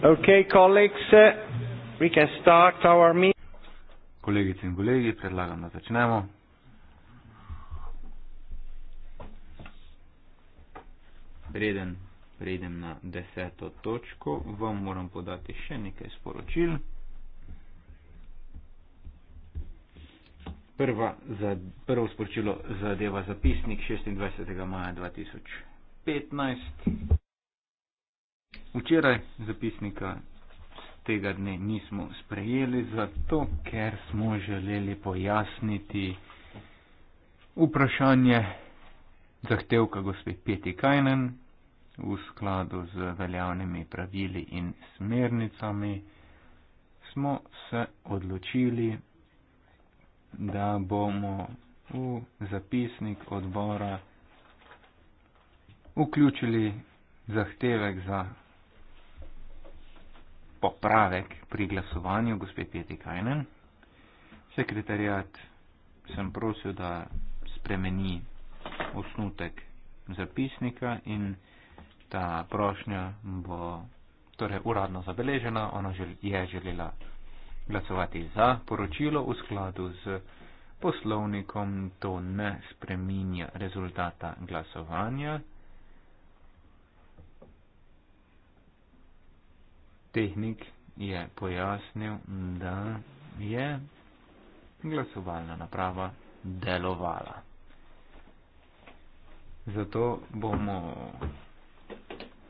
Okay, colleagues, uh, we can start our meeting. Kolegice in kolegi, predlagam, da začnemo. Preden preidem na deseto točko, vam moram podati še nekaj sporočil. Prva, za, prvo sporočilo zadeva zapisnik 26. maja 2015. Včeraj zapisnika tega dne nismo sprejeli, zato ker smo želeli pojasniti vprašanje zahtevka gospe Peti Kajnen v skladu z veljavnimi pravili in smernicami. Smo se odločili, da bomo v zapisnik odbora vključili zahtevek za popravek pri glasovanju, gospe Peti Kajnen. Sekretarjat sem prosil, da spremeni osnutek zapisnika in ta prošnja bo torej, uradno zabeležena. Ona je želela glasovati za poročilo v skladu z poslovnikom. To ne spreminja rezultata glasovanja. tehnik je pojasnil, da je glasovalna naprava delovala. Zato bomo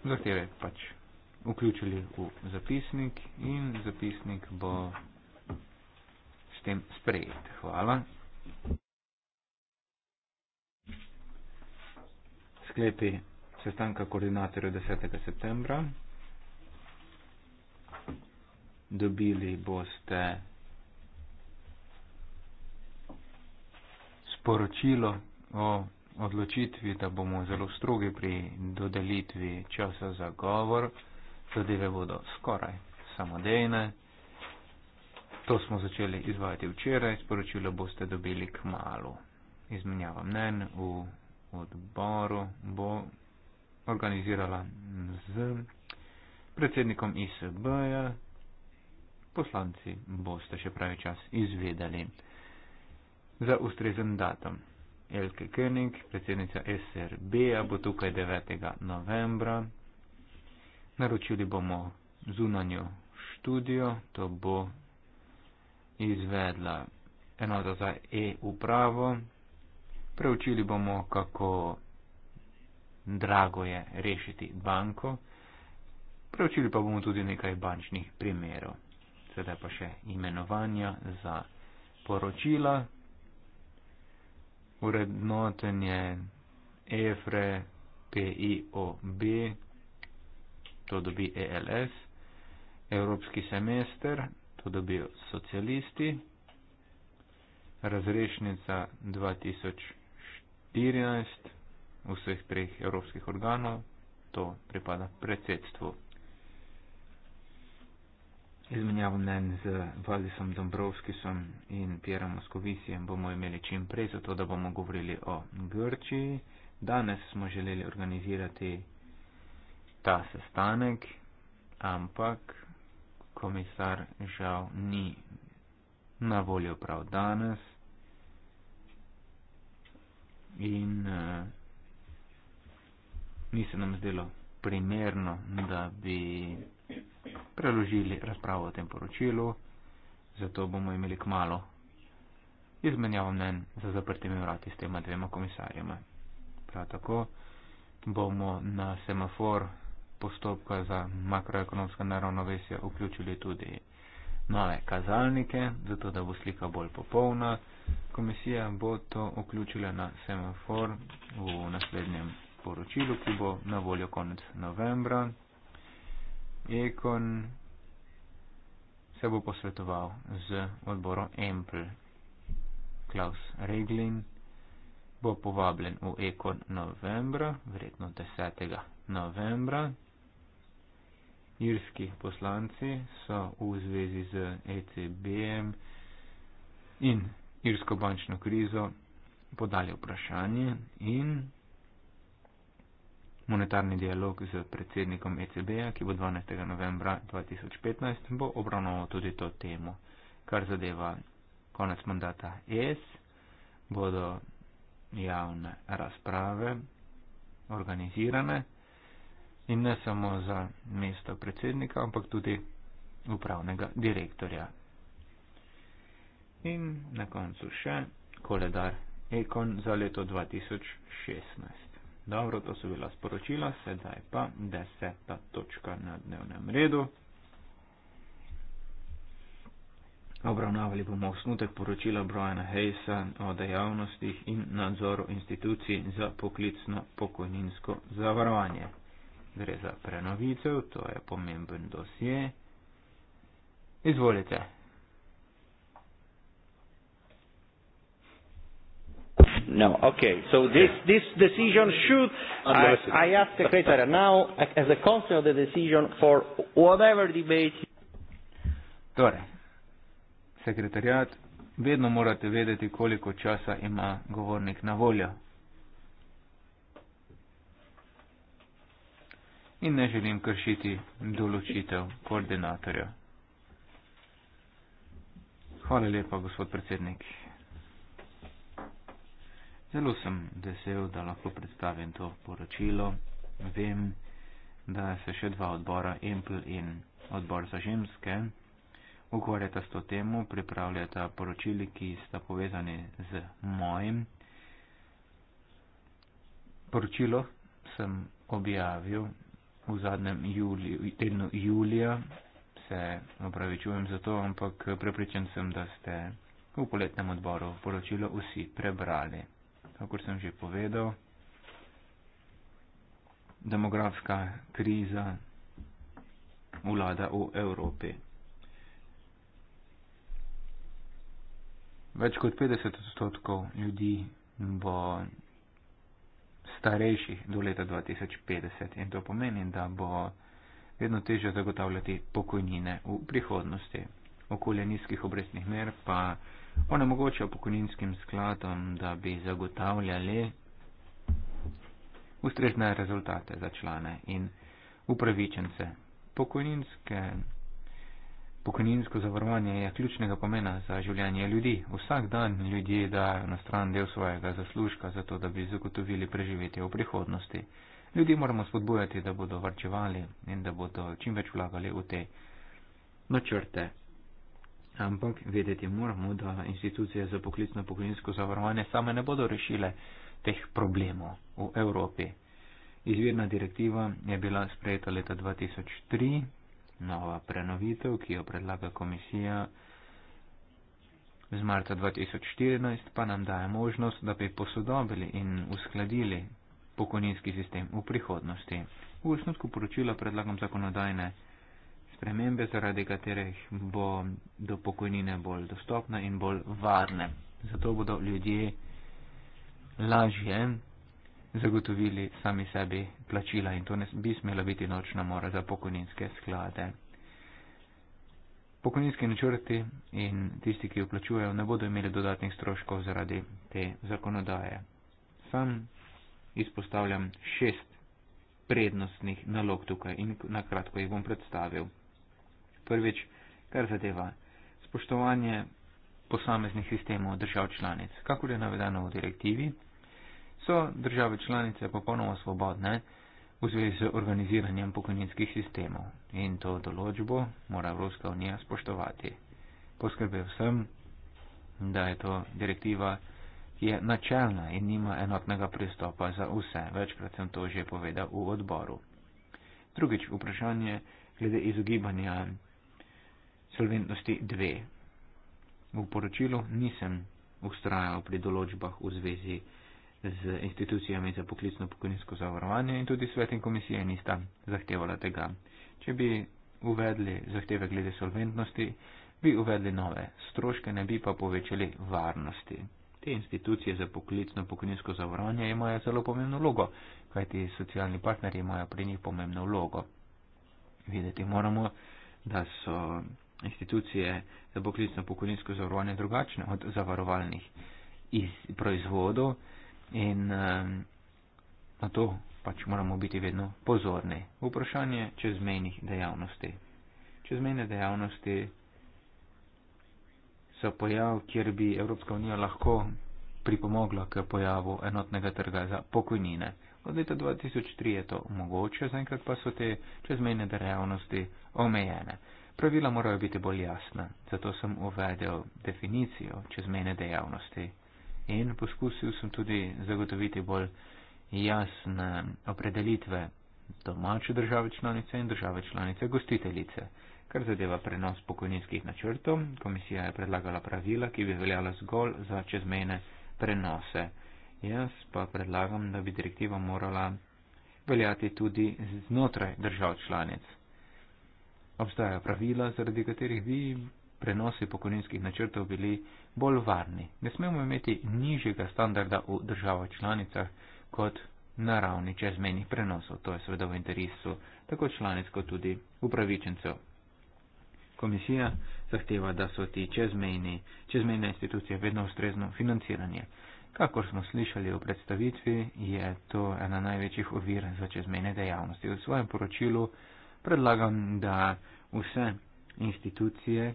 zahteve pač vključili v zapisnik in zapisnik bo s tem sprejet. Hvala. Sklepi sestanka koordinatorja 10. septembra dobili boste sporočilo o odločitvi, da bomo zelo strogi pri dodelitvi časa za govor. Zadeve bodo skoraj samodejne. To smo začeli izvajati včeraj, sporočilo boste dobili k malu. Izmenjava mnen v odboru bo organizirala z predsednikom ISB-ja poslanci boste še pravi čas izvedeli. Za ustrezen datum. Elke König, predsednica SRB-a, bo tukaj 9. novembra. Naročili bomo zunanjo študijo, to bo izvedla enota za e-upravo. Preučili bomo, kako drago je rešiti banko. Preučili pa bomo tudi nekaj bančnih primerov seveda pa še imenovanja za poročila, urednotenje EFRE PIOB, to dobi ELS, Evropski semester, to dobijo socialisti, razrešnica 2014 vseh treh evropskih organov, to pripada predsedstvu izmenjavo mnen z Valisom Dombrovskisom in Pierom Moskovisijem bomo imeli čim prej, zato da bomo govorili o Grčiji. Danes smo želeli organizirati ta sestanek, ampak komisar žal ni na voljo prav danes. In uh, ni se nam zdelo primerno, da bi preložili razpravo o tem poročilu, zato bomo imeli k malo izmenjavo mnen za zaprtimi vrati s tema dvema komisarjema. Prav tako bomo na semafor postopka za makroekonomska naravnovesja vključili tudi nove kazalnike, zato da bo slika bolj popolna. Komisija bo to vključila na semafor v naslednjem poročilu, ki bo na voljo konec novembra Ekon se bo posvetoval z odborom Empl. Klaus Reglin bo povabljen v Ekon novembra, verjetno 10. novembra. Irski poslanci so v zvezi z ECBM in irsko bančno krizo podali vprašanje in Monetarni dialog z predsednikom ECB-ja, ki bo 12. novembra 2015, bo obravnaval tudi to temo. Kar zadeva konec mandata ES, bodo javne razprave organizirane in ne samo za mesto predsednika, ampak tudi upravnega direktorja. In na koncu še koledar Ekon za leto 2016. Dobro, to so bila sporočila, sedaj pa deseta točka na dnevnem redu. Obravnavali bomo osnutek poročila Briana Hayesa o dejavnostih in nadzoru institucij za poklicno pokojninsko zavarovanje. Gre za prenovitev, to je pomemben dosje. Izvolite. No. Okay. So this yeah. this decision should. I, I ask the secretary now, as a consequence of the decision, for whatever debate. Torej, sekretariat, vedno morate vedeti, koliko časa ima govornik na voljo. In ne želim kršiti določitev koordinatorja. Hvala lepa, gospod predsednik. Zelo sem vesel, da lahko predstavim to poročilo. Vem, da se še dva odbora, Empl in odbor za ženske, ukvarjata s to temo, pripravljata poročili, ki sta povezani z mojim. Poročilo sem objavil v zadnjem juliju, tednu julija, se opravičujem za to, ampak prepričan sem, da ste v poletnem odboru poročilo vsi prebrali kako sem že povedal, demografska kriza vlada v Evropi. Več kot 50 odstotkov ljudi bo starejših do leta 2050 in to pomeni, da bo vedno težje zagotavljati pokojnine v prihodnosti. Okolje nizkih obrestnih mer pa onemogoča pokojninskim skladom, da bi zagotavljali ustrezne rezultate za člane in upravičence. Pokojninske, pokojninsko zavarovanje je ključnega pomena za življenje ljudi. Vsak dan ljudje dajo na stran del svojega zaslužka, zato da bi zagotovili preživetje v prihodnosti. Ljudje moramo spodbujati, da bodo varčevali in da bodo čim več vlagali v te načrte. No Ampak vedeti moramo, da institucije za poklicno pokojninsko zavarovanje same ne bodo rešile teh problemov v Evropi. Izvirna direktiva je bila sprejeta leta 2003, nova prenovitev, ki jo predlaga komisija z marca 2014, pa nam daje možnost, da bi posodobili in uskladili pokojninski sistem v prihodnosti. V osnutku poročila predlagam zakonodajne spremembe, zaradi katerih bo do pokojnine bolj dostopne in bolj varne. Zato bodo ljudje lažje zagotovili sami sebi plačila in to ne bi smela biti nočna mora za pokojninske sklade. Pokojninski načrti in tisti, ki vplačujejo, ne bodo imeli dodatnih stroškov zaradi te zakonodaje. Sam izpostavljam šest prednostnih nalog tukaj in na kratko jih bom predstavil prvič, kar zadeva spoštovanje posameznih sistemov držav članic. Kakor je navedeno v direktivi, so države članice popolnoma svobodne v zvezi z organiziranjem pokojninskih sistemov in to določbo mora Evropska unija spoštovati. Poskrbel sem, da je to direktiva, ki je načelna in nima enotnega pristopa za vse. Večkrat sem to že povedal v odboru. Drugič, vprašanje glede izogibanja solventnosti 2. V poročilu nisem ustrajal pri določbah v zvezi z institucijami za poklicno pokojninsko zavarovanje in tudi svet in komisija nista zahtevala tega. Če bi uvedli zahteve glede solventnosti, bi uvedli nove stroške, ne bi pa povečali varnosti. Te institucije za poklicno pokojninsko zavarovanje imajo zelo pomembno vlogo, kajti socialni partneri imajo pri njih pomembno vlogo. Videti moramo, da so institucije za poklicno pokojninsko zavarovanje drugačne od zavarovalnih iz proizvodov in um, na to pač moramo biti vedno pozorni. Vprašanje čezmejnih dejavnosti. Čezmejne dejavnosti so pojav, kjer bi Evropska unija lahko pripomogla k pojavu enotnega trga za pokojnine. Od leta 2003 je to mogoče, zaenkrat pa so te čezmejne dejavnosti omejene. Pravila morajo biti bolj jasna, zato sem uvedel definicijo čezmene dejavnosti in poskusil sem tudi zagotoviti bolj jasne opredelitve domače države članice in države članice gostiteljice. Kar zadeva prenos pokojninskih načrtov, komisija je predlagala pravila, ki bi veljala zgolj za čezmene prenose. Jaz pa predlagam, da bi direktiva morala veljati tudi znotraj držav članic obstajajo pravila, zaradi katerih bi prenosi pokojninskih načrtov bili bolj varni. Ne smemo imeti nižjega standarda v državah članicah kot na ravni čezmenih prenosov. To je seveda v interesu tako članic kot tudi upravičencev. Komisija zahteva, da so ti čezmejni, čezmejne institucije vedno ustrezno financiranje. Kakor smo slišali v predstavitvi, je to ena največjih ovir za čezmejne dejavnosti. V svojem poročilu predlagam, da vse institucije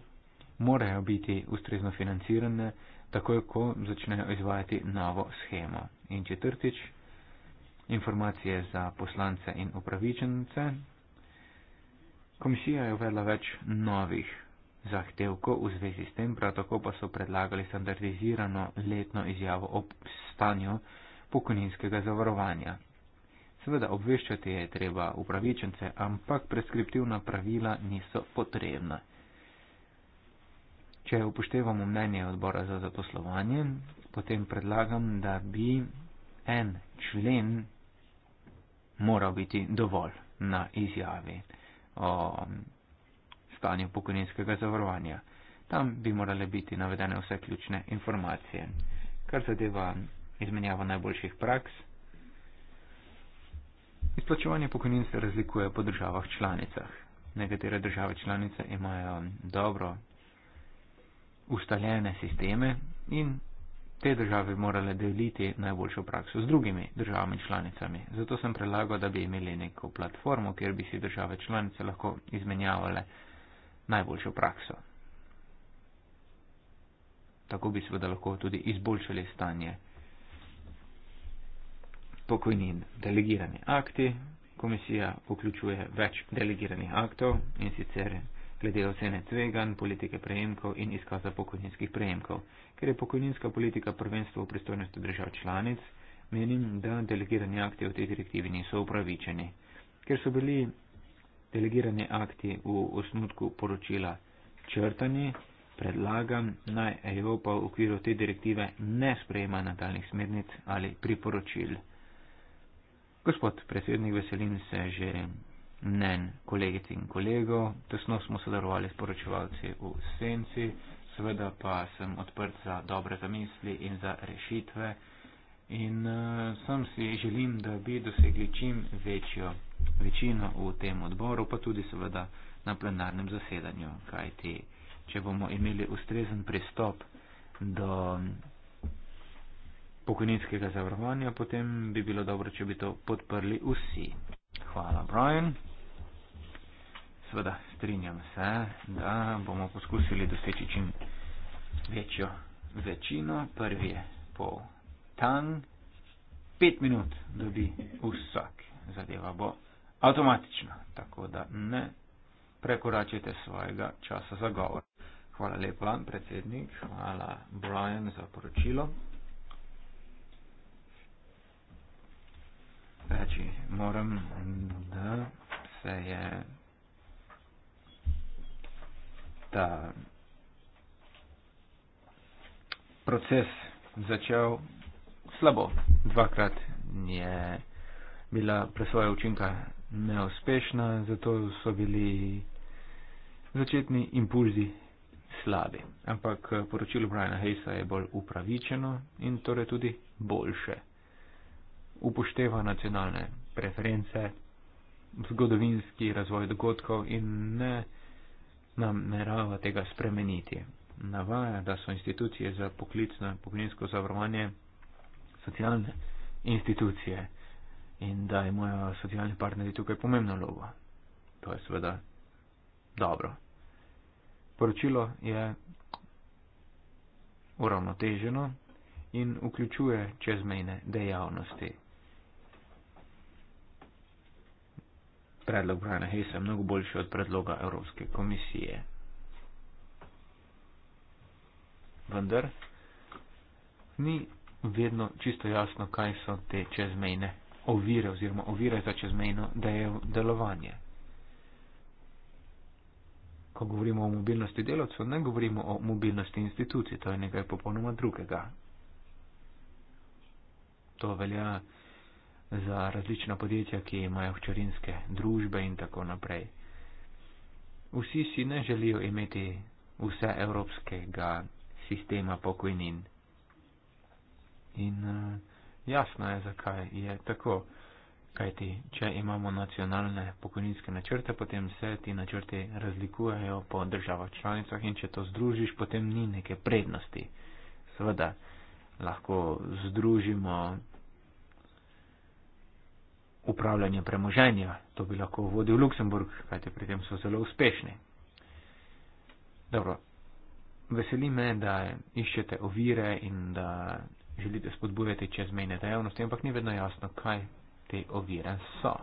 morajo biti ustrezno financirane, takoj ko začnejo izvajati novo schemo. In četrtič, informacije za poslance in upravičence. Komisija je uvedla več novih zahtevkov v zvezi s tem, prav tako pa so predlagali standardizirano letno izjavo o stanju pokojninskega zavarovanja. Seveda obveščati je treba upravičence, ampak preskriptivna pravila niso potrebna. Če upoštevamo mnenje odbora za zaposlovanje, potem predlagam, da bi en člen moral biti dovolj na izjavi o stanju pokojninskega zavarovanja. Tam bi morale biti navedene vse ključne informacije. Kar zadeva izmenjavo najboljših praks, Izplačevanje pokojnin se razlikuje po državah članicah. Nekatere države članice imajo dobro ustaljene sisteme in te države bi morale deliti najboljšo prakso z drugimi državami članicami. Zato sem predlagal, da bi imeli neko platformo, kjer bi si države članice lahko izmenjavale najboljšo prakso. Tako bi seveda lahko tudi izboljšali stanje pokojnin. Delegirani akti. Komisija vključuje več delegiranih aktov in sicer glede ocene tvegan, politike prejemkov in izkaza pokojninskih prejemkov. Ker je pokojninska politika prvenstvo v pristojnosti držav članic, menim, da delegirani akti v tej direktivi niso upravičeni. Ker so bili delegirani akti v osnutku poročila črtani, predlagam naj Evropa v okviru te direktive ne sprejema nadaljnih smernic ali priporočil. Gospod predsednik, veselim se že mnen kolegic in kolegov. Tesno smo sodelovali s poročevalci v senci, seveda pa sem odprt za dobre zamisli in za rešitve. In uh, eh, sem si želim, da bi dosegli čim večjo večino v tem odboru, pa tudi seveda na plenarnem zasedanju, kajti če bomo imeli ustrezen pristop do pokojninskega zavarovanja, potem bi bilo dobro, če bi to podprli vsi. Hvala, Brian. Sveda, strinjam se, da bomo poskusili doseči čim večjo večino. Prvi je pol tang, pet minut dobi vsak. Zadeva bo avtomatična, tako da ne prekoračite svojega časa za govor. Hvala lepa, predsednik. Hvala, Brian, za poročilo. reči, moram, da se je ta proces začel slabo. Dvakrat je bila presoja učinka neuspešna, zato so bili začetni impulzi slabi. Ampak poročilo Briana Heisa je bolj upravičeno in torej tudi boljše upošteva nacionalne preference, zgodovinski razvoj dogodkov in ne namerava tega spremeniti. Navaja, da so institucije za poklicno in poklinsko zavarovanje socialne institucije in da imajo socialni partneri tukaj pomembno vlogo. To je seveda dobro. Poročilo je uravnoteženo in vključuje čezmejne dejavnosti. predlog Brajana Hesa mnogo boljši od predloga Evropske komisije. Vendar ni vedno čisto jasno, kaj so te čezmejne ovire oziroma ovire za čezmejno delovanje. Ko govorimo o mobilnosti delavcev, ne govorimo o mobilnosti institucij, to je nekaj popolnoma drugega. To velja za različna podjetja, ki imajo včerinske družbe in tako naprej. Vsi si ne želijo imeti vse evropskega sistema pokojnin. In eh, jasno je, zakaj je tako. Kajti, če imamo nacionalne pokojninske načrte, potem se ti načrti razlikujejo po državah članicah in če to združiš, potem ni neke prednosti. Seveda, lahko združimo upravljanje premoženja. To bi lahko vodil Luksemburg, kajte pri tem so zelo uspešni. Dobro, veseli me, da iščete ovire in da želite spodbujati čezmejne dejavnosti, ampak ni vedno jasno, kaj te ovire so.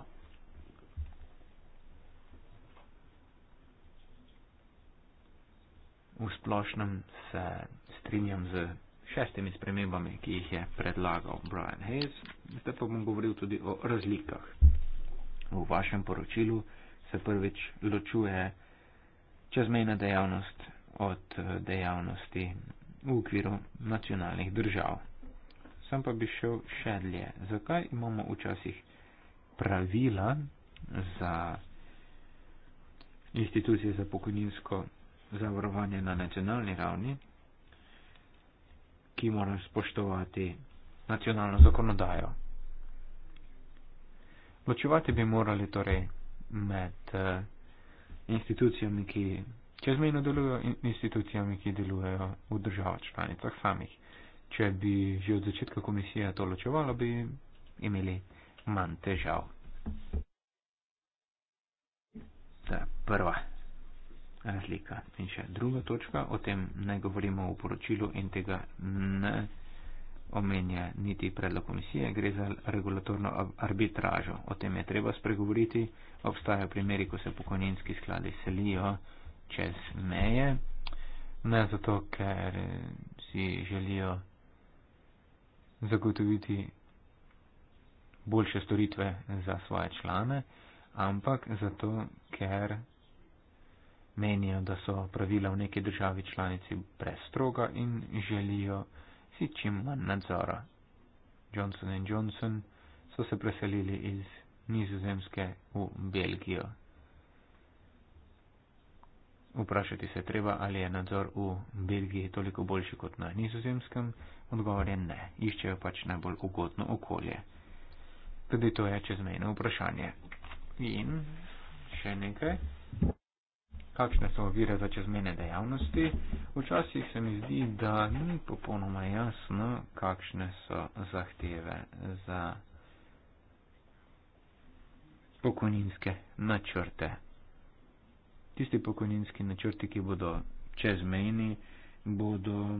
V splošnem se strinjam z šestimi spremembami, ki jih je predlagal Brian Hayes. Zdaj pa bom govoril tudi o razlikah. V vašem poročilu se prvič ločuje čezmejna dejavnost od eh, dejavnosti v okviru nacionalnih držav. Sam pa bi šel še dlje. Zakaj imamo včasih pravila za institucije za pokojninsko zavarovanje na nacionalni ravni, ki morajo spoštovati nacionalno zakonodajo. Ločevati bi morali torej med eh, institucijami, ki čezmejno delujejo in institucijami, ki delujejo v državah članicah samih. Če bi že od začetka komisija to ločevala, bi imeli manj težav. Ta prva razlika. In še druga točka, o tem ne govorimo v poročilu in tega ne omenja niti predlog komisije, gre za regulatorno arbitražo. O tem je treba spregovoriti. Obstajajo primeri, ko se pokojninski skladi selijo čez meje. Ne zato, ker eh, si želijo zagotoviti boljše storitve za svoje člane, ampak zato, ker menijo, da so pravila v neki državi članici prestroga in želijo si čim manj nadzora. Johnson in Johnson so se preselili iz nizozemske v Belgijo. Vprašati se treba, ali je nadzor v Belgiji toliko boljši kot na nizozemskem, odgovor je ne, iščejo pač najbolj ugodno okolje. Tudi to je čezmejno vprašanje. In še nekaj kakšne so ovire za čezmene dejavnosti. Včasih se mi zdi, da ni popolnoma jasno, kakšne so zahteve za pokojninske načrte. Tisti pokojninski načrti, ki bodo čezmejni, bodo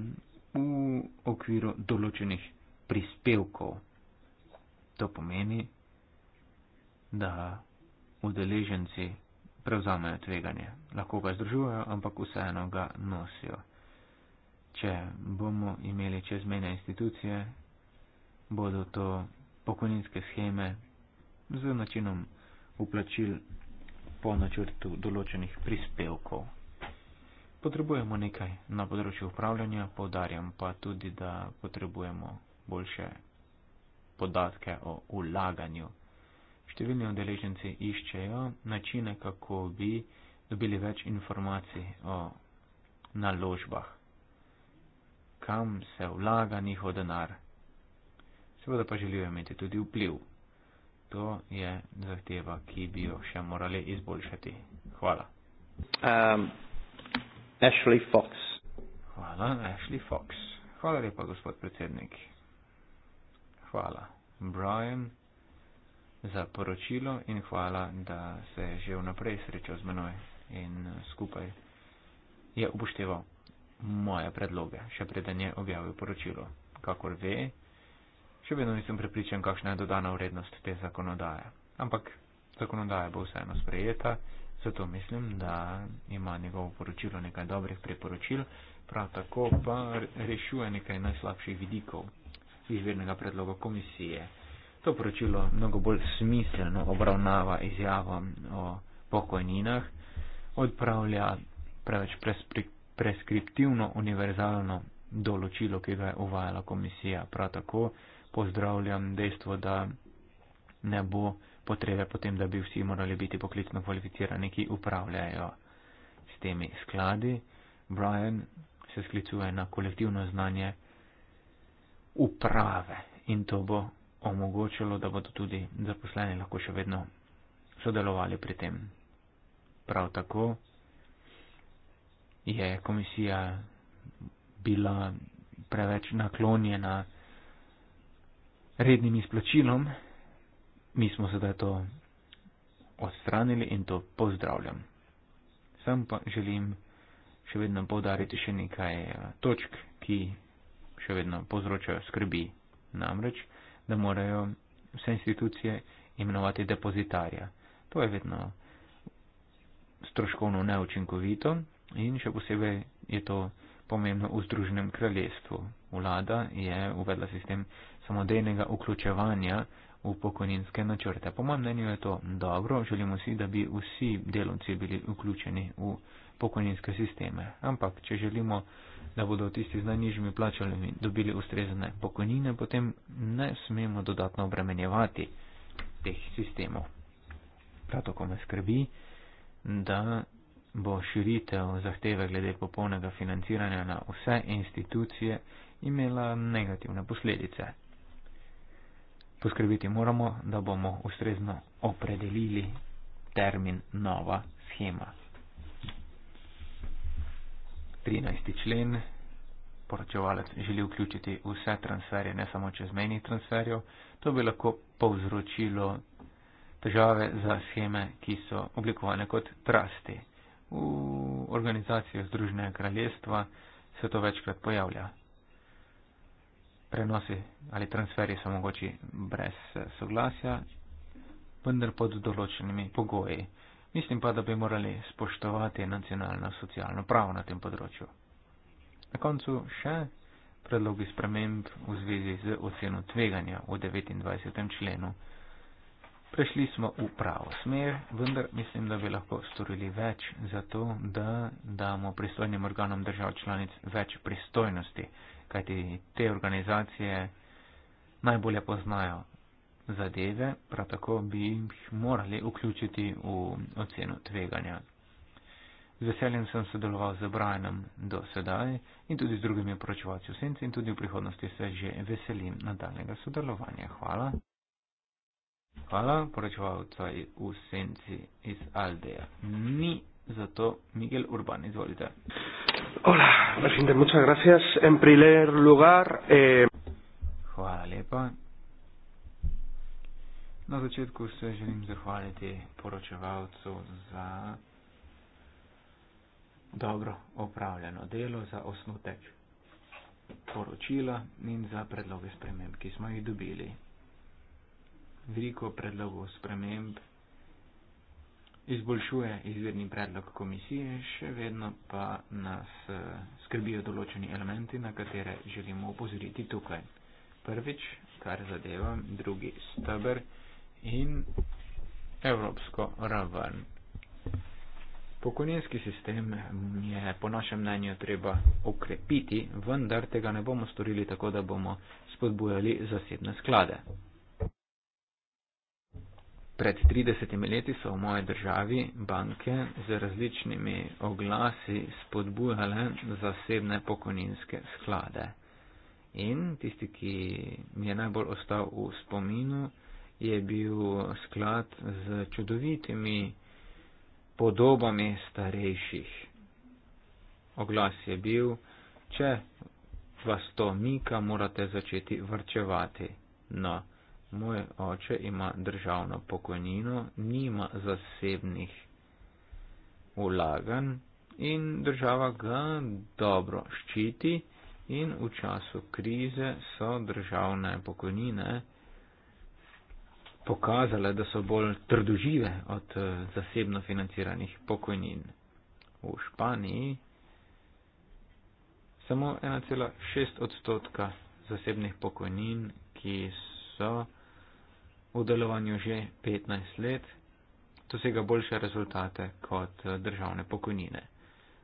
v okviru določenih prispevkov. To pomeni, da udeleženci prevzamejo tveganje. Lahko ga združujejo, ampak vseeno ga nosijo. Če bomo imeli čezmene institucije, bodo to pokojninske scheme z načinom uplačil po načrtu določenih prispevkov. Potrebujemo nekaj na področju upravljanja, povdarjam pa tudi, da potrebujemo boljše podatke o ulaganju. Številni udeleženci iščejo načine, kako bi dobili več informacij o naložbah, kam se vlaga njihov denar. Seveda pa želijo imeti tudi vpliv. To je zahteva, ki bi jo še morali izboljšati. Hvala. Um, Ashley Fox. Hvala, Ashley Fox. Hvala lepa, gospod predsednik. Hvala. Brian za poročilo in hvala, da se je že vnaprej srečal z menoj in skupaj je upošteval moje predloge, še preden je objavil poročilo. Kakor ve, še vedno nisem prepričan, kakšna je dodana vrednost te zakonodaje. Ampak zakonodaja bo vseeno sprejeta, zato mislim, da ima njegovo poročilo nekaj dobrih priporočil, prav tako pa rešuje nekaj najslabših vidikov izvirnega predloga komisije. To poročilo mnogo bolj smiselno obravnava izjavo o pokojninah, odpravlja preveč preskriptivno univerzalno določilo, ki ga je uvajala komisija. Prav tako pozdravljam dejstvo, da ne bo potrebe potem, da bi vsi morali biti poklicno kvalificirani, ki upravljajo s temi skladi. Brian se sklicuje na kolektivno znanje uprave in to bo omogočilo, da bodo tudi zaposleni lahko še vedno sodelovali pri tem. Prav tako je komisija bila preveč naklonjena rednim izplačilom. Mi smo sedaj to odstranili in to pozdravljam. Sam pa želim še vedno povdariti še nekaj eh, točk, ki še vedno povzročajo skrbi. Namreč, da morajo vse institucije imenovati depozitarja. To je vedno stroškovno neučinkovito in še posebej je to pomembno v Združenem kraljestvu. Vlada je uvedla sistem samodejnega vključevanja v pokojninske načrte. Po mojem mnenju je to dobro, želimo si, da bi vsi delovci bili vključeni v pokojninske sisteme. Ampak, če želimo da bodo tisti z najnižjimi plačami dobili ustrezne pokojnine, potem ne smemo dodatno obremenjevati teh sistemov. Prav tako me skrbi, da bo širitev zahteve glede popolnega financiranja na vse institucije imela negativne posledice. Poskrbiti moramo, da bomo ustrezno opredelili termin nova schema 13. člen. Poročevalec želi vključiti vse transferje, ne samo čezmejnih transferjev. To bi lahko povzročilo težave za scheme, ki so oblikovane kot trasti. V organizacijah Združenega kraljestva se to večkrat pojavlja. Prenosi ali transferje so mogoči brez soglasja, vendar pod določenimi pogoji. Mislim pa, da bi morali spoštovati nacionalno socialno pravo na tem področju. Na koncu še predlogi sprememb v zvezi z oceno tveganja v 29. členu. Prešli smo v pravo smer, vendar mislim, da bi lahko storili več za to, da damo pristojnim organom držav članic več pristojnosti, kajti te organizacije najbolje poznajo zadeve, prav tako bi jih morali vključiti v oceno tveganja. Z veseljem sem sodeloval z Brianom do sedaj in tudi z drugimi poročevalci v senci in tudi v prihodnosti se že veselim nadaljnega sodelovanja. Hvala. Hvala, poročevalca v senci iz Aldeja. Ni zato Miguel Urban, izvolite. Hola, presidente, muchas gracias. En primer lugar, eh... Hvala lepa. Na začetku se želim zahvaliti poročevalcu za dobro opravljeno delo, za osnutek poročila in za predloge sprememb, ki smo jih dobili. Veliko predlogov sprememb izboljšuje izvirni predlog komisije, še vedno pa nas eh, skrbijo določeni elementi, na katere želimo opozoriti tukaj. Prvič, kar zadeva drugi stebr in evropsko raven. Pokojninski sistem je po našem mnenju treba ukrepiti, vendar tega ne bomo storili tako, da bomo spodbujali zasebne sklade. Pred 30 leti so v moje državi banke z različnimi oglasi spodbujale zasebne pokojninske sklade. In tisti, ki mi je najbolj ostal v spominu, je bil sklad z čudovitimi podobami starejših. Oglas je bil, če vas to mika, morate začeti vrčevati. No, moj oče ima državno pokojnino, nima zasebnih vlagan in država ga dobro ščiti in v času krize so državne pokojnine pokazale, da so bolj trdožive od eh, zasebno financiranih pokojnin. V Španiji samo 1,6 odstotka zasebnih pokojnin, ki so v delovanju že 15 let, dosega boljše rezultate kot eh, državne pokojnine.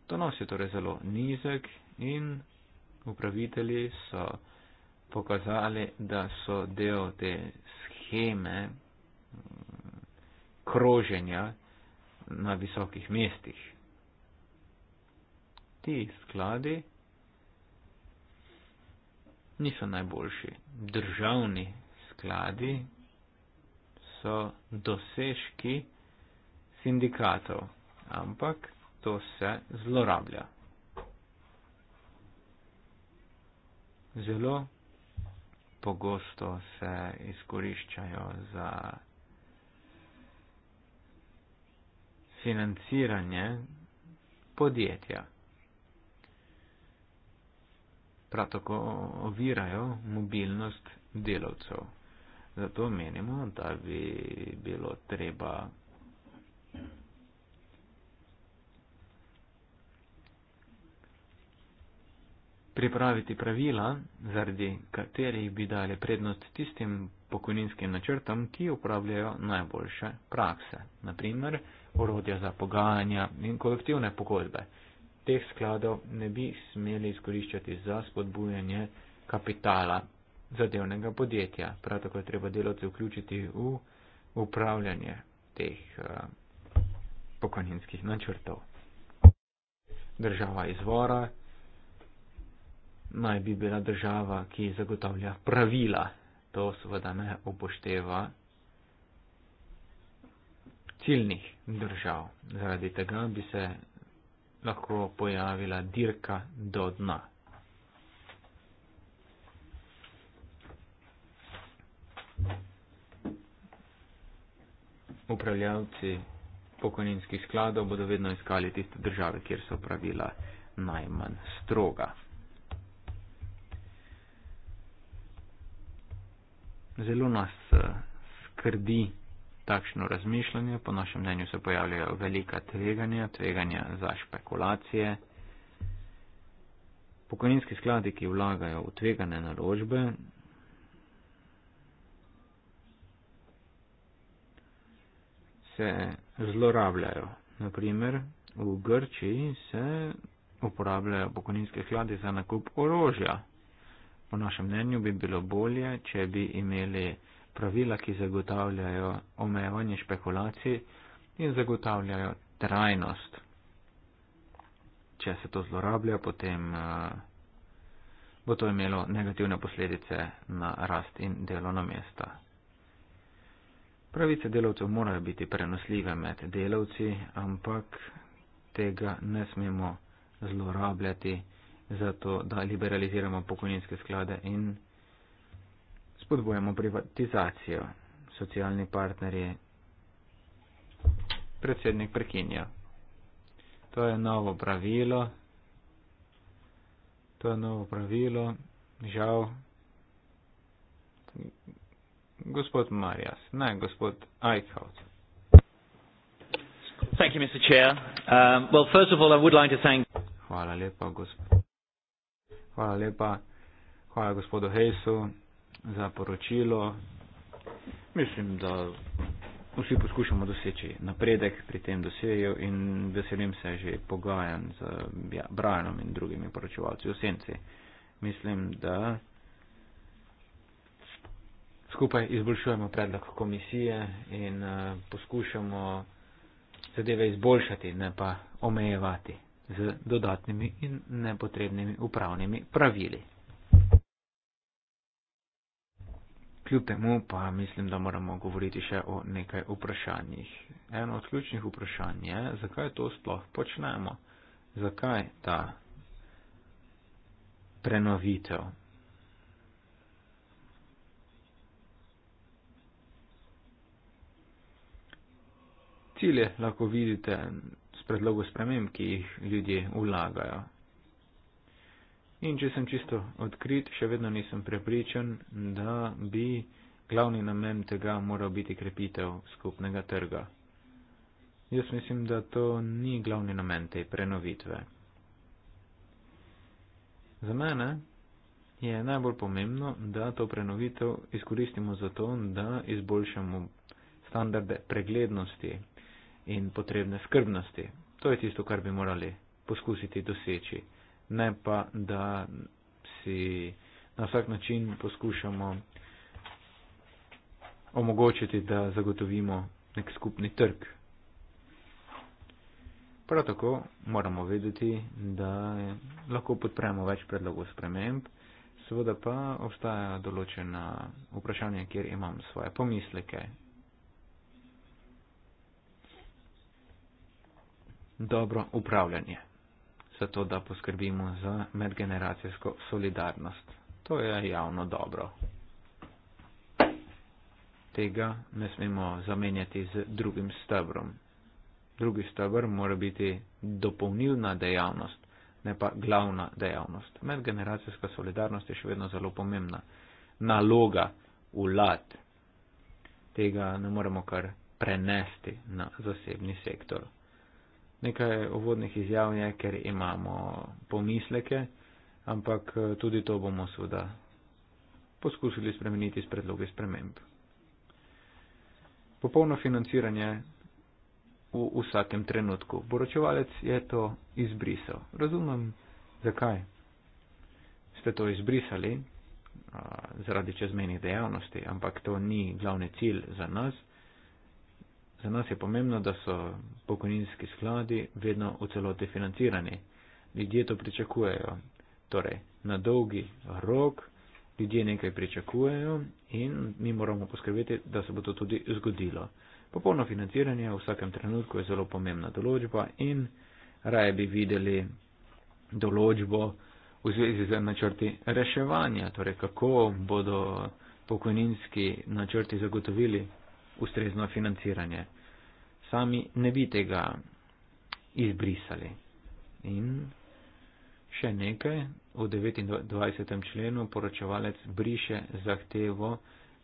Donos je torej zelo nizek in upravitelji so pokazali, da so del te sheme mm, kroženja na visokih mestih. Ti skladi niso najboljši. Državni skladi so dosežki sindikatov, ampak to se zlorablja. Zelo pogosto se izkoriščajo za financiranje podjetja. Prav tako ovirajo mobilnost delavcev. Zato menimo, da bi bilo treba pripraviti pravila, zaradi katerih bi dali prednost tistim pokojninskim načrtom, ki upravljajo najboljše prakse, naprimer orodja za pogajanja in kolektivne pogodbe. Teh skladov ne bi smeli izkoriščati za spodbujanje kapitala zadevnega podjetja. Prav tako je treba delovce vključiti v upravljanje teh uh, pokojninskih načrtov. Država izvora naj bi bila država, ki zagotavlja pravila. To seveda ne upošteva ciljnih držav. Zaradi tega bi se lahko pojavila dirka do dna. Upravljavci pokojninskih skladov bodo vedno iskali tiste države, kjer so pravila najmanj stroga. zelo nas eh, skrbi takšno razmišljanje. Po našem mnenju se pojavljajo velika tveganja, tveganja za špekulacije. Pokojninski skladi, ki vlagajo v tvegane naložbe, se zlorabljajo. Naprimer, v Grčiji se uporabljajo pokojninske skladi za nakup orožja. Po našem mnenju bi bilo bolje, če bi imeli pravila, ki zagotavljajo omejevanje špekulacij in zagotavljajo trajnost. Če se to zlorablja, potem eh, bo to imelo negativne posledice na rast in delovna mesta. Pravice delavcev morajo biti prenosljive med delavci, ampak tega ne smemo zlorabljati zato da liberaliziramo pokojninske sklade in spodbujamo privatizacijo. Socialni partnerji, predsednik prekinja. To je novo pravilo. To je novo pravilo. Žal. Gospod Marjas, ne gospod Eichhaus. Thank you, Mr. Chair. Um, well, first of all, I would like to thank. Hvala lepa, gospod. Hvala lepa. Hvala gospodu Hejsu za poročilo. Mislim, da vsi poskušamo doseči napredek pri tem dosegu in veselim se že pogajan z ja, Brianom in drugimi poročevalci v senci. Mislim, da skupaj izboljšujemo predlog komisije in uh, poskušamo zadeve izboljšati, ne pa omejevati z dodatnimi in nepotrebnimi upravnimi pravili. Kljub temu pa mislim, da moramo govoriti še o nekaj vprašanjih. Eno od ključnih vprašanj je, zakaj to sploh počnemo? Zakaj ta prenovitev? Cilje lahko vidite predlogu sprememb, ki jih ljudje vlagajo. In če sem čisto odkrit, še vedno nisem prepričan, da bi glavni namen tega moral biti krepitev skupnega trga. Jaz mislim, da to ni glavni namen te prenovitve. Za mene je najbolj pomembno, da to prenovitev izkoristimo zato, da izboljšamo standarde preglednosti in potrebne skrbnosti. To je tisto, kar bi morali poskusiti doseči. Ne pa, da si na vsak način poskušamo omogočiti, da zagotovimo nek skupni trg. Prav tako moramo vedeti, da lahko podpremo več predlogov sprememb, seveda pa obstaja določena vprašanja, kjer imam svoje pomisleke dobro upravljanje, zato da poskrbimo za medgeneracijsko solidarnost. To je javno dobro. Tega ne smemo zamenjati z drugim stebrom. Drugi stebr mora biti dopolnilna dejavnost, ne pa glavna dejavnost. Medgeneracijska solidarnost je še vedno zelo pomembna. Naloga, vlad, tega ne moremo kar prenesti na zasebni sektor nekaj ovodnih izjav je, ker imamo pomisleke, ampak eh, tudi to bomo seveda poskusili spremeniti s predloge sprememb. Popolno financiranje v vsakem trenutku. Boročevalec je to izbrisal. Razumem, zakaj ste to izbrisali, zaradi čezmenih dejavnosti, ampak to ni glavni cilj za nas. Za nas je pomembno, da so pokojninski skladi vedno v celoti financirani. Ljudje to pričakujejo. Torej, na dolgi rok ljudje nekaj pričakujejo in mi moramo poskrbeti, da se bo to tudi zgodilo. Popolno financiranje v vsakem trenutku je zelo pomembna določba in raje bi videli določbo v zvezi z načrti reševanja, torej kako bodo pokojninski načrti zagotovili ustrezno financiranje. Sami ne bi tega izbrisali. In še nekaj, v 29. členu poročevalec briše zahtevo,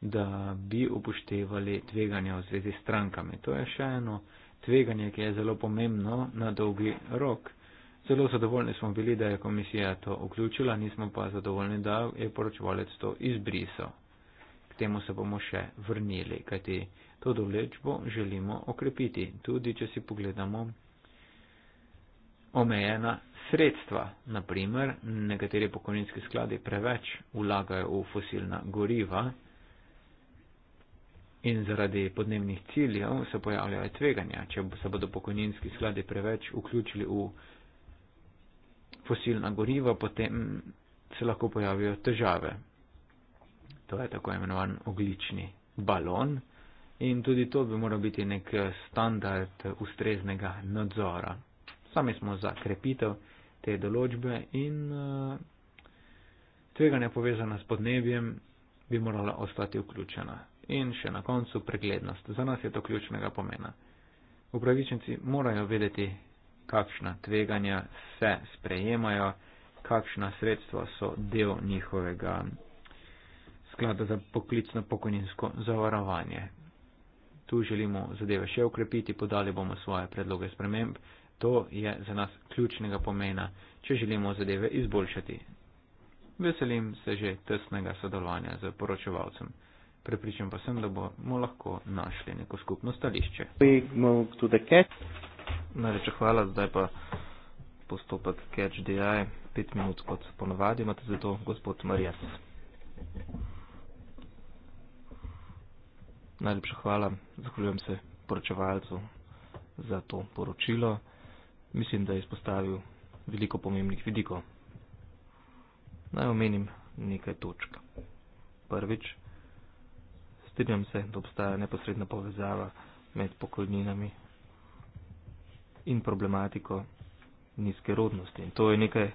da bi upoštevali tveganja v zvezi s strankami. To je še eno tveganje, ki je zelo pomembno na dolgi rok. Zelo zadovoljni smo bili, da je komisija to vključila, nismo pa zadovoljni, da je poročevalec to izbrisal. K temu se bomo še vrnili, kajti to določbo želimo okrepiti, tudi če si pogledamo omejena sredstva. Naprimer, nekateri pokojninski skladi preveč vlagajo v fosilna goriva in zaradi podnebnih ciljev se pojavljajo tveganja. Če se bodo pokojninski skladi preveč vključili v fosilna goriva, potem se lahko pojavijo težave. To je tako imenovan oglični balon in tudi to bi moral biti nek standard ustreznega nadzora. Sami smo za krepitev te določbe in eh, tveganja povezana s podnebjem bi morala ostati vključena. In še na koncu preglednost. Za nas je to ključnega pomena. Upravičenci morajo vedeti, kakšna tveganja se sprejemajo, kakšna sredstva so del njihovega sklada za poklicno pokojninsko zavarovanje. Tu želimo zadeve še ukrepiti, podali bomo svoje predloge sprememb. To je za nas ključnega pomena, če želimo zadeve izboljšati. Veselim se že tesnega sodelovanja z poročevalcem. Prepričam pa sem, da bomo lahko našli neko skupno stališče. Najlepša hvala, zdaj pa postopek catch DI, pet minut kot ponavadi imate za to, gospod Marijas. Najlepša hvala, zahvaljujem se poročevalcu za to poročilo. Mislim, da je izpostavil veliko pomembnih vidikov. Naj omenim nekaj točk. Prvič, strinjam se, da obstaja neposredna povezava med pokojninami in problematiko nizke rodnosti. In to je nekaj,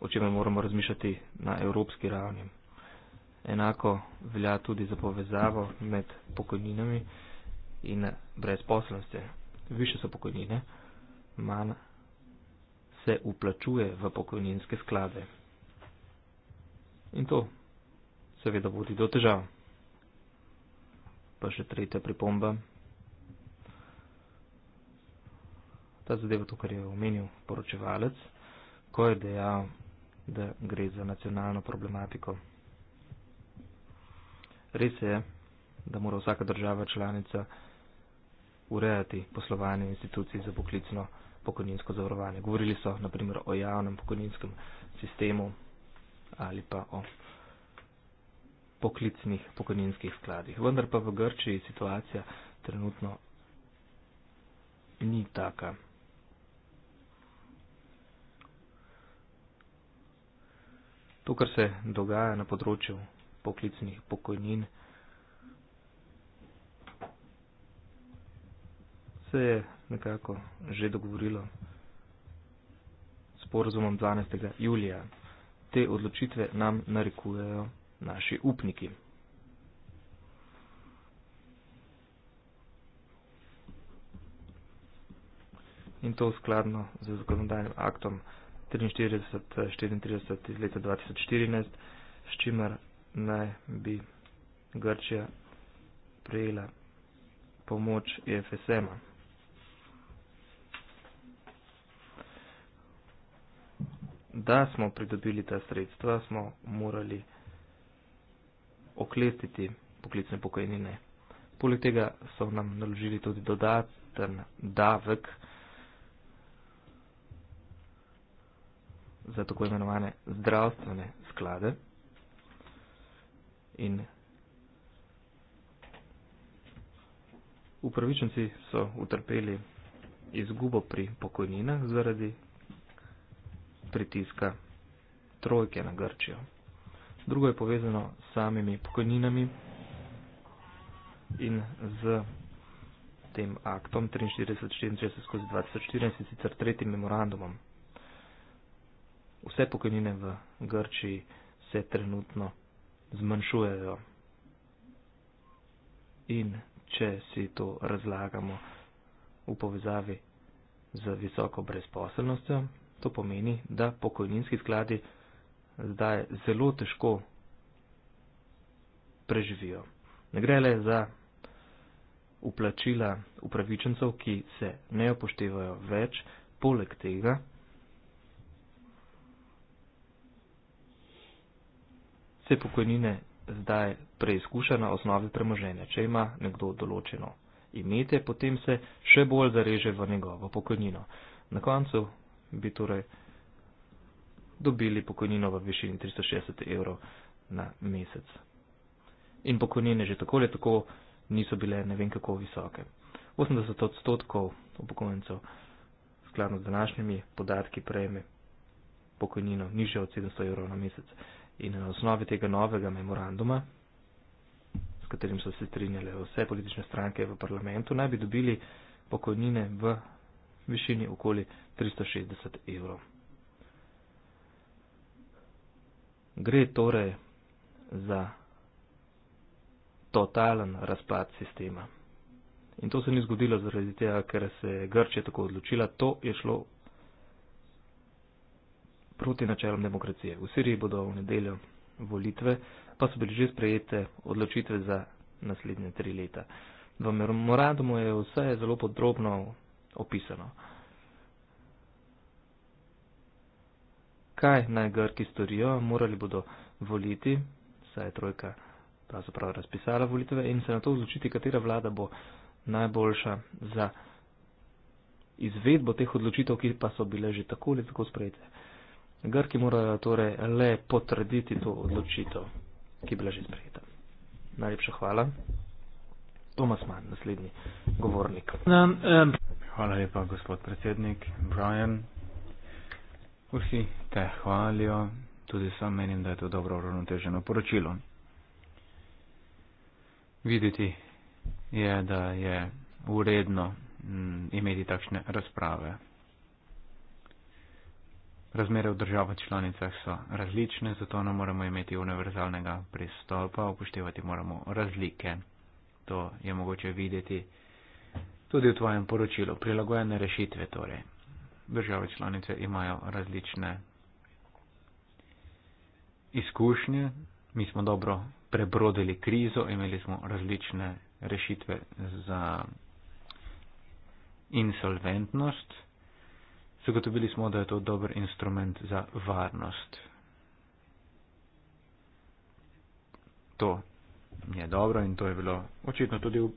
o čemer moramo razmišljati na evropski ravni. Enako velja tudi za povezavo med pokojninami in brezposlenostjo. Više so pokojnine, manj se uplačuje v pokojninske sklade. In to seveda vodi do težav. Pa še tretja pripomba. Ta zadeva, to kar je omenil poročevalec, ko je dejal, da gre za nacionalno problematiko. Res je, da mora vsaka država članica urejati poslovanje institucij za poklicno pokojninsko zavarovanje. Govorili so naprimer o javnem pokojninskem sistemu ali pa o poklicnih pokojninskih skladih. Vendar pa v Grčiji situacija trenutno ni taka. To, kar se dogaja na področju poklicnih pokojnin se je nekako že dogovorilo s porazumom 12. julija. Te odločitve nam narekujejo naši upniki. In to skladno z zakonodajnim aktom 43-34 iz leta 2014, s čimer naj bi Grčija prejela pomoč EFSM-a. Da smo pridobili ta sredstva, smo morali oklestiti poklicne pokojnine. Poleg tega so nam naložili tudi dodaten davek za tako imenovane zdravstvene sklade in upravičenci so utrpeli izgubo pri pokojninah zaradi pritiska trojke na Grčijo. Drugo je povezano s samimi pokojninami in z tem aktom 43-46 skozi 2014 in sicer tretjim memorandumom. Vse pokojnine v Grčiji se trenutno zmanjšujejo. In če si to razlagamo v povezavi z visoko brezposelnostjo, to pomeni, da pokojninski skladi zdaj zelo težko preživijo. Ne gre le za uplačila upravičencev, ki se ne upoštevajo več, poleg tega, te pokojnine zdaj preizkuša na osnovi premoženja. Če ima nekdo določeno imete, potem se še bolj zareže v njegovo pokojnino. Na koncu bi torej dobili pokojnino v višini 360 evrov na mesec. In pokojnine že tako ali tako niso bile ne vem kako visoke. 80 odstotkov upokojencev skladno z današnjimi podatki prejme pokojnino nižjo od 700 evrov na mesec in na osnovi tega novega memoranduma, s katerim so se strinjale vse politične stranke v parlamentu, naj bi dobili pokojnine v višini okoli 360 evrov. Gre torej za totalen razpad sistema. In to se ni zgodilo zaradi tega, ker se je Grčija tako odločila, to je šlo proti načelom demokracije. V Siriji bodo v nedeljo volitve, pa so bili že sprejete odločitve za naslednje tri leta. V memorandumu je vse zelo podrobno opisano. Kaj naj Grki storijo? Morali bodo voliti, saj je trojka pravzaprav razpisala volitve in se na to odločiti, katera vlada bo najboljša za izvedbo teh odločitev, ki pa so bile že tako ali tako sprejete. Grki morajo torej le potrditi to odločitev, ki je bila že sprejeta. Najlepša hvala. Tomas Mann, naslednji govornik. Hvala lepa, gospod predsednik Brian. Vsi te hvalijo, tudi sam menim, da je to dobro uravnoteženo poročilo. Videti je, da je uredno mm, imeti takšne razprave. Razmere v državah članicah so različne, zato ne moremo imeti univerzalnega pristopa, upoštevati moramo razlike. To je mogoče videti tudi v tvojem poročilu. Prilagojene rešitve torej. Države članice imajo različne izkušnje, mi smo dobro prebrodili krizo, imeli smo različne rešitve za insolventnost zagotovili smo, da je to dober instrument za varnost. To je dobro in to je bilo očitno tudi v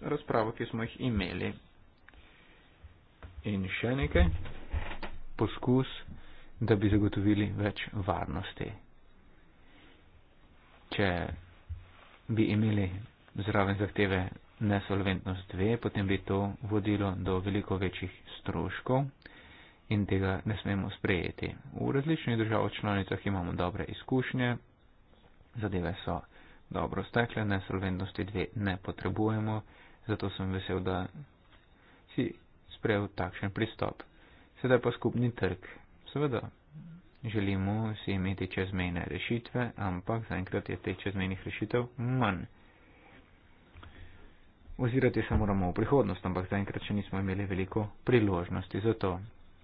razpravo, ki smo jih imeli. In še nekaj, poskus, da bi zagotovili več varnosti. Če bi imeli zraven zahteve nesolventnost 2, potem bi to vodilo do veliko večjih stroškov in tega ne smemo sprejeti. V različnih državah članicah imamo dobre izkušnje, zadeve so dobro stekle, nesolventnosti dve ne potrebujemo, zato sem vesel, da si sprejel takšen pristop. Sedaj pa skupni trg. Seveda, želimo si imeti čezmejne rešitve, ampak zaenkrat je teh čezmejnih rešitev manj. Ozirati se moramo v prihodnost, ampak zaenkrat še nismo imeli veliko priložnosti za to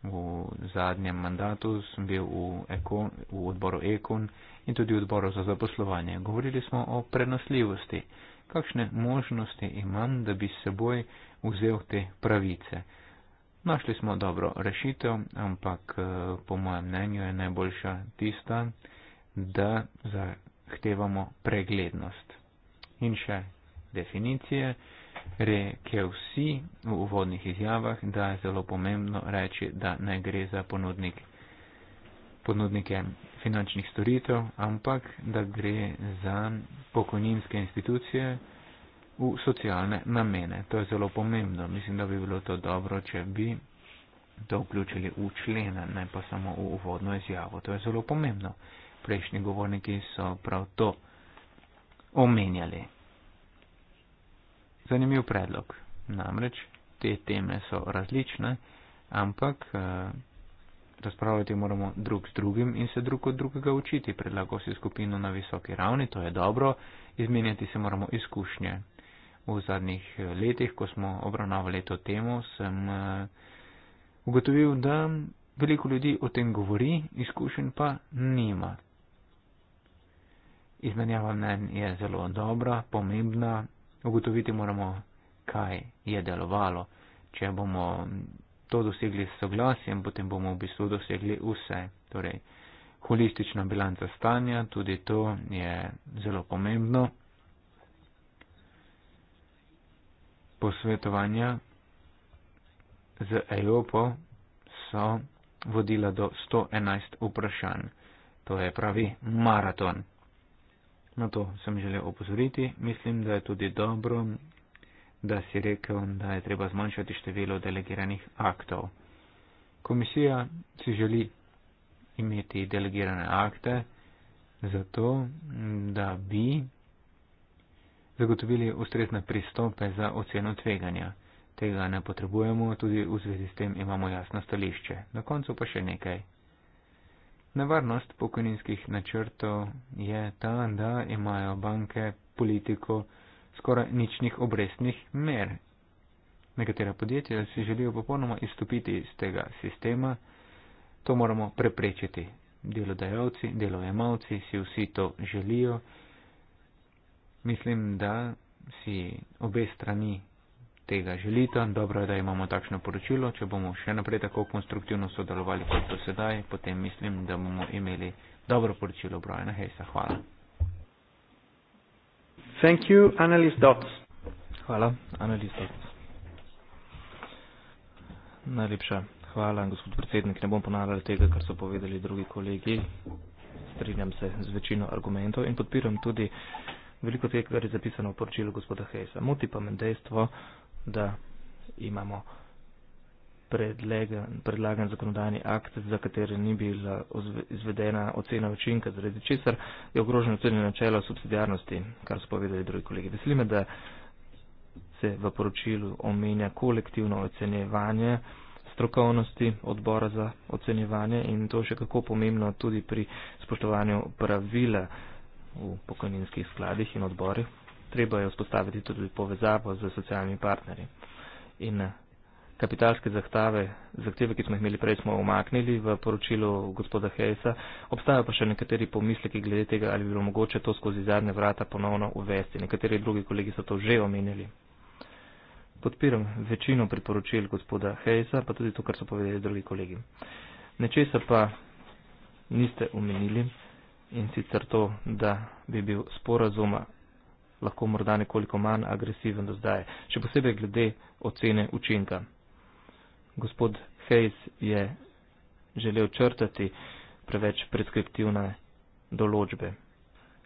v zadnjem mandatu sem bil v, Ekon, v odboru Ekon in tudi v odboru za zaposlovanje. Govorili smo o prenosljivosti. Kakšne možnosti imam, da bi seboj vzel te pravice? Našli smo dobro rešitev, ampak eh, po mojem mnenju je najboljša tista, da zahtevamo preglednost. In še definicije rekel si v uvodnih izjavah, da je zelo pomembno reči, da ne gre za ponudnik, ponudnike finančnih storitev, ampak da gre za pokojninske institucije v socialne namene. To je zelo pomembno. Mislim, da bi bilo to dobro, če bi to vključili v člene, ne pa samo v uvodno izjavo. To je zelo pomembno. Prejšnji govorniki so prav to omenjali zanimiv predlog. Namreč te teme so različne, ampak eh, razpravljati moramo drug z drugim in se drug od drugega učiti. Predlagal si skupino na visoki ravni, to je dobro, izmenjati se moramo izkušnje. V zadnjih eh, letih, ko smo obravnavali to temo, sem eh, ugotovil, da veliko ljudi o tem govori, izkušenj pa nima. Izmenjava mnen je zelo dobra, pomembna, Ugotoviti moramo, kaj je delovalo. Če bomo to dosegli s soglasjem, potem bomo v bistvu dosegli vse. Torej, holistična bilanca stanja, tudi to je zelo pomembno. Posvetovanja z EOPO so vodila do 111 vprašanj. To je pravi maraton. Na to sem želel opozoriti. Mislim, da je tudi dobro, da si rekel, da je treba zmanjšati število delegiranih aktov. Komisija si želi imeti delegirane akte zato, da bi zagotovili ustrezne pristope za oceno tveganja. Tega ne potrebujemo, tudi v zvezi s tem imamo jasno stališče. Na koncu pa še nekaj. Nevarnost pokojninskih načrtov je ta, da imajo banke politiko skoraj ničnih obrestnih mer. Nekatera podjetja si želijo popolnoma izstopiti iz tega sistema. To moramo preprečiti. Delodajalci, delojemalci si vsi to želijo. Mislim, da si obe strani tega želita. Dobro je, da imamo takšno poročilo. Če bomo še naprej tako konstruktivno sodelovali kot do sedaj, potem mislim, da bomo imeli dobro poročilo Brojana Hejsa. Hvala. Thank you, Annalise Dots. Hvala, Annalise Dots. Najlepša hvala, gospod predsednik. Ne bom ponavljal tega, kar so povedali drugi kolegi. Strinjam se z večino argumentov in podpiram tudi veliko tega, kar je zapisano v poročilu gospoda Hejsa. Moti pa me dejstvo, da imamo predlegan, predlagan zakonodajni akt, za katere ni bila izvedena ocena učinka, zaradi česar je ogroženo tudi načelo subsidijarnosti, kar so povedali drugi kolegi. Veseli me, da se v poročilu omenja kolektivno ocenjevanje strokovnosti odbora za ocenjevanje in to še kako pomembno tudi pri spoštovanju pravila v pokojninskih skladih in odborih, treba je vzpostaviti tudi povezavo z socialnimi partnerji. In eh, kapitalske zahtave, zahteve, ki smo jih imeli prej, smo omaknili v poročilu gospoda Hejsa. Obstajajo pa še nekateri pomisleki glede tega, ali bi bilo mogoče to skozi zadnje vrata ponovno uvesti. Nekateri drugi kolegi so to že omenili. Podpiram večino priporočil gospoda Hejsa, pa tudi to, kar so povedali drugi kolegi. Nečesa pa niste omenili in sicer to, da bi bil sporazuma lahko morda nekoliko manj agresiven do zdaj, še posebej glede ocene učinka. Gospod Hayes je želel črtati preveč preskriptivne določbe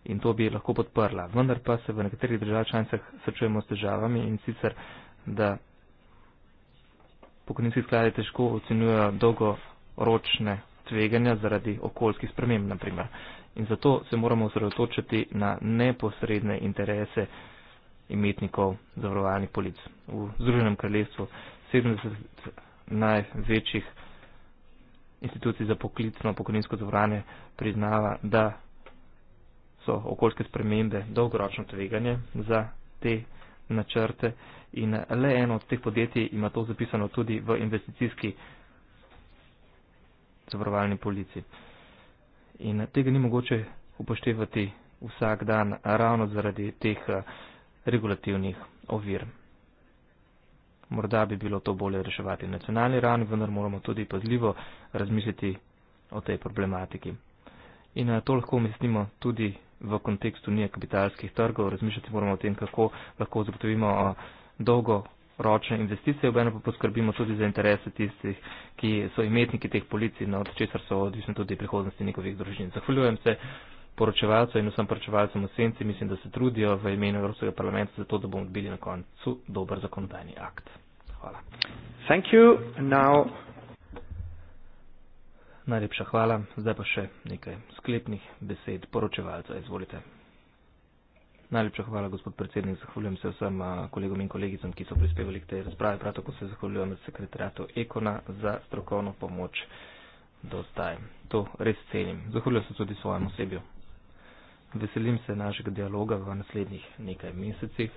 in to bi lahko podprla. Vendar pa se v nekaterih držav članicah srečujemo s težavami in sicer, da pokojninski sklade težko ocenjujejo dolgoročne tveganja zaradi okoljskih sprememb, naprimer in zato se moramo osredotočiti na neposredne interese imetnikov zavarovalnih polic. V Združenem kraljestvu 70 največjih institucij za poklicno pokojninsko zavarovanje priznava, da so okoljske spremembe dolgoročno tveganje za te načrte in le eno od teh podjetij ima to zapisano tudi v investicijski zavarovalni policiji. In tega ni mogoče upoštevati vsak dan ravno zaradi teh eh, regulativnih ovir. Morda bi bilo to bolje reševati na nacionalni ravni, vendar moramo tudi pazljivo razmisliti o tej problematiki. In eh, to lahko mislimo tudi v kontekstu nije kapitalskih trgov, razmišljati moramo o tem, kako lahko zagotovimo eh, dolgo ročne investicije, obenem pa poskrbimo tudi za interese tistih, ki so imetniki teh policij, no, od česar so odvisni tudi prihodnosti njihovih družin. Zahvaljujem se poročevalcev in vsem poročevalcem v senci, mislim, da se trudijo v imenu Evropskega parlamenta za to, da bomo odbili na koncu dober zakonodajni akt. Hvala. Thank you. Now... Najlepša hvala. Zdaj pa še nekaj sklepnih besed poročevalca. Izvolite. Najlepša hvala, gospod predsednik. Zahvaljujem se vsem eh, kolegom in kolegicam, ki so prispevali k tej razpravi. Prav tako se zahvaljujem sekretariatu Ekona za strokovno pomoč do zdaj. To res cenim. Zahvaljujem se tudi svojemu osebju. Veselim se našega dialoga v naslednjih nekaj mesecih.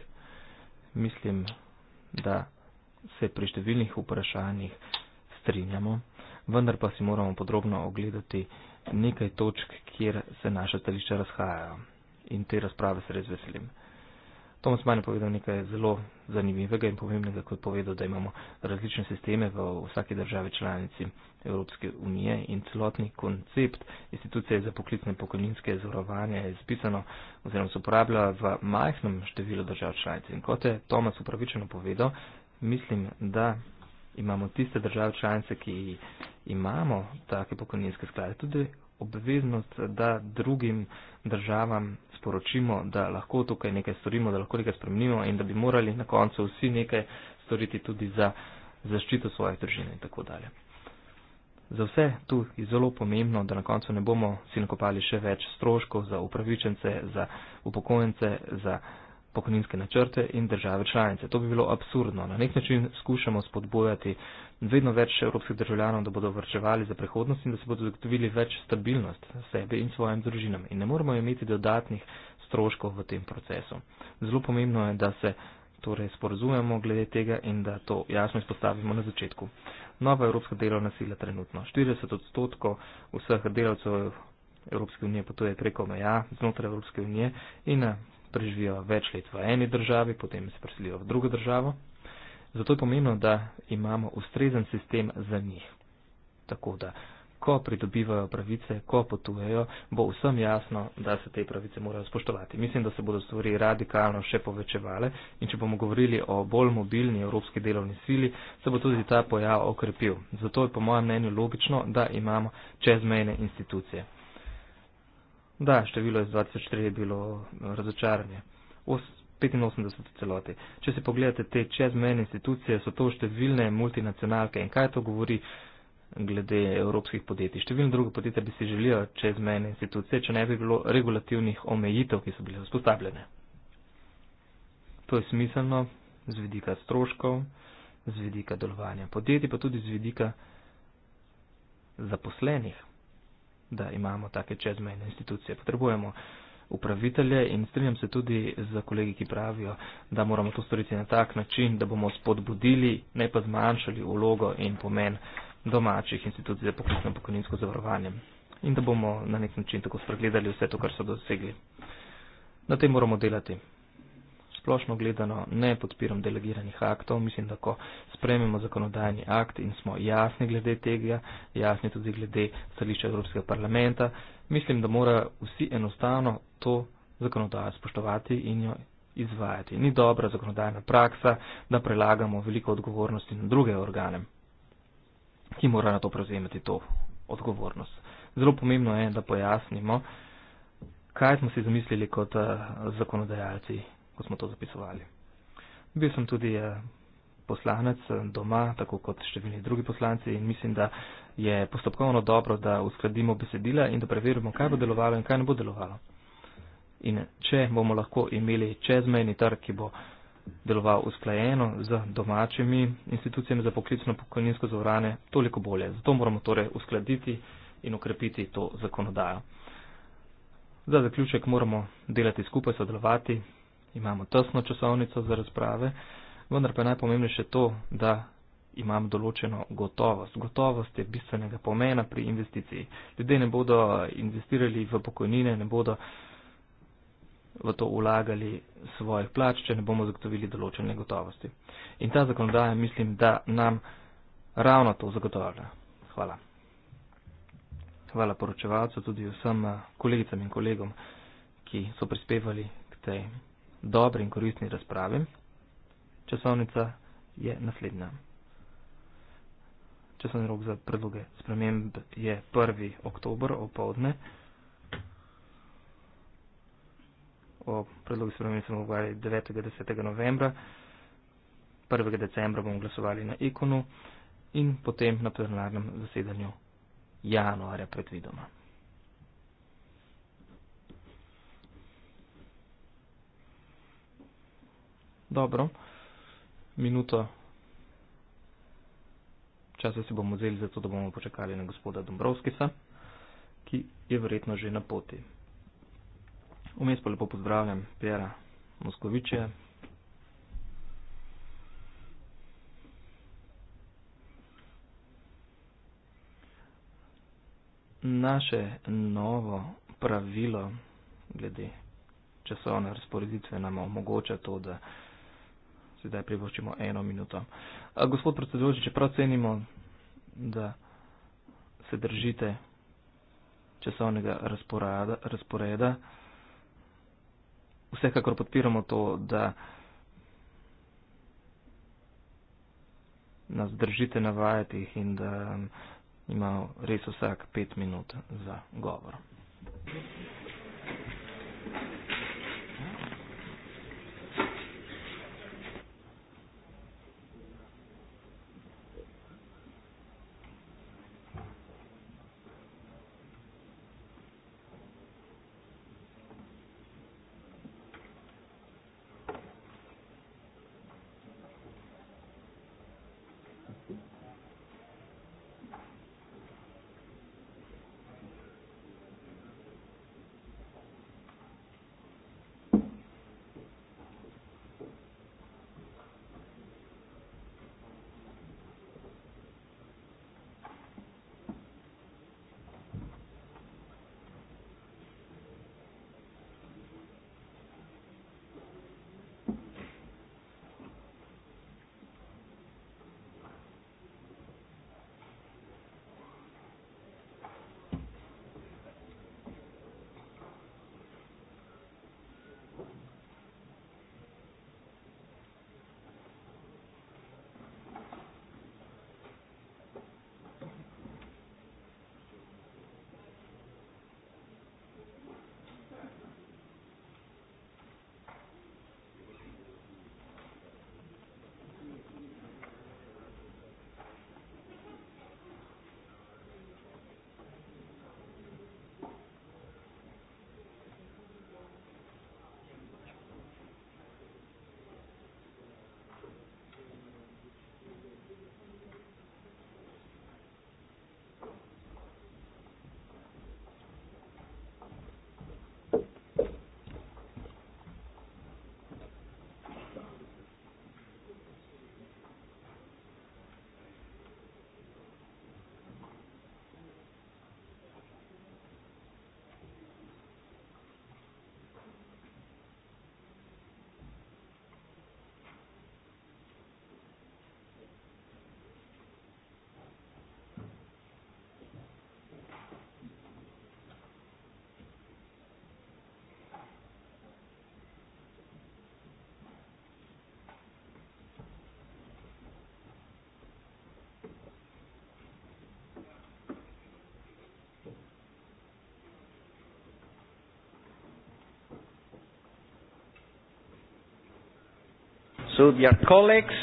Mislim, da se pri številnih vprašanjih strinjamo, vendar pa si moramo podrobno ogledati nekaj točk, kjer se naše stališče razhajajo in te razprave se res veselim. Tomas Manj je povedal nekaj zelo zanimivega in pomembnega, ko je povedal, da imamo različne sisteme v vsaki državi članici Evropske unije in celotni koncept institucije za poklicne pokojninske zavarovanje je spisano oziroma se uporablja v majhnem številu držav članici. In kot je Tomas upravičeno povedal, mislim, da imamo tiste države članice, ki imamo take pokojninske sklade, tudi obveznost, da drugim državam sporočimo, da lahko tukaj nekaj storimo, da lahko nekaj spremenimo in da bi morali na koncu vsi nekaj storiti tudi za zaščito svoje družine in tako dalje. Za vse tu je zelo pomembno, da na koncu ne bomo si nakopali še več stroškov za upravičence, za upokojence, za pokojninske načrte in države članice. To bi bilo absurdno. Na nek način skušamo spodbojati vedno več evropskih državljanov, da bodo vrčevali za prihodnost in da se bodo zagotovili več stabilnost sebi in svojim družinam. In ne moramo imeti dodatnih stroškov v tem procesu. Zelo pomembno je, da se torej sporozumemo glede tega in da to jasno izpostavimo na začetku. Nova evropska delovna sila trenutno. 40 odstotkov vseh delavcev Evropske unije potuje preko meja znotraj Evropske unije in preživijo več let v eni državi, potem se preselijo v drugo državo, Zato je pomembno, da imamo ustrezen sistem za njih. Tako da, ko pridobivajo pravice, ko potujejo, bo vsem jasno, da se te pravice morajo spoštovati. Mislim, da se bodo stvari radikalno še povečevale in če bomo govorili o bolj mobilni evropski delovni sili, se bo tudi ta pojav okrepil. Zato je po mojem mnenju logično, da imamo čezmejne institucije. Da, število iz 2004 je bilo razočaranje. 85 v celoti. Če si pogledate te čezmejne institucije, so to številne multinacionalke in kaj to govori glede evropskih podjetij. Številne druge podjetja bi si želijo čezmejne institucije, če ne bi bilo regulativnih omejitev, ki so bile vzpostavljene. To je smiselno z vidika stroškov, z vidika delovanja podjetij, pa tudi z vidika zaposlenih, da imamo take čezmejne institucije. Potrebujemo upravitelje in strinjam se tudi z kolegi, ki pravijo, da moramo to storiti na tak način, da bomo spodbudili, ne pa zmanjšali ulogo in pomen domačih institucij za poklicno pokojninsko zavarovanje in da bomo na nek način tako spregledali vse to, kar so dosegli. Na tem moramo delati. Splošno gledano ne podpiram delegiranih aktov, mislim, da ko sprememo zakonodajni akt in smo jasni glede tega, jasni tudi glede stališča Evropskega parlamenta, Mislim, da mora vsi enostavno to zakonodajo spoštovati in jo izvajati. Ni dobra zakonodajna praksa, da prelagamo veliko odgovornosti na druge organe, ki mora na to prevzemeti to odgovornost. Zelo pomembno je, da pojasnimo, kaj smo si zamislili kot eh, zakonodajalci, ko smo to zapisovali. Bil sem tudi eh, poslanec eh, doma, tako kot številni drugi poslanci in mislim, da je postopkovno dobro, da uskladimo besedila in da preverimo, kaj bo delovalo in kaj ne bo delovalo. In če bomo lahko imeli čezmejni trg, ki bo deloval usklajeno z domačimi institucijami za poklicno pokojninsko zavarovanje, toliko bolje. Zato moramo torej uskladiti in ukrepiti to zakonodajo. Za zaključek moramo delati skupaj, sodelovati, imamo tesno časovnico za razprave, vendar pa je najpomembnejše to, da imam določeno gotovost. Gotovost je bistvenega pomena pri investiciji. Ljudje ne bodo investirali v pokojnine, ne bodo v to ulagali svojih plač, če ne bomo zagotovili določene gotovosti. In ta zakonodaja mislim, da nam ravno to zagotavlja. Hvala. Hvala poročevalcu, tudi vsem eh, kolegicam in kolegom, ki so prispevali k tej dobri in koristni razpravi. Časovnica je naslednja časovni rok za predloge sprememb je 1. oktober opovdne. O predlogi sprememb smo govorili 9. in 10. novembra. 1. decembra bomo glasovali na ikonu in potem na plenarnem zasedanju januarja predvidoma. Dobro, minuto časa si bomo vzeli, zato da bomo počakali na gospoda Dombrovskisa, ki je verjetno že na poti. Vmes pa lepo pozdravljam Pjera Moskoviče. Naše novo pravilo glede časovne razporeditve nam omogoča to, da sedaj privoščimo eno minuto. Gospod predsedujoči, čeprav cenimo, da se držite časovnega razporeda, razporeda, vsekakor podpiramo to, da nas držite na vajetih in da um, ima res vsak pet minut za govor. So, dear colleagues,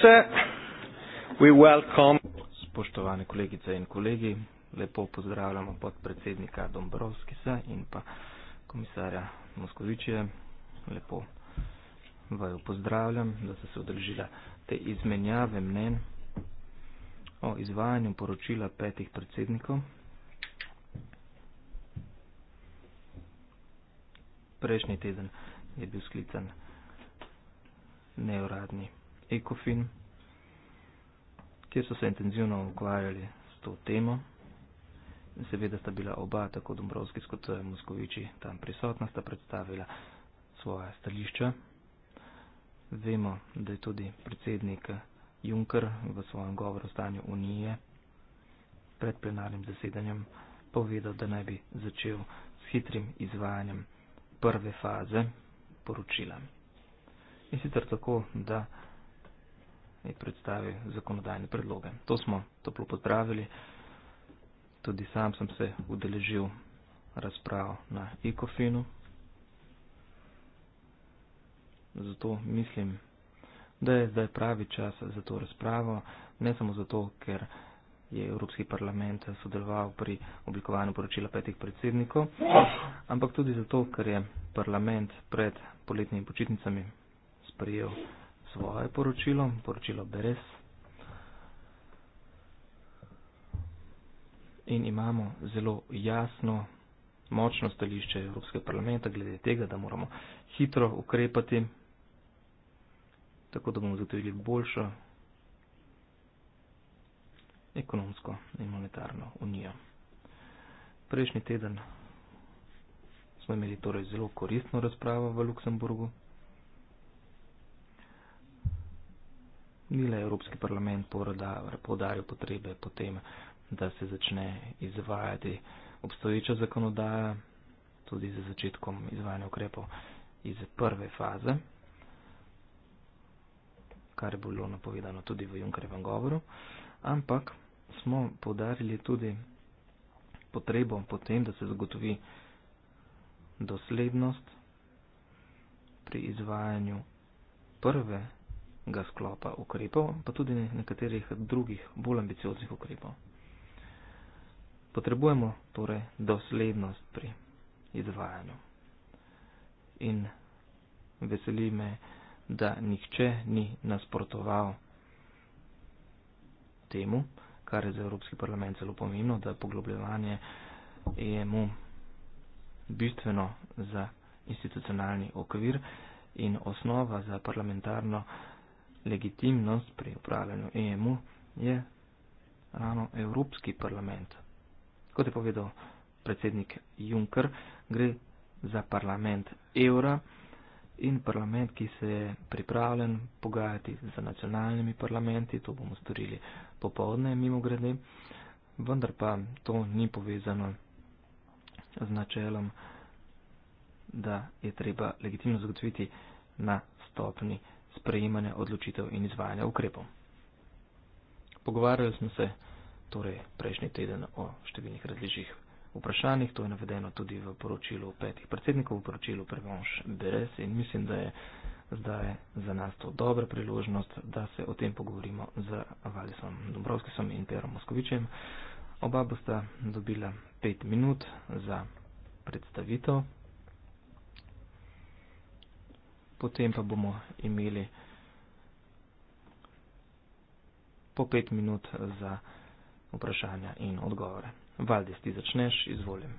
we welcome... Spoštovane kolegice in kolegi, lepo pozdravljamo podpredsednika Dombrovskisa in pa komisarja Moskovičeve. Lepo vaju pozdravljam, da ste se odrežila te izmenjave mnen o izvajanju poročila petih predsednikov. Prejšnji teden je bil sklican predsednik neuradni ekofin, kjer so se intenzivno ukvarjali s to temo. In seveda sta bila oba, tako Dombrovski kot eh, Moskoviči, tam prisotna, sta predstavila svoje stališča. Vemo, da je tudi predsednik eh, Juncker v svojem govoru o stanju Unije pred plenarnim zasedanjem povedal, da naj bi začel s hitrim izvajanjem prve faze poročila in sicer tako, da je predstavil zakonodajne predloge. To smo toplo pozdravili. Tudi sam sem se udeležil razprav na ICOFINu. Zato mislim, da je zdaj pravi čas za to razpravo, ne samo zato, ker je Evropski parlament sodeloval pri oblikovanju poročila petih predsednikov, ampak tudi zato, ker je parlament pred poletnimi počitnicami prijel svoje poročilo, poročilo Beres. In imamo zelo jasno, močno stališče Evropske parlamenta glede tega, da moramo hitro ukrepati, tako da bomo zagotovili boljšo ekonomsko in monetarno unijo. Prejšnji teden smo imeli torej zelo koristno razpravo v Luksemburgu. ni le Evropski parlament podaril potrebe potem, da se začne izvajati obstoječa zakonodaja, tudi za začetkom izvajanja ukrepov iz prve faze, kar je bilo napovedano tudi v Junkerjevem govoru, ampak smo podarili tudi potrebo potem, da se zagotovi doslednost pri izvajanju prve faze, tega sklopa ukrepov, pa tudi nekaterih drugih bolj ambicioznih ukrepov. Potrebujemo torej doslednost pri izvajanju. In veseli me, da nihče ni nasprotoval temu, kar je za Evropski parlament zelo pomembno, da poglobljevanje je mu bistveno za institucionalni okvir in osnova za parlamentarno legitimnost pri upravljanju EMU je ravno Evropski parlament. Kot je povedal predsednik Juncker, gre za parlament evra in parlament, ki se je pripravljen pogajati z nacionalnimi parlamenti, to bomo storili popovdne mimo grede, vendar pa to ni povezano z načelom, da je treba legitimno zagotoviti na stopni parlamenta sprejemanja odločitev in izvajanja ukrepov. Pogovarjali smo se torej prejšnji teden o številnih različnih vprašanjih, to je navedeno tudi v poročilu petih predsednikov, v poročilu Prevonš Beres in mislim, da je zdaj za nas to dobra priložnost, da se o tem pogovorimo z Valisom Dombrovskisom in Perom Moskovičem. Oba bosta dobila pet minut za predstavitev potem pa bomo imeli po pet minut za vprašanja in odgovore. Valdis, ti začneš, izvolim.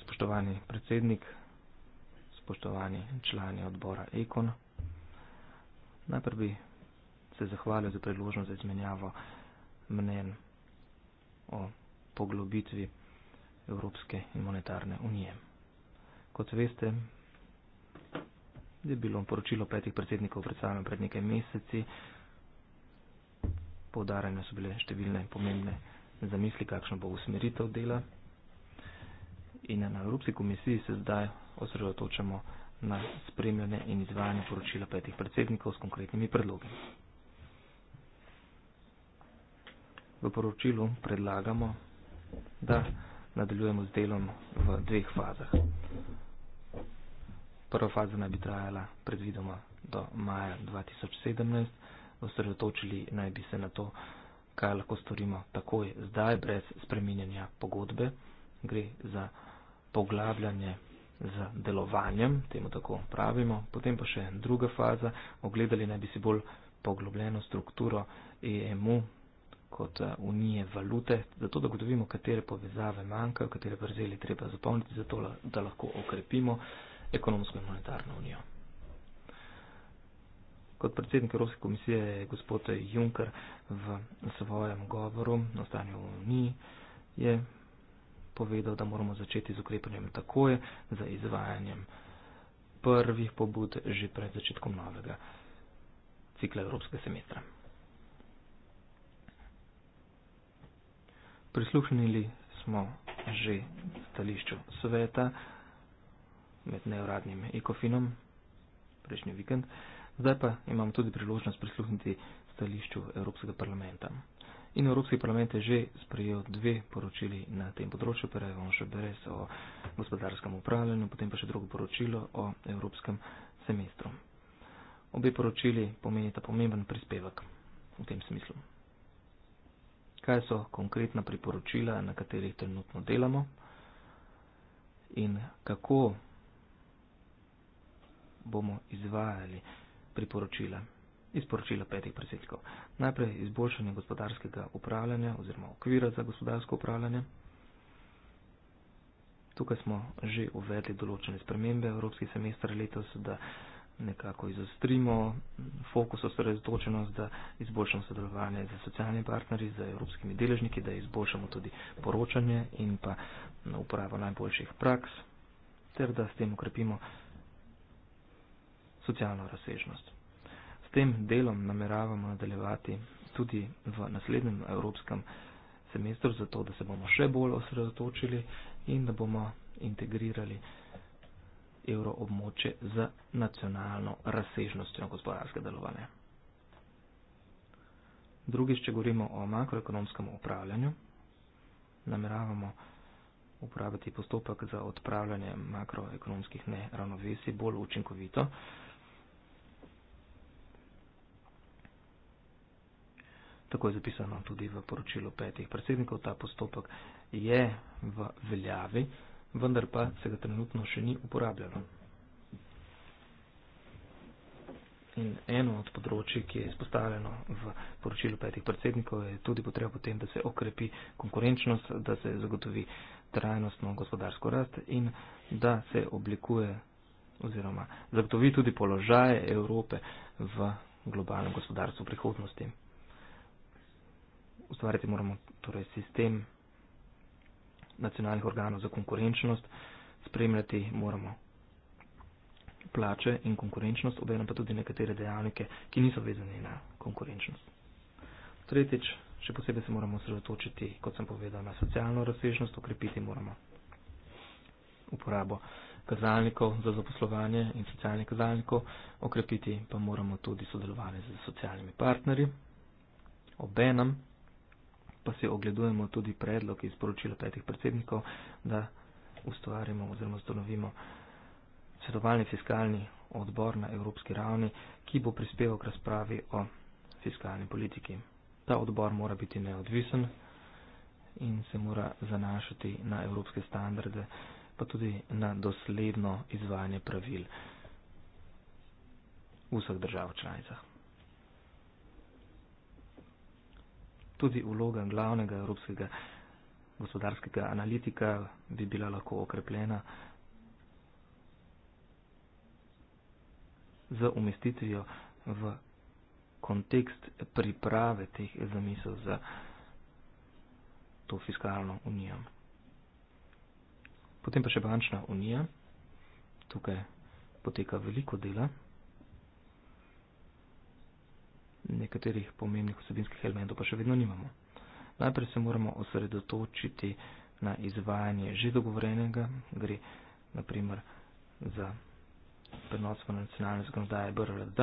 Spoštovani predsednik, spoštovani člani odbora EKON, najprej bi se zahvalil za priložnost za izmenjavo mnen o poglobitvi Evropske in monetarne unije. Kot veste, je bilo poročilo petih predsednikov predstavljeno pred nekaj meseci. Poudarjene so bile številne pomembne zamisli, kakšno bo usmeritev dela. In na Evropski komisiji se zdaj osredotočamo na spremljanje in izvajanje poročila petih predsednikov s konkretnimi predlogi. V poročilu predlagamo, da nadaljujemo z delom v dveh fazah. Prva faza naj bi trajala predvidoma do maja 2017. Osredotočili naj bi se na to, kaj lahko storimo takoj, zdaj, brez spreminjanja pogodbe. Gre za poglabljanje z delovanjem, temu tako pravimo. Potem pa še druga faza. Ogledali naj bi si bolj poglobljeno strukturo EMU kot unije valute, zato da gotovimo, katere povezave manjkajo, katere vrzeli treba zapolniti, zato da lahko okrepimo ekonomsko in monetarno unijo. Kot predsednik Evropske komisije je gospod Juncker v svojem govoru na stanju v Uniji je povedal, da moramo začeti z ukrepanjem takoj za izvajanjem prvih pobud že pred začetkom novega cikla Evropske semestra. Prisluhnili smo že stališču sveta med neuradnim ekofinom prejšnji vikend. Zdaj pa imamo tudi priložnost prisluhniti stališču Evropskega parlamenta. In Evropski parlament je že sprejel dve poročili na tem področju, prej bomo še brez o gospodarskem upravljanju, potem pa še drugo poročilo o Evropskem semestru. Obe poročili pomenita pomemben prispevek v tem smislu. Kaj so konkretna priporočila, na katerih trenutno delamo in kako bomo izvajali priporočila. Izporočila petih presečkov. Najprej izboljšanje gospodarskega upravljanja oziroma okvira za gospodarsko upravljanje. Tukaj smo že uvedli določene spremembe Evropski semestr letos, da nekako izostrimo fokus osredotočenost, da izboljšamo sodelovanje z socialnimi partnerji, z evropskimi deležniki, da izboljšamo tudi poročanje in pa uporabo najboljših praks, ter da s tem ukrepimo socialno razsežnost. S tem delom nameravamo nadaljevati tudi v naslednjem evropskem semestru, zato da se bomo še bolj osredotočili in da bomo integrirali evroobmoče z nacionalno razsežnostjo gospodarske delovanja. Drugič, če govorimo o makroekonomskem upravljanju, nameravamo uporabiti postopek za odpravljanje makroekonomskih neravnovesij bolj učinkovito. tako je zapisano tudi v poročilu petih predsednikov, ta postopek je v veljavi, vendar pa se ga trenutno še ni uporabljalo. In eno od področji, ki je izpostavljeno v poročilu petih predsednikov, je tudi potreba potem, da se okrepi konkurenčnost, da se zagotovi trajnostno gospodarsko rast in da se oblikuje oziroma zagotovi tudi položaje Evrope v globalnem gospodarstvu prihodnosti ustvariti moramo torej, sistem nacionalnih organov za konkurenčnost, spremljati moramo plače in konkurenčnost, obenem pa tudi nekatere dejavnike, ki niso vezane na konkurenčnost. Tretjič, še posebej se moramo sredotočiti, kot sem povedal, na socialno razsežnost, okrepiti moramo uporabo kazalnikov za zaposlovanje in socialnih kazalnikov, okrepiti pa moramo tudi sodelovanje z socialnimi partnerji. Obenem pa si ogledujemo tudi predlog iz poročila petih predsednikov, da ustvarimo oziroma ustanovimo svetovalni fiskalni odbor na evropski ravni, ki bo prispeval k razpravi o fiskalni politiki. Ta odbor mora biti neodvisen in se mora zanašati na evropske standarde, pa tudi na dosledno izvajanje pravil v vseh državah članicah. tudi vloga glavnega evropskega gospodarskega analitika bi bila lahko okrepljena z umestitvijo v kontekst priprave teh zamisel za to fiskalno unijo. Potem pa še bančna unija. Tukaj poteka veliko dela, nekaterih pomembnih osebinskih elementov pa še vedno nimamo. Najprej se moramo osredotočiti na izvajanje že dogovorenega, gre naprimer za prenos v nacionalne zakonodaje BRLD,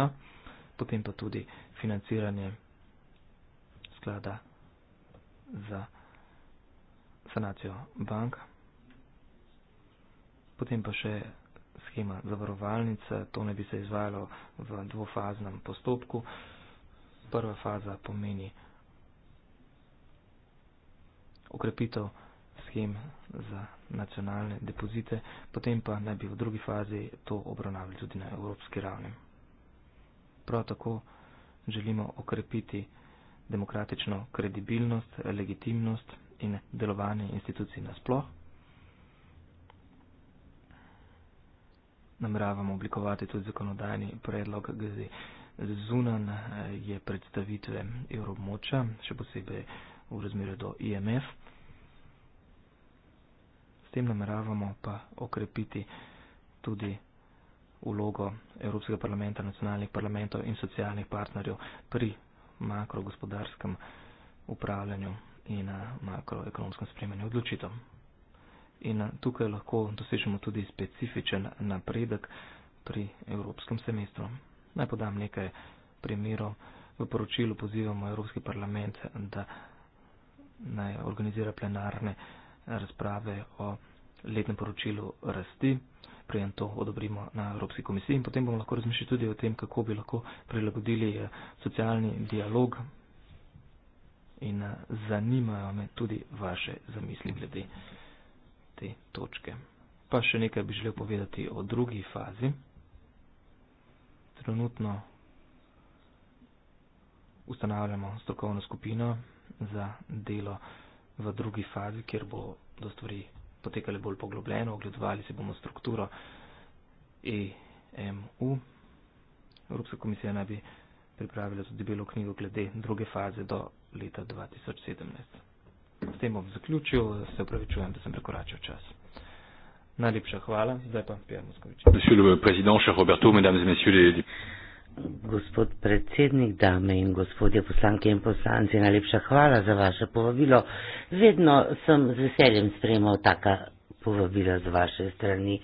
potem pa tudi financiranje sklada za sanacijo bank, potem pa še schema zavarovalnice, to ne bi se izvajalo v dvofaznem postopku prva faza pomeni okrepitev schem za nacionalne depozite, potem pa naj bi v drugi fazi to obravnavali tudi na evropski ravni. Prav tako želimo okrepiti demokratično kredibilnost, legitimnost in delovanje institucij nasploh. Nameravamo oblikovati tudi zakonodajni predlog glede zunan eh, je predstavitve evromoča, še posebej v razmerju do IMF. S tem nameravamo pa okrepiti tudi ulogo Evropskega parlamenta, nacionalnih parlamentov in socialnih partnerjev pri makrogospodarskem upravljanju in eh, makroekonomskem spremenju odločitev. In eh, tukaj lahko dosežemo tudi specifičen napredek pri evropskem semestru. Naj podam nekaj primerov. V poročilu pozivamo Evropski parlament, da naj organizira plenarne razprave o letnem poročilu rasti, prejem to odobrimo na Evropski komisiji in potem bomo lahko razmišljali tudi o tem, kako bi lahko prilagodili eh, socialni dialog in eh, zanimajo me tudi vaše zamisli glede te točke. Pa še nekaj bi želel povedati o drugi fazi trenutno ustanavljamo strokovno skupino za delo v drugi fazi, kjer bo do stvari potekale bolj poglobljeno, ogledovali se bomo strukturo EMU. Evropska komisija naj bi pripravila tudi belo knjigo glede druge faze do leta 2017. S tem bom zaključil, se upravičujem, da sem prekoračil čas. Najlepša hvala. Zdaj pa Pierre Moskovič. Gospod predsednik, dame in gospodje poslanke in poslanci, najlepša hvala za vaše povabilo. Vedno sem z veseljem spremal taka povabila z vaše strani.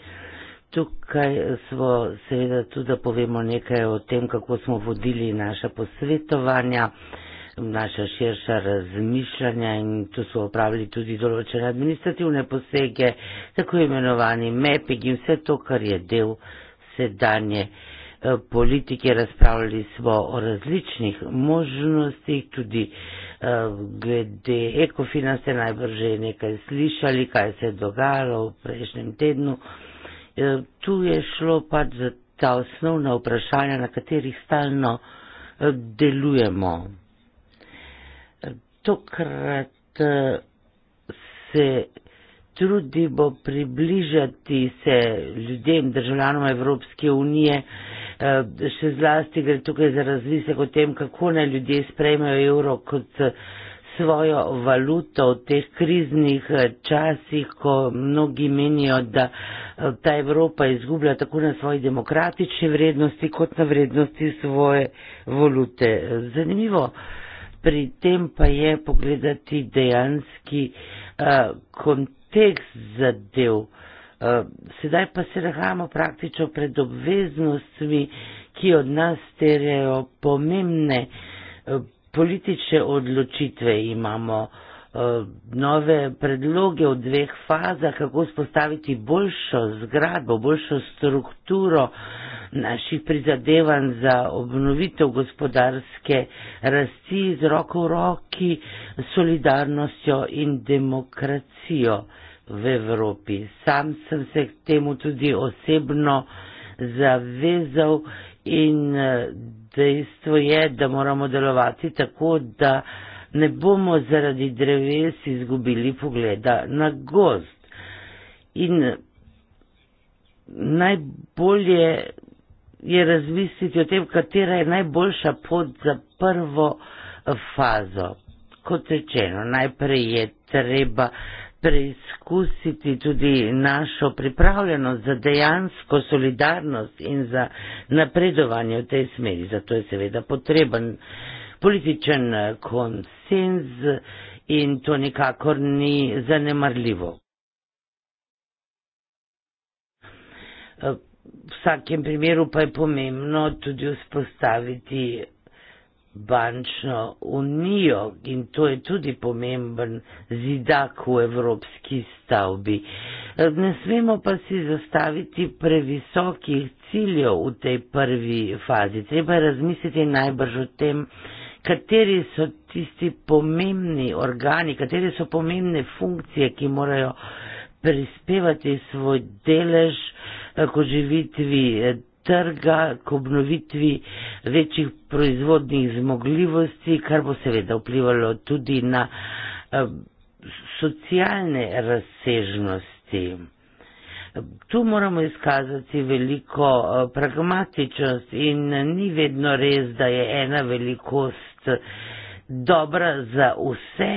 Tukaj smo seveda tudi, da povemo nekaj o tem, kako smo vodili naša posvetovanja. Uh, naša širša razmišljanja in tu so opravili tudi določene administrativne posege, tako imenovani MEPIG in vse to, kar je del sedanje eh, politike. Razpravljali smo o različnih možnostih, tudi eh, glede ekofina ste najbrž že nekaj slišali, kaj se je dogajalo v prejšnjem tednu. Eh, tu je šlo pač za ta osnovna vprašanja, na katerih stalno delujemo tokrat eh, se trudimo približati se ljudem, državljanom Evropske unije, eh, še zlasti gre tukaj za razlisek o tem, kako naj ljudje sprejmejo evro kot eh, svojo valuto v teh kriznih časih, ko mnogi menijo, da ta Evropa izgublja tako na svoji demokratični vrednosti, kot na vrednosti svoje valute. Zanimivo pri tem pa je pogledati dejanski uh, kontekst zadev. Uh, sedaj pa se nahajamo praktično pred obveznostmi, ki od nas terjajo pomembne uh, politične odločitve imamo. Eh, nove predloge v dveh fazah, kako spostaviti boljšo zgradbo, boljšo strukturo naših prizadevanj za obnovitev gospodarske rasti z roko v roki, solidarnostjo in demokracijo v Evropi. Sam sem se k temu tudi osebno zavezal in eh, dejstvo je, da moramo delovati tako, da ne bomo zaradi dreves izgubili pogleda na gost. In najbolje je razmisliti o tem, katera je najboljša pot za prvo eh, fazo. Kot rečeno, najprej je treba preizkusiti tudi našo pripravljenost za dejansko solidarnost in za napredovanje v tej smeri. Zato je seveda potreben političen eh, konc konsenz in to nikakor ni zanemarljivo. Eh, v vsakem primeru pa je pomembno tudi vzpostaviti bančno unijo in to je tudi pomemben zidak v evropski stavbi. Eh, ne smemo pa si zastaviti previsokih ciljev v tej prvi fazi. Treba razmisliti najbrž o tem, kateri so tisti pomembni organi, kateri so pomembne funkcije, ki morajo prispevati svoj delež eh, k oživitvi eh, trga, k obnovitvi večjih proizvodnih zmogljivosti, kar bo seveda vplivalo tudi na eh, socialne razsežnosti. Tu moramo izkazati veliko pragmatičnost in ni vedno res, da je ena velikost dobra za vse,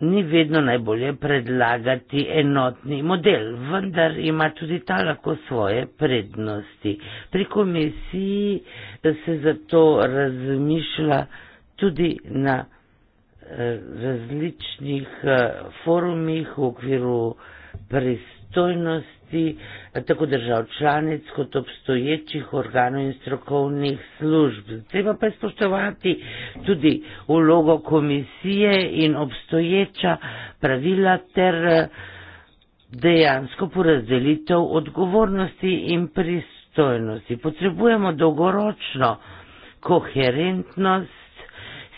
ni vedno najbolje predlagati enotni model, vendar ima tudi ta lahko svoje prednosti. Pri komisiji se zato razmišlja tudi na eh, različnih eh, forumih v okviru pristojnosti oblasti, tako držav članic kot obstoječih organov in strokovnih služb. Treba pa je spoštovati tudi ulogo komisije in obstoječa pravila ter dejansko porazdelitev odgovornosti in pristojnosti. Potrebujemo dolgoročno koherentnost,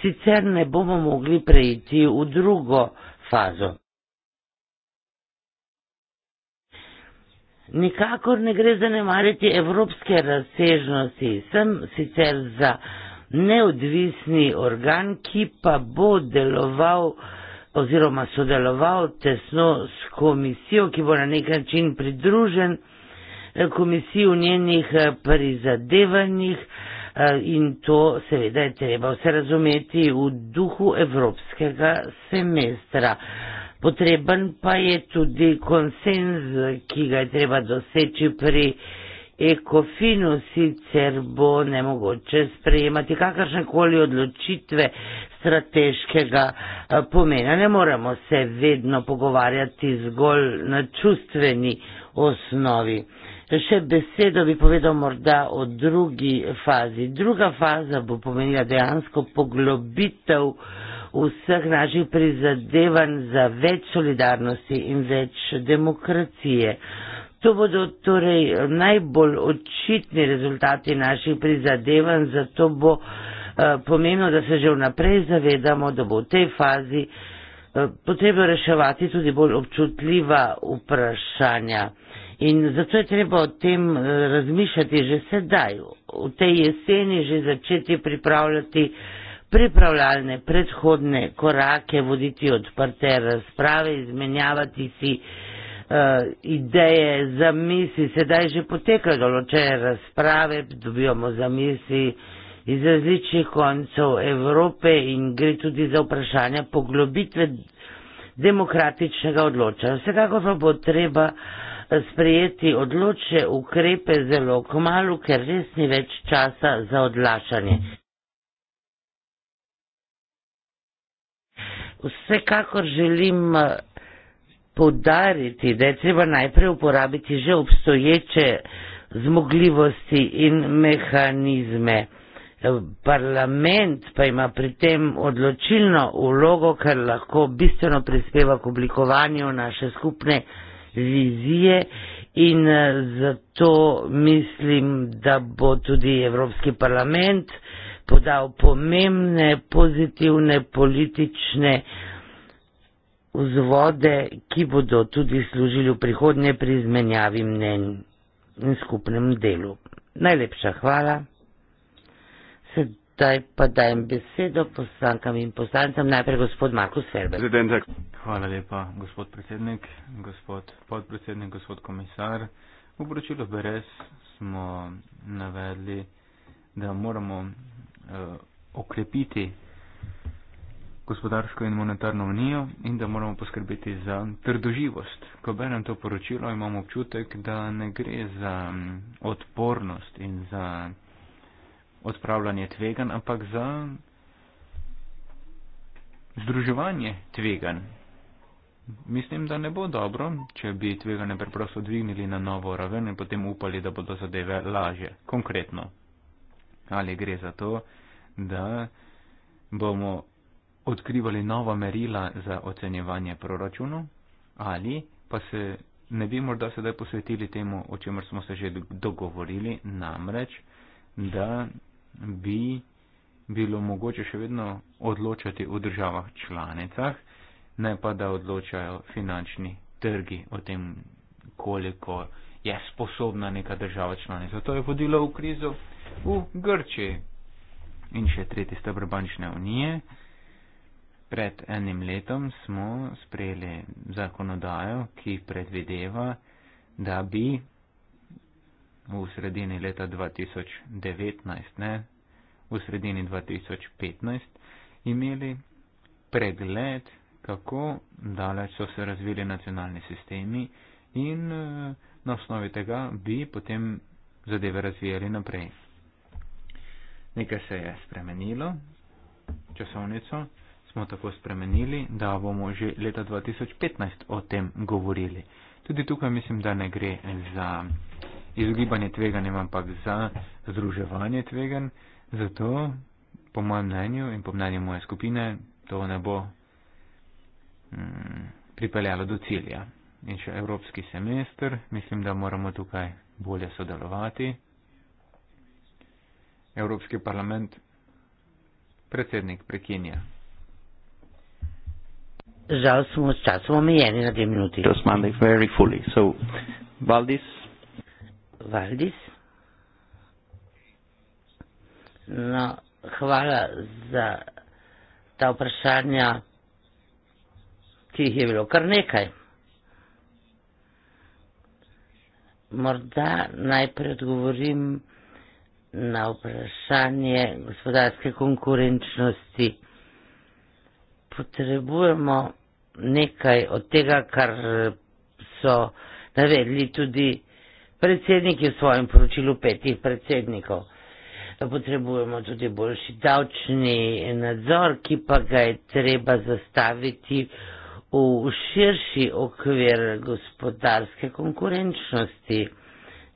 sicer ne bomo mogli preiti v drugo fazo. Nikakor ne gre zanemariti evropske razsežnosti, sem sicer za neodvisni organ, ki pa bo deloval oziroma sodeloval tesno s komisijo, ki bo na nek način pridružen eh, komisiji v njenih eh, prizadevanjih eh, in to seveda je treba vse razumeti v duhu evropskega semestra. Potreben pa je tudi konsenz, ki ga je treba doseči pri ekofinu, sicer bo ne mogoče sprejemati kakršne koli odločitve strateškega eh, pomena. Ne moramo se vedno pogovarjati zgolj na čustveni osnovi. Še besedo bi povedal morda o drugi fazi. Druga faza bo pomenila dejansko poglobitev vseh naših prizadevanj za več solidarnosti in več demokracije. To bodo torej najbolj očitni rezultati naših prizadevanj, zato bo eh, pomenilo, da se že vnaprej zavedamo, da bo v tej fazi eh, potrebno reševati tudi bolj občutljiva vprašanja. In zato je treba o tem eh, razmišljati že sedaj, v tej jeseni že začeti pripravljati uh, pripravljalne predhodne korake, voditi odprte razprave, izmenjavati si uh, ideje, zamisli. Sedaj že potekajo določene razprave, dobivamo zamisli iz različnih koncev Evrope in gre tudi za vprašanja poglobitve demokratičnega odločanja. Vsekako pa bo treba eh, sprejeti odločne ukrepe zelo kmalo, ker res ni več časa za odlašanje. vsekakor želim eh, podariti, da je treba najprej uporabiti že obstoječe zmogljivosti in mehanizme. Parlament pa ima pri tem odločilno vlogo, ker lahko bistveno prispeva k oblikovanju naše skupne vizije in eh, zato mislim, da bo tudi Evropski parlament uh, podal pomembne, pozitivne politične vzvode, ki bodo tudi služili v prihodnje pri izmenjavi mnen in skupnem delu. Najlepša hvala. Sedaj pa dajem besedo poslankam in poslancem, najprej gospod Markus Ferber. Hvala lepa, gospod predsednik, gospod podpredsednik, gospod komisar. V poročilu Beres smo navedli, da moramo uh, okrepiti gospodarsko in monetarno unijo in da moramo poskrbeti za trdoživost. Ko berem to poročilo, imam občutek, da ne gre za mm, odpornost in za odpravljanje tvegan, ampak za združevanje tvegan. Mislim, da ne bo dobro, če bi tvegane preprosto dvignili na novo raven in potem upali, da bodo zadeve laže. Konkretno, ali gre za to, da bomo odkrivali nova merila za ocenjevanje proračunu ali pa se ne bi morda sedaj posvetili temu, o čemer smo se že dogovorili, namreč, da bi bilo mogoče še vedno odločati v državah članicah, ne pa da odločajo finančni trgi o tem, koliko je sposobna neka država članica. To je vodilo v krizo v Grčiji in še tretji stebr bančne unije. Pred enim letom smo sprejeli zakonodajo, ki predvideva, da bi v sredini leta 2019, ne, v sredini 2015, imeli pregled, kako daleč so se razvili nacionalni sistemi in eh, na osnovi tega bi potem zadeve razvijali naprej. Nekaj se je spremenilo, časovnico smo tako spremenili, da bomo že leta 2015 o tem govorili. Tudi tukaj mislim, da ne gre za izogibanje tveganjem, ampak za združevanje tvegan. Zato, po mojem mnenju in po mnenju moje skupine, to ne bo mm, pripeljalo do cilja. In še evropski semester, mislim, da moramo tukaj bolje sodelovati. Evropski parlament. Predsednik prekinja. Žal smo s časom omejeni na dve minuti. So, Valdis. Valdis. No, hvala za ta vprašanja, ki jih je bilo kar nekaj. Morda najprej odgovorim na vprašanje gospodarske konkurenčnosti. Potrebujemo nekaj od tega, kar so navedli tudi predsedniki v svojem poročilu petih predsednikov. Potrebujemo tudi boljši davčni nadzor, ki pa ga je treba zastaviti v širši okvir gospodarske konkurenčnosti.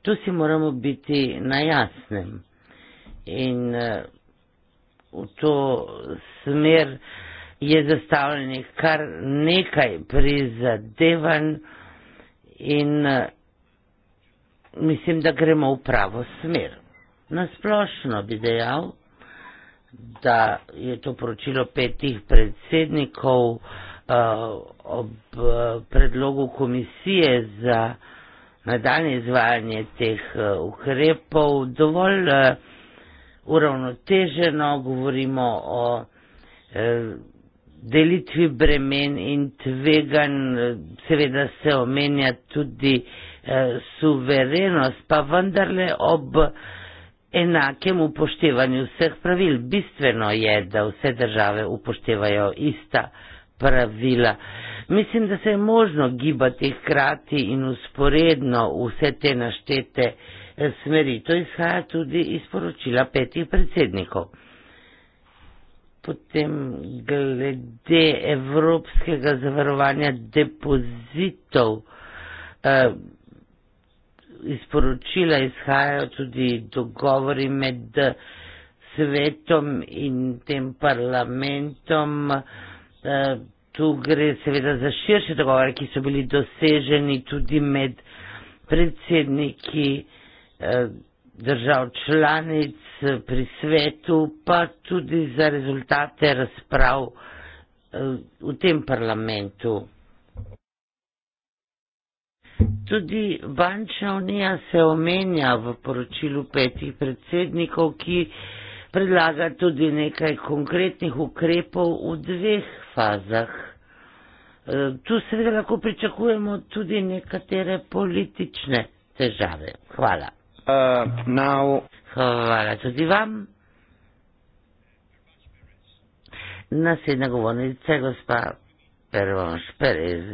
Tu si moramo biti na jasnem in eh, v to smer je zastavljenih kar nekaj prizadevanj in eh, mislim, da gremo v pravo smer. Nasplošno bi dejal, da je to poročilo petih predsednikov eh, ob predlogu komisije za nadaljne izvajanje teh ukrepov dovolj uravnoteženo, govorimo o eh, delitvi bremen in tvegan, seveda se omenja tudi eh, suverenost, pa vendarle ob enakem upoštevanju vseh pravil. Bistveno je, da vse države upoštevajo ista pravila. Mislim, da se je možno gibati hkrati in usporedno vse te naštete eh, Eh, smeri. To izhaja tudi iz poročila petih predsednikov. Potem glede evropskega zavarovanja depozitov. Eh, iz poročila izhajajo tudi dogovori med svetom in tem parlamentom. Eh, tu gre seveda za širše dogovore, ki so bili doseženi tudi med predsedniki Eh, držav članic eh, pri svetu, pa tudi za rezultate razprav eh, v tem parlamentu. Tudi bančna unija se omenja v poročilu petih predsednikov, ki predlaga tudi nekaj konkretnih ukrepov v dveh fazah. Tu seveda lahko pričakujemo tudi nekatere politične težave. Hvala. Uh, now... Hvala tudi vam. Naslednja govornica je gospa Pervonš Perez.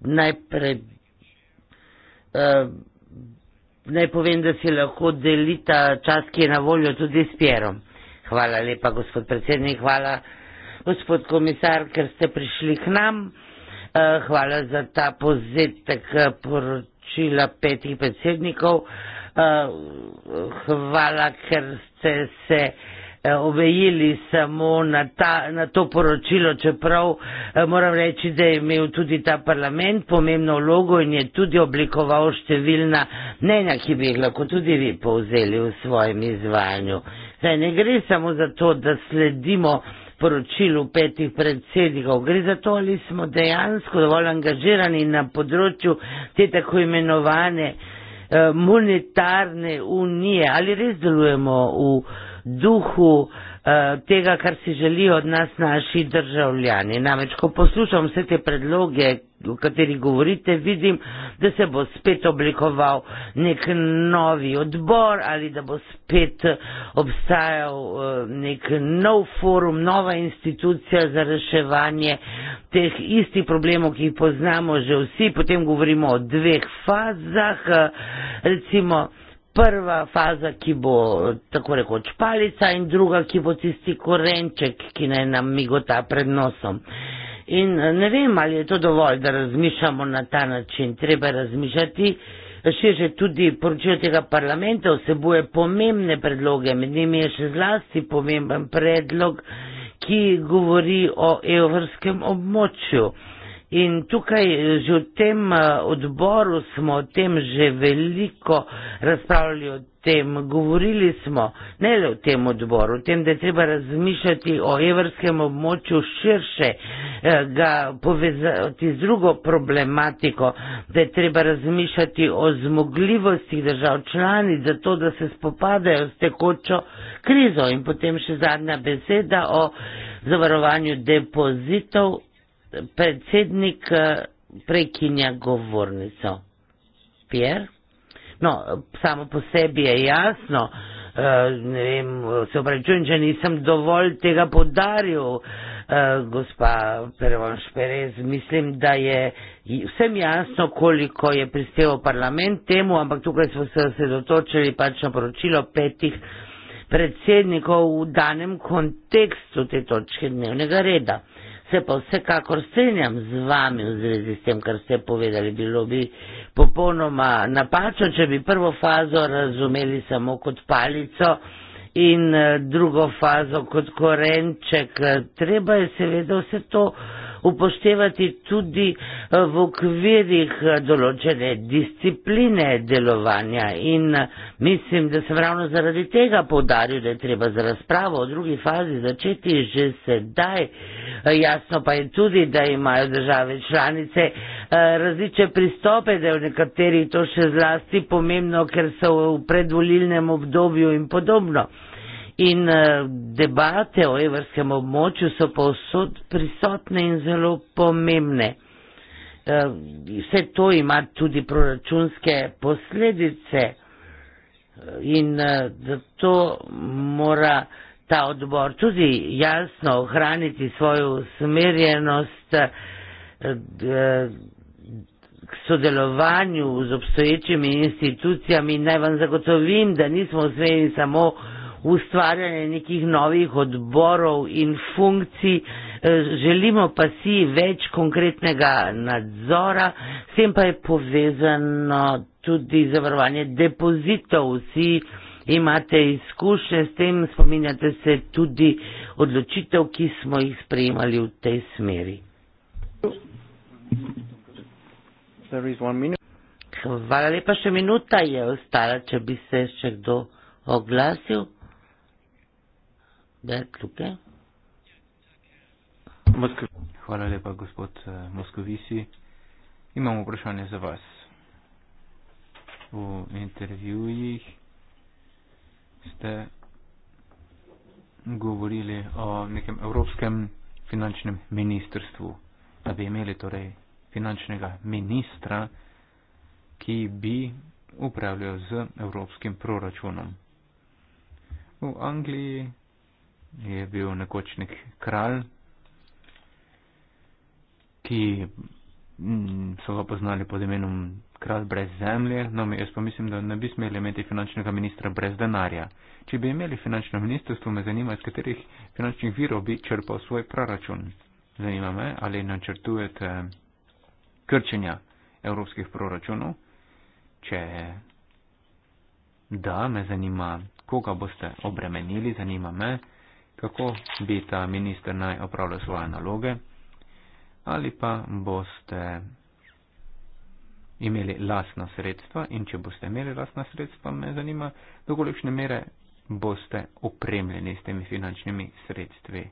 Najprej uh, naj povem, da si lahko delita čas, ki je na voljo tudi s Pierom. Hvala lepa, gospod predsednik, hvala, gospod komisar, ker ste prišli k nam. Uh, hvala za ta pozetek eh, poročila sporočila petih predsednikov. Eh, hvala, ker ste se eh, omejili samo na, ta, na to poročilo, čeprav eh, moram reči, da je imel tudi ta parlament pomembno vlogo in je tudi oblikoval številna mnenja, ki bi jih lahko tudi vi povzeli v svojem izvajanju. Zdaj ne gre samo za to, da sledimo poročilu petih predsednikov. Gre za to, ali smo dejansko dovolj angažirani na področju te tako imenovane eh, monetarne unije, ali res delujemo v duhu eh, tega, kar si želijo od nas naši državljani. Namreč, ko poslušam vse te predloge, o kateri govorite, vidim, da se bo spet oblikoval nek novi odbor ali da bo spet eh, obstajal eh, nek nov forum, nova institucija za reševanje teh istih problemov, ki jih poznamo že vsi. Potem govorimo o dveh fazah, eh, recimo. Prva faza, ki bo tako rekoč palica in druga, ki bo tisti korenček, ki naj nam migota pred nosom. Uh, In eh, ne vem, ali je to dovolj, da razmišljamo na ta način. Treba razmišljati širše tudi poročilo tega parlamenta vsebuje pomembne predloge. Med njimi je še zlasti pomemben predlog, ki govori o evropskem območju. In tukaj eh, že v tem eh, odboru smo o tem že veliko razpravljali, o tem, govorili smo, ne le v tem odboru, tem, da je treba razmišljati o evrskem območju širše, eh, ga povezati z drugo problematiko, da je treba razmišljati o zmogljivosti držav članic za to, da se spopadajo s tekočo krizo in potem še zadnja beseda o zavarovanju depozitov. Predsednik eh, prekinja govornico. Pierre? No, samo po sebi je jasno, eh, ne vem, se opravičujem, če nisem dovolj tega podaril, eh, gospa Pervonš Perez. Mislim, da je vsem jasno, koliko je prispeval parlament temu, ampak tukaj smo se osredotočili pač na poročilo petih predsednikov v danem kontekstu te točke dnevnega reda. Se pa vsekakor strinjam z vami v zvezi s tem, kar ste povedali. Bilo bi popolnoma napačno, če bi prvo fazo razumeli samo kot palico in eh, drugo fazo kot korenček. Treba je seveda vse to upoštevati tudi eh, v okvirih eh, določene discipline delovanja in eh, mislim, da sem ravno zaradi tega povdaril, da je treba za razpravo o drugi fazi začeti že sedaj. Jasno pa je tudi, da imajo države članice različne pristope, da je v nekaterih to še zlasti pomembno, ker so v predvolilnem obdobju in podobno. In eh, debate o evrskem območju so povsod prisotne in zelo pomembne. Eh, vse to ima tudi proračunske posledice eh, in zato mora ta odbor tudi jasno ohraniti svojo usmerjenost k sodelovanju z obstoječimi institucijami. Naj vam zagotovim, da nismo usmerjeni samo v ustvarjanje nekih novih odborov in funkcij, eh, želimo pa si več konkretnega nadzora, s tem pa je povezano tudi zavarovanje depozitov. Vsi imate izkušnje s tem, spominjate se tudi odločitev, ki smo jih sprejemali v tej smeri. Hvala lepa, še minuta je ostala, če bi se še kdo oglasil. Bert Luke. Moskv Hvala lepa, gospod eh, Moskovisi. Imamo vprašanje za vas. V intervjujih ste govorili o nekem evropskem finančnem ministrstvu, da bi imeli torej finančnega ministra, ki bi upravljal z evropskim proračunom. V Angliji je bil nekoč nek kralj, ki mm, so ga poznali pod imenom kralj brez zemlje. No, jaz pa mislim, da ne bi smeli imeti finančnega ministra brez denarja. Če bi imeli finančno ministrstvo, me zanima, iz katerih finančnih virov bi črpal svoj proračun. Zanima me, ali načrtujete krčenja evropskih proračunov. Če da, me zanima, koga boste obremenili, zanima me kako bi ta minister naj opravljal svoje naloge, ali pa boste imeli lasna sredstva in če boste imeli lasna sredstva, me zanima, do kolikšne mere boste opremljeni s temi finančnimi sredstvi.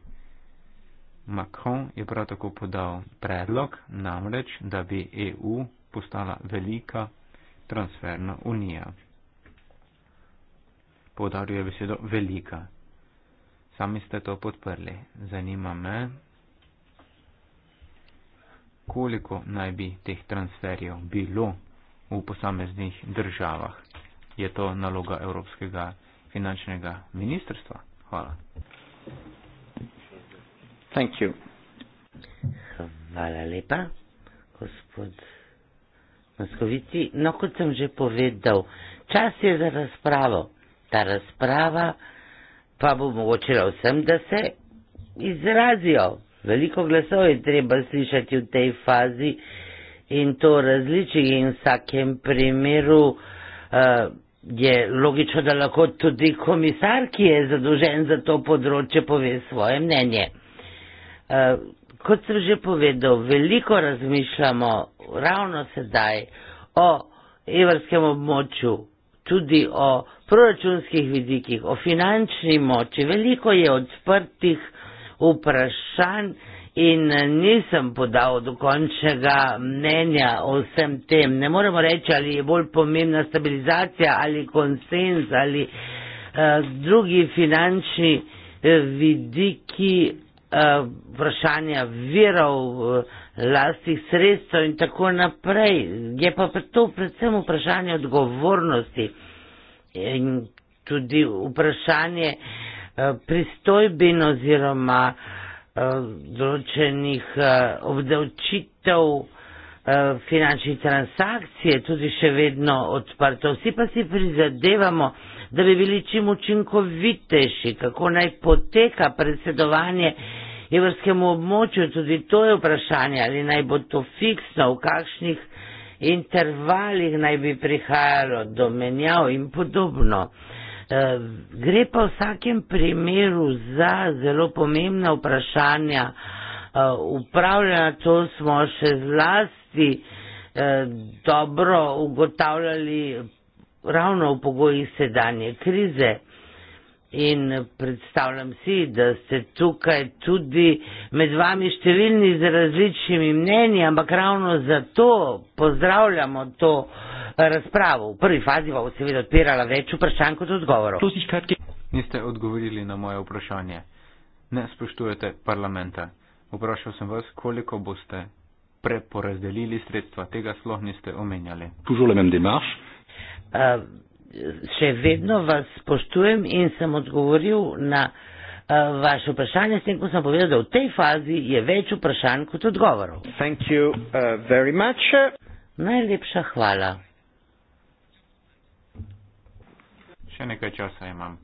Macron je prav tako podal predlog, namreč, da bi EU postala velika transferna unija. Podaril je besedo velika Kam ste to podprli? Zanima me, koliko naj bi teh transferjev bilo v posameznih državah. Je to naloga Evropskega finančnega ministrstva? Hvala. Thank you. Hvala lepa, gospod Moskoviti. No, kot sem že povedal, čas je za razpravo. Ta razprava pa bo omogočilo vsem, da se izrazijo. Veliko glasov je treba slišati v tej fazi in to različi in v vsakem primeru uh, je logično, da lahko tudi komisar, ki je zadužen za to področje, pove svoje mnenje. Uh, kot sem že povedal, veliko razmišljamo ravno sedaj o evrskem območju, tudi o proračunskih vidikih, o finančni moči. Veliko je odprtih vprašanj in nisem podal dokončnega mnenja o vsem tem. Ne moremo reči, ali je bolj pomembna stabilizacija ali konsens ali eh, drugi finančni eh, vidiki eh, vprašanja virov eh, lastih sredstev in tako naprej. Je pa to predvsem vprašanje odgovornosti in tudi vprašanje eh, pristojbin oziroma eh, določenih eh, obdavčitev finančnih transakcij je tudi še vedno odprto. Vsi pa si prizadevamo, da bi bili čim učinkovitejši, kako naj poteka predsedovanje evropskemu območju, tudi to je vprašanje, ali naj bo to fiksno, v kakšnih intervalih naj bi prihajalo do menjav in podobno. E, gre pa v vsakem primeru za zelo pomembna vprašanja. E, upravljanja to smo še zlasti e, dobro ugotavljali ravno v pogojih sedanje krize. In predstavljam si, da ste tukaj tudi med vami številni z različnimi mnenji, ampak ravno zato pozdravljamo to eh, razpravo. V prvi fazi bo seveda odpirala več vprašanj kot odgovorov. Niste odgovorili na moje vprašanje. Ne spoštujete parlamenta. Vprašal sem vas, koliko boste preporazdelili sredstva. Tega sloh niste omenjali. Uh, še vedno vas spoštujem in sem odgovoril na uh, vaše vprašanje, s tem, ko sem povedal, da v tej fazi je več vprašanj kot odgovorov. Uh, Najlepša hvala. Še nekaj časa imam.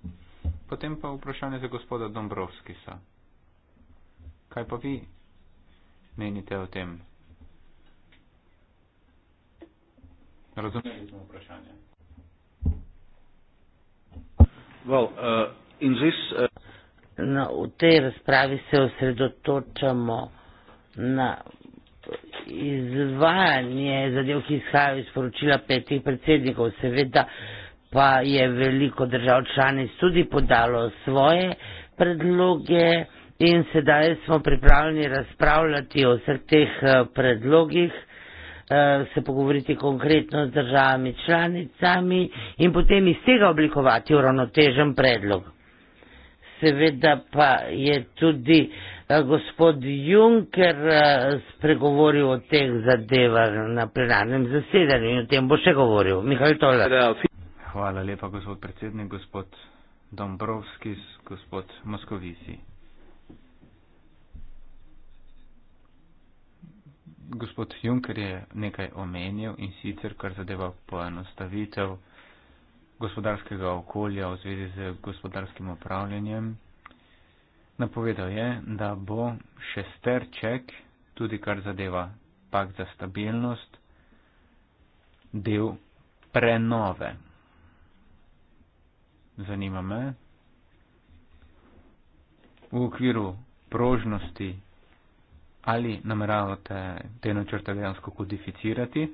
Potem pa vprašanje za gospoda Dombrovskisa. Kaj pa vi menite o tem? Razumeli smo vprašanje. Well, uh, this, uh... No, v tej razpravi se osredotočamo na izvajanje zadev, ki izhajajo iz poročila petih predsednikov. Seveda pa je veliko držav članic tudi podalo svoje predloge in sedaj smo pripravljeni razpravljati o vseh teh eh, predlogih. Eh, se pogovoriti konkretno z državami članicami in potem iz tega oblikovati uravnotežen predlog. Seveda pa je tudi eh, gospod Juncker eh, spregovoril o teh zadevah na plenarnem zasedanju in o tem bo še govoril. Mihaj Tolar. Hvala lepa, gospod predsednik, gospod Dombrovski, gospod Moskovici. gospod Juncker je nekaj omenil in sicer, kar zadeva poenostavitev gospodarskega okolja v zvezi z gospodarskim upravljanjem. Napovedal je, da bo šesterček, tudi kar zadeva pakt za stabilnost, del prenove. Zanima me, v okviru prožnosti ali nameravate te načrte dejansko kodificirati.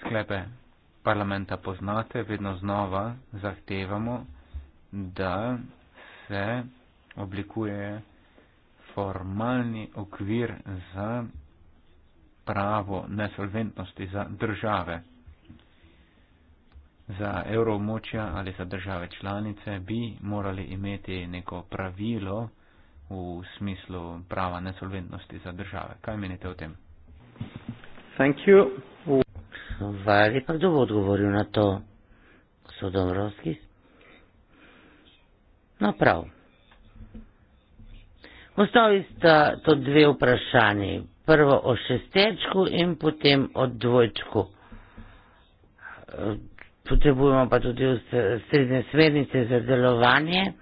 Sklepe parlamenta poznate, vedno znova zahtevamo, da se oblikuje formalni okvir za pravo nesolventnosti za države. Za evroobmočja ali za države članice bi morali imeti neko pravilo, v smislu prava nesolventnosti za države. Kaj menite o tem? Thank you. Vali pa kdo bo odgovoril na to, sodomorski? No prav. V osnovi sta to dve vprašanje. Prvo o šestečku in potem o dvojčku. Potrebujemo pa tudi srednje smernice za delovanje.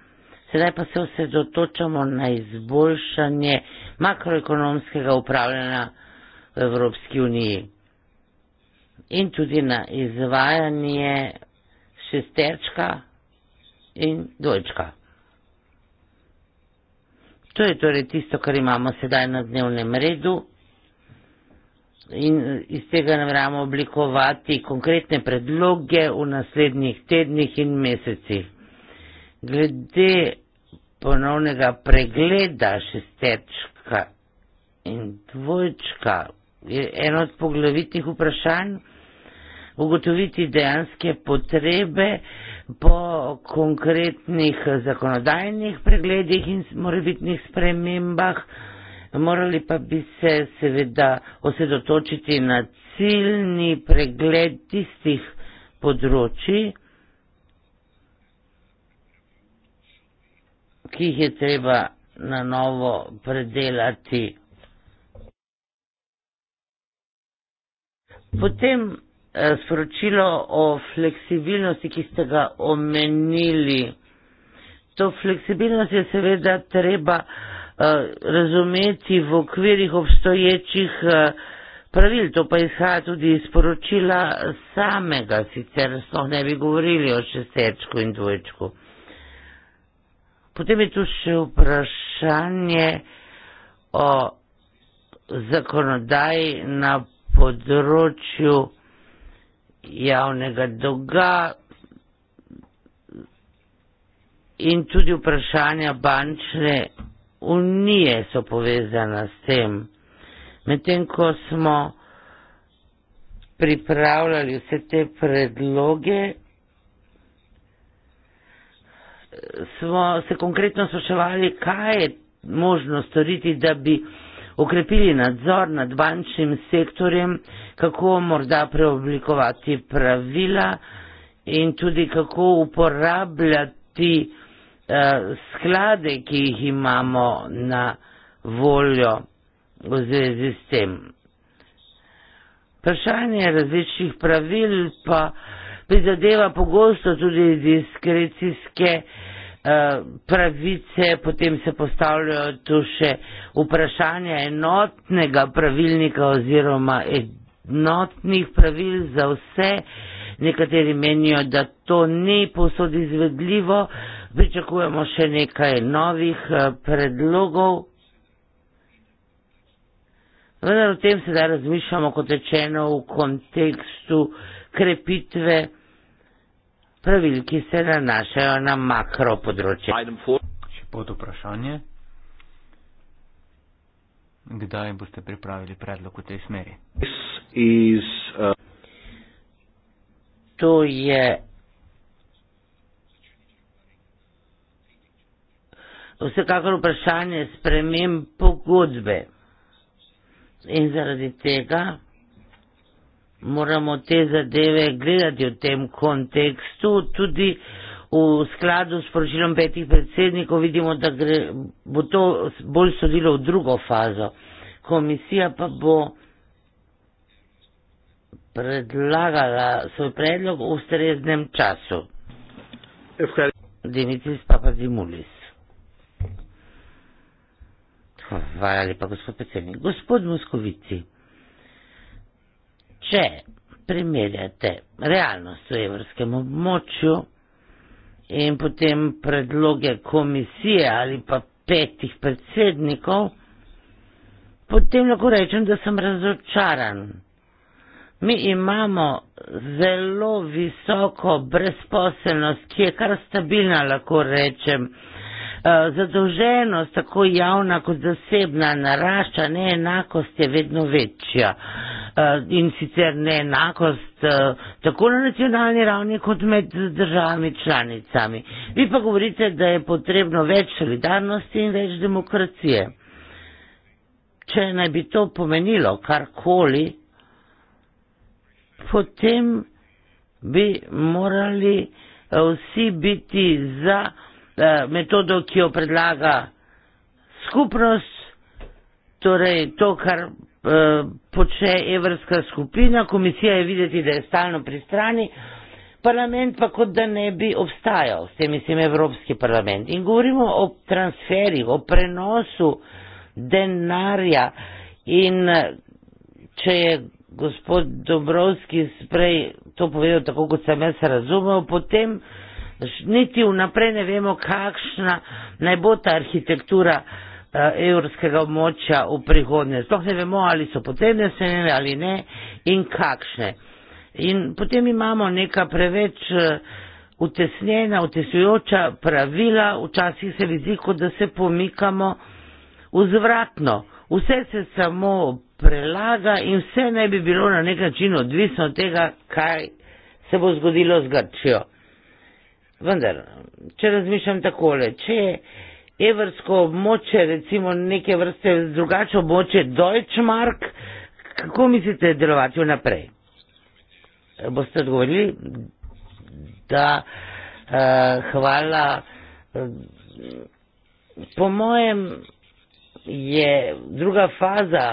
Sedaj pa se osredotočamo na izboljšanje makroekonomskega upravljanja v Evropski uniji in tudi na izvajanje šesterčka in dojčka. To je torej tisto, kar imamo sedaj na dnevnem redu in iz tega namramo oblikovati konkretne predloge v naslednjih tednih in mesecih. Glede ponovnega pregleda šesterčka in dvojčka je eno od poglavitnih vprašanj, ugotoviti dejanske potrebe po konkretnih zakonodajnih pregledih in morebitnih spremembah, morali pa bi se seveda osredotočiti na ciljni pregled tistih področji, ki jih je treba na novo predelati. Potem eh, sporočilo o fleksibilnosti, ki ste ga omenili. To fleksibilnost je seveda treba eh, razumeti v okvirih obstoječih eh, pravil, to pa izhaja tudi iz poročila samega, sicer sploh ne bi govorili o šestečku in dvojčku. Potem je tu še vprašanje o zakonodaji na področju javnega dolga in tudi vprašanja bančne unije so povezana s tem. Medtem ko smo pripravljali vse te predloge, smo se konkretno spraševali, kaj je možno storiti, da bi okrepili nadzor nad bančnim sektorjem, kako morda preoblikovati pravila in tudi kako uporabljati eh, sklade, ki jih imamo na voljo v zvezi s tem. Vprašanje različnih pravil pa je prizadeva pogosto tudi diskrecijske eh, pravice, potem se postavljajo tu še vprašanja enotnega pravilnika oziroma enotnih pravil za vse. Nekateri menijo, da to ni povsod izvedljivo, pričakujemo še nekaj novih eh, predlogov. Vendar o tem sedaj razmišljamo kot rečeno v kontekstu krepitve pravil, ki se nanašajo na makro področje. Še pod vprašanje. Kdaj boste pripravili predlog v tej smeri? Is, uh... To je vsekakor vprašanje spremem pogodbe. In zaradi tega moramo te zadeve gledati v tem kontekstu. Tudi v skladu s poročilom petih predsednikov vidimo, da gre, bo to bolj sodilo v drugo fazo. Komisija pa bo predlagala svoj predlog v ustreznem času. Dimitris Papadimulis. Hvala lepa, gospod predsednik. Gospod Moskovici če primerjate realnost v evropskem območju in potem predloge komisije ali pa petih predsednikov, potem lahko rečem, da sem razočaran. Mi imamo zelo visoko brezposelnost, ki je kar stabilna, lahko rečem. Eh, zadolženost, tako javna kot zasebna, narašča, neenakost je vedno večja. Eh, in sicer neenakost eh, tako na nacionalni ravni kot med državami članicami. Vi pa govorite, da je potrebno več solidarnosti in več demokracije. Če naj bi to pomenilo karkoli, potem bi morali vsi biti za Eh, metodo, ki jo predlaga skupnost, torej to, kar eh, poče evrska skupina, komisija je videti, da je stalno pri strani, parlament pa kot da ne bi obstajal, s tem mislim Evropski parlament. In govorimo o transferih, o prenosu denarja in če je gospod Dobrovski sprej to povedal tako, kot sem jaz razumel, potem niti vnaprej ne vemo, kakšna naj bo ta arhitektura eh, evropskega območja v prihodnje. Sploh ne vemo, ali so potrebne spremembe ali ne in kakšne. In potem imamo neka preveč eh, utesnjena, utesujoča pravila, včasih se vidi, kot da se pomikamo vzvratno. Vse se samo prelaga in vse naj bi bilo na nek način odvisno od tega, kaj se bo zgodilo z Grčijo. Vendar, če razmišljam takole, če je evrsko območje, recimo neke vrste drugače območje, Deutschmark, kako mislite delovati vnaprej? Boste odgovorili, da uh, hvala. Eh, po mojem je druga faza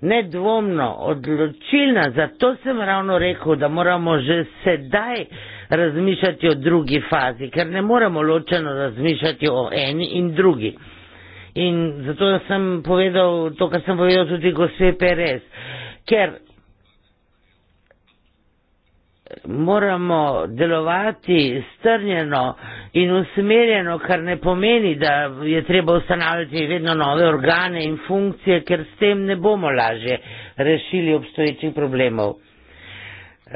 nedvomno odločilna, zato sem ravno rekel, da moramo že sedaj uh, razmišljati o drugi fazi, ker ne moremo ločeno razmišljati o eni in drugi. In zato sem povedal to, kar sem povedal tudi gospe Perez, ker moramo delovati strnjeno in usmerjeno, kar ne pomeni, da je treba ustanavljati vedno nove organe in funkcije, ker s tem ne bomo lažje rešili obstoječih problemov.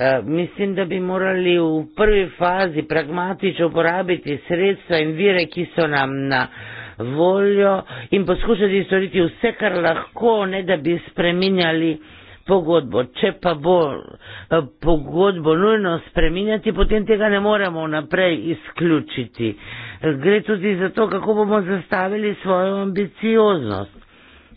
Eh, mislim, da bi morali v prvi fazi pragmatično uporabiti sredstva in vire, ki so nam na voljo in poskušati storiti vse, kar lahko, ne da bi spreminjali pogodbo. Če pa bo eh, pogodbo nujno spreminjati, potem tega ne moremo naprej izključiti. Gre tudi za to, kako bomo zastavili svojo ambicioznost.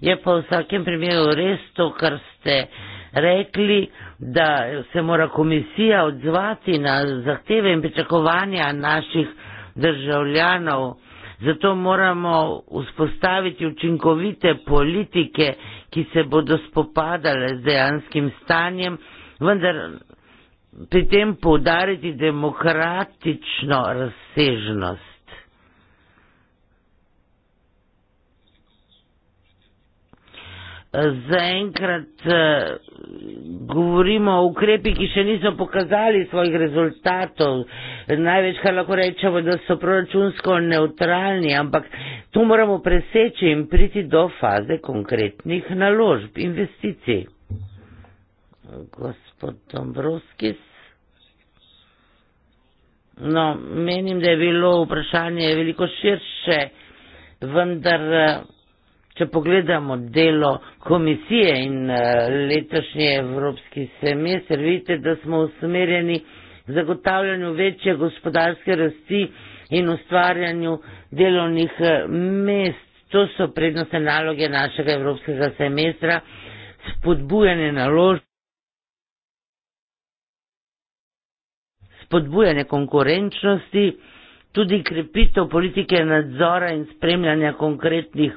Je pa v vsakem primeru res to, kar ste rekli da se mora komisija odzvati na zahteve in pričakovanja naših državljanov. Zato moramo vzpostaviti učinkovite politike, ki se bodo spopadale z dejanskim stanjem, vendar pri tem poudariti demokratično razsežnost. zaenkrat eh, govorimo o ukrepih, ki še niso pokazali svojih rezultatov. Največ, kar lahko rečemo, da so proračunsko neutralni, ampak tu moramo preseči in priti do faze konkretnih naložb, investicij. Gospod Dombrovskis. No, menim, da je bilo vprašanje veliko širše, vendar. Eh, Če pogledamo delo komisije in eh, letošnji evropski semestr, vidite, da smo usmerjeni zagotavljanju večje gospodarske rasti in ustvarjanju delovnih eh, mest. To so prednostne naloge našega evropskega semestra, spodbujanje naložb, spodbujanje konkurenčnosti, tudi krepitev politike nadzora in spremljanja konkretnih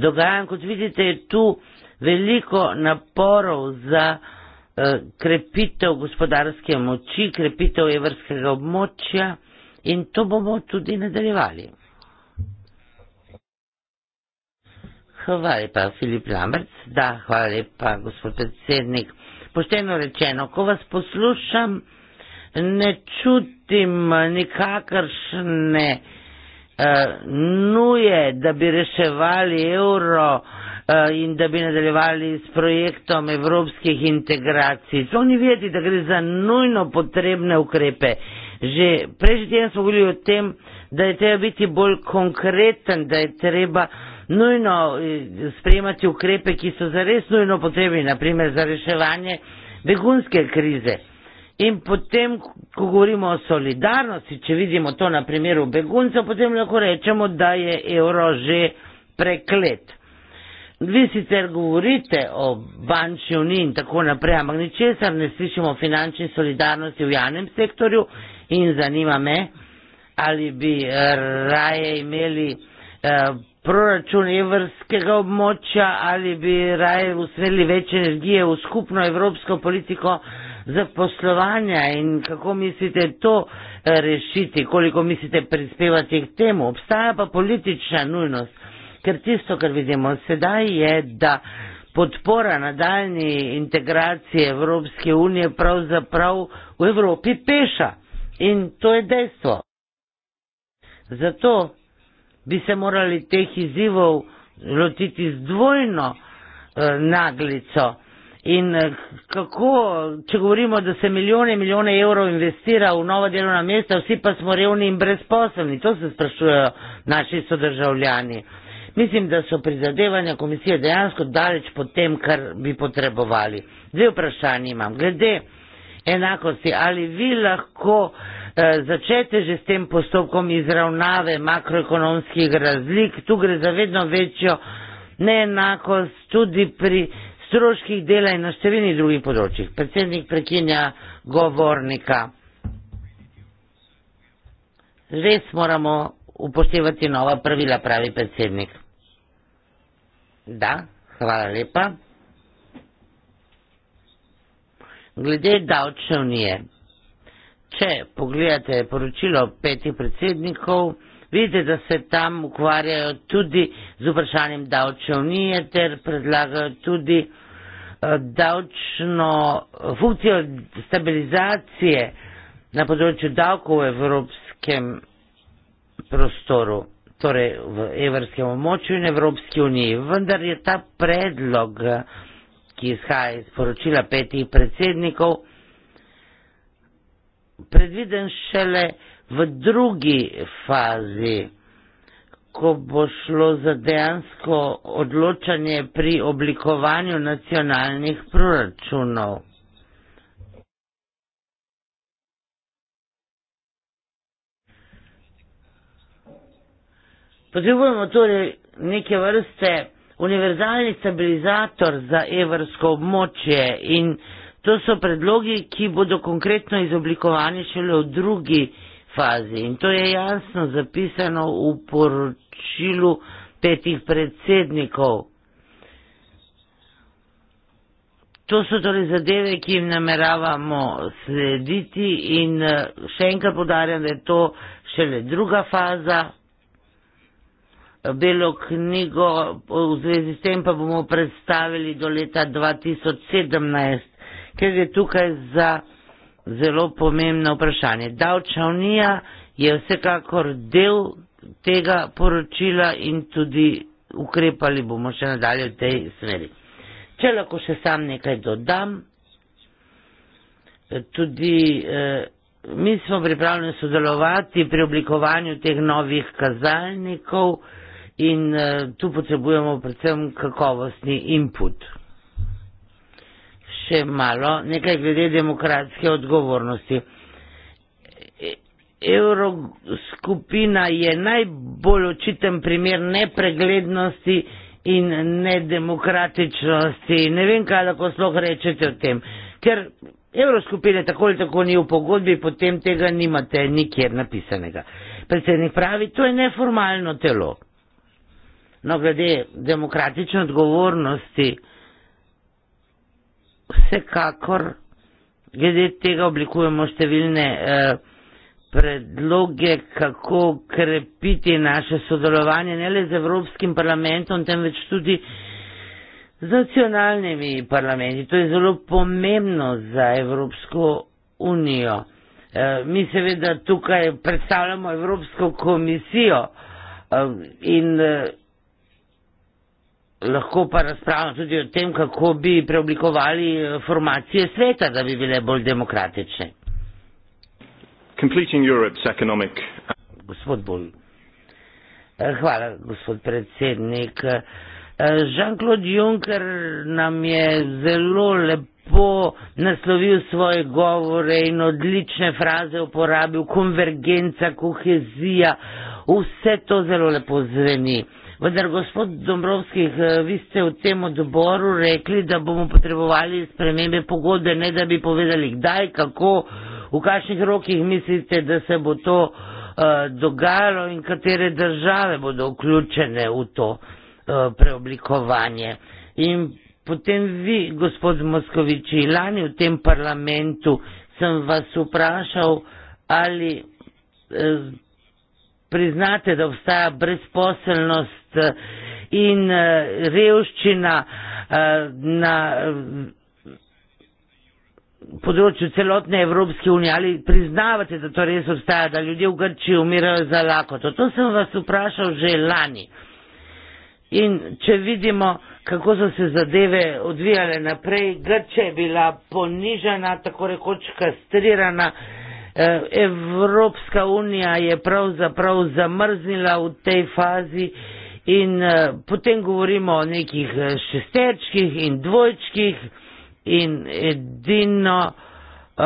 Dogan, kot vidite, je tu veliko naporov za eh, krepitev gospodarske moči, krepitev evrskega območja in to bomo tudi nadaljevali. Hvala lepa, Filip Lamrc. Da, hvala lepa, gospod predsednik. Pošteno rečeno, ko vas poslušam, ne čutim nikakršne. Eh, nuje, da bi reševali evro eh, in da bi nadaljevali s projektom evropskih integracij. To ni vedeti, da gre za nujno potrebne ukrepe. Že prejšnji teden smo govorili o tem, da je treba biti bolj konkreten, da je treba nujno eh, sprejemati ukrepe, ki so zares nujno potrebni, naprimer za reševanje begunske krize. In potem, ko govorimo o solidarnosti, če vidimo to na primeru beguncev, potem lahko rečemo, da je evro že preklet. Vi sicer govorite o bančni uniji in tako naprej, ampak ničesar ne slišimo o finančni solidarnosti v javnem sektorju in zanima me, ali bi eh, raje imeli eh, proračun evrskega območja ali bi raje usmerili več energije v skupno evropsko politiko zaposlovanja in kako mislite to eh, rešiti, koliko mislite prispevati k temu. Obstaja pa politična nujnost, ker tisto, kar vidimo sedaj, je, da podpora nadaljni integraciji Evropske unije pravzaprav v Evropi peša. In to je dejstvo. Zato bi se morali teh izzivov lotiti z dvojno eh, naglico. In eh, kako, če govorimo, da se milijone in milijone evrov investira v nova delovna mesta, vsi pa smo revni in brezposobni, to se sprašujejo naši sodržavljani. Mislim, da so prizadevanja komisije dejansko daleč po tem, kar bi potrebovali. Dve vprašanje imam. Glede enakosti, ali vi lahko eh, začete že s tem postopkom izravnave makroekonomskih razlik, tu gre za vedno večjo neenakost, tudi pri eh, stroških dela in na številnih drugih področjih. Predsednik prekinja govornika. Res moramo upoštevati nova pravila, pravi predsednik. Da, hvala lepa. Glede davčne unije. Če pogledate poročilo petih predsednikov, Vidite, da se tam ukvarjajo tudi z vprašanjem davčne unije ter predlagajo tudi eh, davčno eh, funkcijo stabilizacije na področju davkov v evropskem prostoru, torej v evropskem območju in Evropski uniji. Vendar je ta predlog, ki izhaja iz poročila petih predsednikov, predviden šele v drugi fazi, ko bo šlo za dejansko odločanje pri oblikovanju nacionalnih proračunov. Potrebujemo torej neke vrste univerzalni stabilizator za evrsko območje in to so predlogi, ki bodo konkretno izoblikovani šele v drugi fazi fazi in to je jasno zapisano v poročilu petih predsednikov. To so torej zadeve, ki jim nameravamo slediti in eh, še enkrat podarjam, da je to šele druga faza. Belo knjigo v zvezi s tem pa bomo predstavili do leta 2017, ker je tukaj za zelo pomembno vprašanje. Davčna unija je vsekakor del tega poročila in tudi ukrepali bomo še nadalje v tej smeri. Če lahko še sam nekaj dodam, tudi eh, mi smo pripravljeni sodelovati pri oblikovanju teh novih kazalnikov in eh, tu potrebujemo predvsem kakovostni input še malo, nekaj glede demokratske odgovornosti. E, Evroskupina je najbolj očiten primer nepreglednosti in nedemokratičnosti. Ne vem, kaj lahko sloh rečete o tem. Ker Evroskupine tako ali tako ni v pogodbi, potem tega nimate nikjer napisanega. Predsednik pravi, to je neformalno telo. No, glede demokratične odgovornosti vsekakor glede tega oblikujemo številne eh, predloge, kako krepiti naše sodelovanje ne le z Evropskim parlamentom, temveč tudi z nacionalnimi parlamenti. To je zelo pomembno za Evropsko unijo. Eh, mi seveda tukaj predstavljamo Evropsko komisijo eh, in lahko pa razpravljamo tudi o tem, kako bi preoblikovali eh, formacije sveta, da bi bile bolj demokratične. Gospod Bol. Eh, hvala, gospod predsednik. Eh, Jean-Claude Juncker nam je zelo lepo naslovil svoje govore in odlične fraze uporabil, konvergenca, kohezija, vse to zelo lepo zveni. Vendar, gospod Dombrovskih, eh, vi ste v tem odboru rekli, da bomo potrebovali spremembe pogodbe, ne da bi povedali kdaj, kako, v kakšnih rokih mislite, da se bo to uh, dogajalo in katere države bodo vključene v to uh, preoblikovanje. In potem vi, gospod Moskoviči, lani v tem parlamentu sem vas vprašal, ali. Uh, Priznate, da obstaja brezposelnost Eh, in eh, revščina eh, na področju celotne Evropske unije, ali priznavate, da to res obstaja, da ljudje v Grčiji umirajo za lakoto? To sem vas vprašal že lani. In če vidimo, kako so se zadeve odvijale naprej, Grče je bila ponižena, tako rekoč kastrirana, Evropska unija je pravzaprav zamrznila v tej fazi, in uh, potem govorimo o nekih eh, šesterčkih in dvojčkih in edino, uh,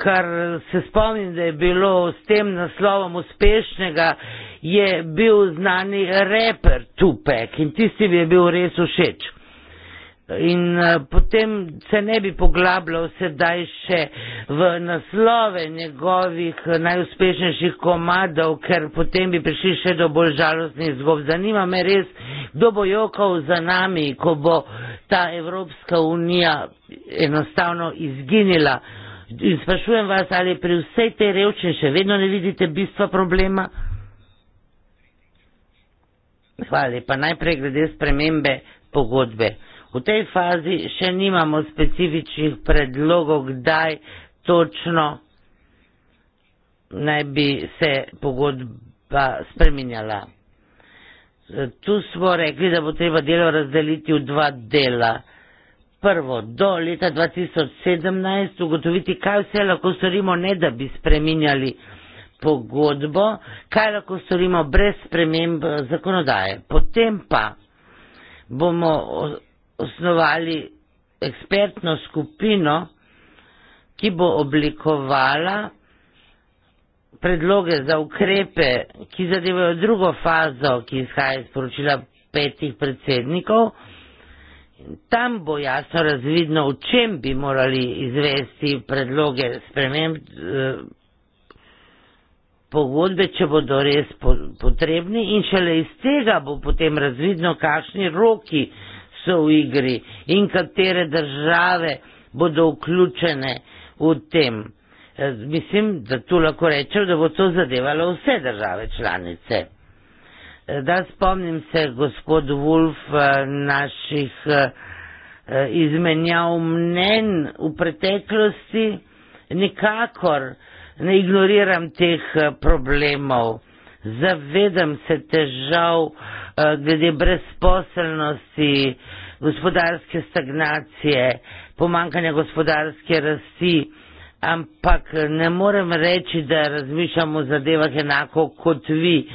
kar se spomnim, da je bilo s tem naslovom uspešnega, je bil znani reper Tupek in tisti bi je bil res všeč in eh, potem se ne bi poglabljal sedaj še v naslove njegovih najuspešnejših komadov, ker potem bi prišli še do bolj žalostnih zgodb. Zanima me res, kdo bo jokal za nami, ko bo ta Evropska unija enostavno izginila. In sprašujem vas, ali pri vsej tej revščini še vedno ne vidite bistva problema? Hvala lepa. Najprej glede spremembe pogodbe. V tej fazi še nimamo specifičnih predlogov, kdaj točno naj bi se pogodba spreminjala. Tu smo rekli, da bo treba delo razdeliti v dva dela. Prvo, do leta 2017 ugotoviti, kaj vse lahko storimo, ne da bi spreminjali pogodbo, kaj lahko storimo brez sprememb zakonodaje. Potem pa bomo osnovali ekspertno skupino, ki bo oblikovala predloge za ukrepe, ki zadevajo drugo fazo, ki izhaja iz poročila petih predsednikov. Tam bo jasno razvidno, v čem bi morali izvesti predloge sprememb eh, pogodbe, če bodo res potrebni in šele iz tega bo potem razvidno, kakšni roki so v igri in katere države bodo vključene v tem. E, mislim, da tu lahko rečem, da bo to zadevalo vse države članice. E, da spomnim se, gospod Wolf, e, naših izmenjav mnen v preteklosti, nikakor ne ignoriram teh problemov. Zavedam se težav, Eh, glede brezposelnosti, gospodarske stagnacije, pomankanja gospodarske rasti, ampak ne morem reči, da razmišljam o zadevah enako kot vi.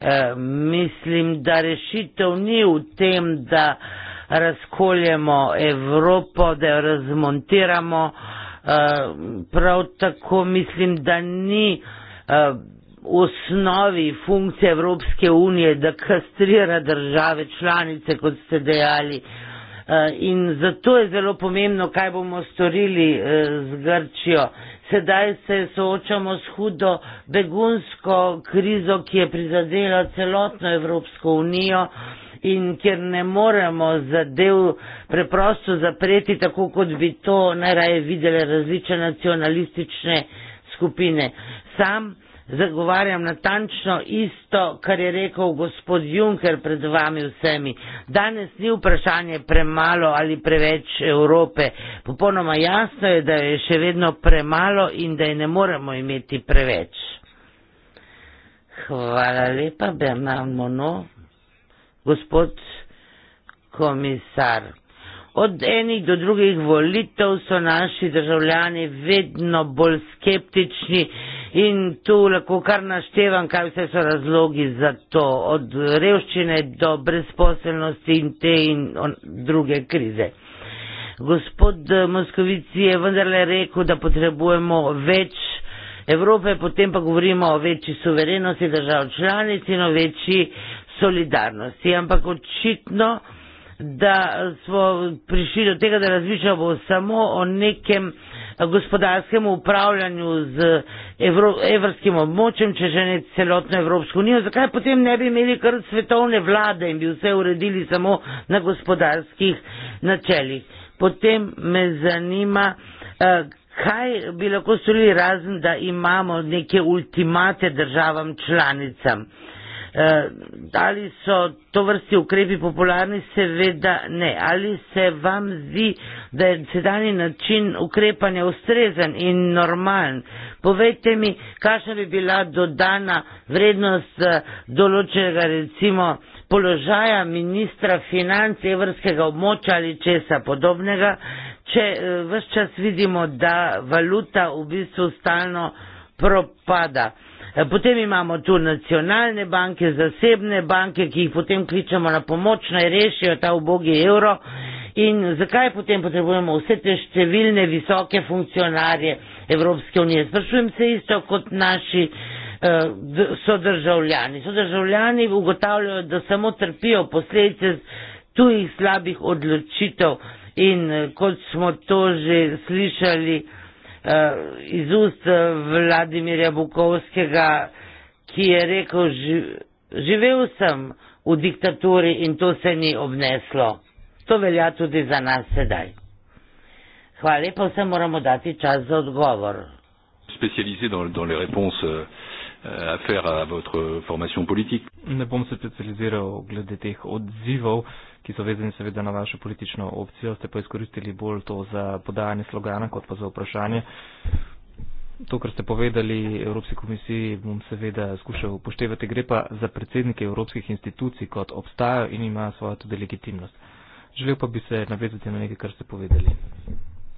E, mislim, da rešitev ni v tem, da razkoljemo Evropo, da jo razmontiramo. E, prav tako mislim, da ni. E, osnovi funkcije Evropske unije, da kastrira države članice, kot ste dejali. Eh, in zato je zelo pomembno, kaj bomo storili eh, z Grčijo. Sedaj se soočamo s hudo begunsko krizo, ki je prizadela celotno Evropsko unijo in kjer ne moremo zadev preprosto zapreti, tako kot bi to najraje videli različne nacionalistične skupine. Sam zagovarjam natančno isto, kar je rekel gospod Juncker pred vami vsemi. Danes ni vprašanje premalo ali preveč Evrope. Popolnoma jasno je, da je še vedno premalo in da je ne moremo imeti preveč. Hvala lepa, Bernard Mono, gospod komisar. Od enih do drugih volitev so naši državljani vedno bolj skeptični. In tu lahko kar naštevam, kaj vse so razlogi za to, od revščine do brezposelnosti in te in druge krize. Gospod Moskovici je vendarle rekel, da potrebujemo več Evrope, potem pa govorimo o večji suverenosti držav članic in o večji solidarnosti. Ampak očitno, da smo prišli do tega, da razmišljamo samo o nekem gospodarskem upravljanju z evro, evropskim območjem, če že ne celotno Evropsko unijo, zakaj potem ne bi imeli kar svetovne vlade in bi vse uredili samo na gospodarskih načelih. Potem me zanima, eh, kaj bi lahko storili razen, da imamo neke ultimate državam članicam. Eh, ali so to vrsti ukrepi popularni, seveda ne. Ali se vam zdi, da je sedanji način ukrepanja ustrezen in normalen? Povejte mi, kakšna bi bila dodana vrednost eh, določenega recimo položaja ministra financ evrskega območja ali česa podobnega, če eh, vse čas vidimo, da valuta v bistvu stalno propada. Eh, potem imamo tu nacionalne banke, zasebne banke, ki jih potem kličemo na pomoč, naj rešijo ta ubogi evro. In zakaj potem potrebujemo vse te številne visoke funkcionarje Evropske unije? Sprašujem se isto kot naši uh, sodržavljani. Sodržavljani ugotavljajo, da samo trpijo posledice tujih slabih odločitev in uh, kot smo to že slišali, uh, uh, iz ust eh, Vladimirja Bukovskega, ki je rekel, ži, živel sem v diktaturi in to se ni obneslo. To velja tudi za nas sedaj. Hvala lepa, vse moramo dati čas za odgovor. Specializiran je v odgovore. Euh, Euh, à faire à votre formation politique. Ne bom se specializiral glede teh odzivov, ki so vezani seveda na vašo politično opcijo. Ste pa izkoristili bolj to za podajanje slogana, kot pa za vprašanje. To, kar ste povedali Evropski komisiji, bom seveda skušal upoštevati. Gre pa za predsednike evropskih institucij, kot obstajajo in imajo svojo tudi legitimnost. Želel pa bi se navezati na nekaj, kar ste povedali,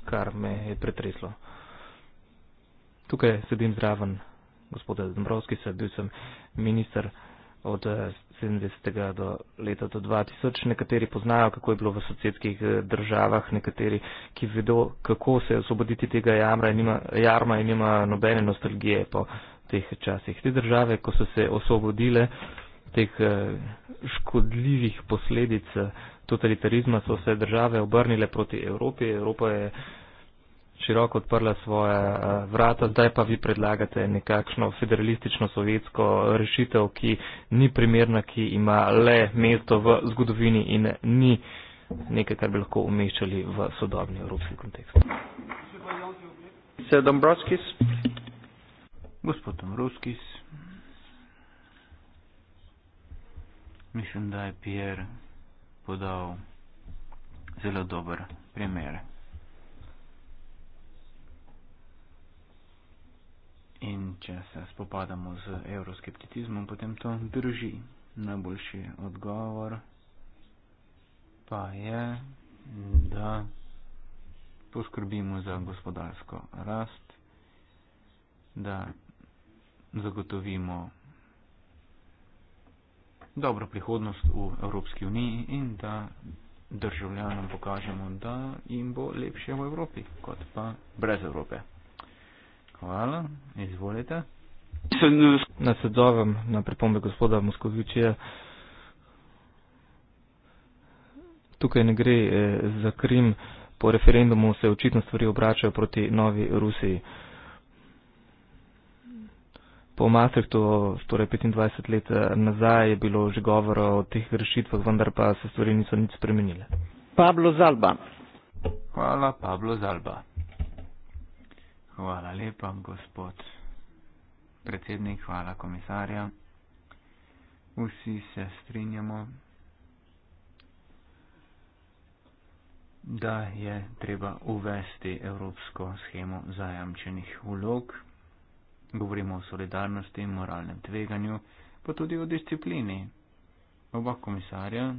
kar me je pretreslo. Tukaj sedim zraven gospoda Dombrovskisa, bil sem minister od 70. Eh, do leta do 2000. Nekateri poznajo, kako je bilo v sosedskih eh, državah, nekateri, ki vedo, kako se osvoboditi tega jamra in ima, jarma in ima nobene nostalgije po teh časih. Te države, ko so se osvobodile teh eh, škodljivih posledic totalitarizma, so se države obrnile proti Evropi. Evropa je široko odprla svoje eh, vrata, zdaj pa vi predlagate nekakšno federalistično sovjetsko rešitev, ki ni primerna, ki ima le mesto v zgodovini in ni nekaj, kar bi lahko umeščali v sodobni evropski kontekst. Gospod Dombrovskis. Mislim, da je Pierre podal zelo dober primer. In če se spopadamo z euroskepticizmom, potem to drži. Najboljši odgovor pa je, da poskrbimo za gospodarsko rast, da zagotovimo dobro prihodnost v Evropski uniji in da državljanom pokažemo, da jim bo lepše v Evropi kot pa brez Evrope. Hvala, izvolite. Nasedovem na pripombe gospoda Moskovičija. Tukaj ne gre eh, za Krim, po referendumu se očitno stvari obračajo proti novi Rusiji. Po Maastrichtu, torej 25 let eh, nazaj, je bilo že govora o teh rešitvah, vendar pa se stvari niso nič spremenile. Pablo Zalba. Hvala, Pablo Zalba. Hvala lepa, gospod predsednik, hvala komisarja. Vsi se strinjamo, da je treba uvesti evropsko schemo zajamčenih vlog. Govorimo o solidarnosti in moralnem tveganju, pa tudi o disciplini. Oba komisarja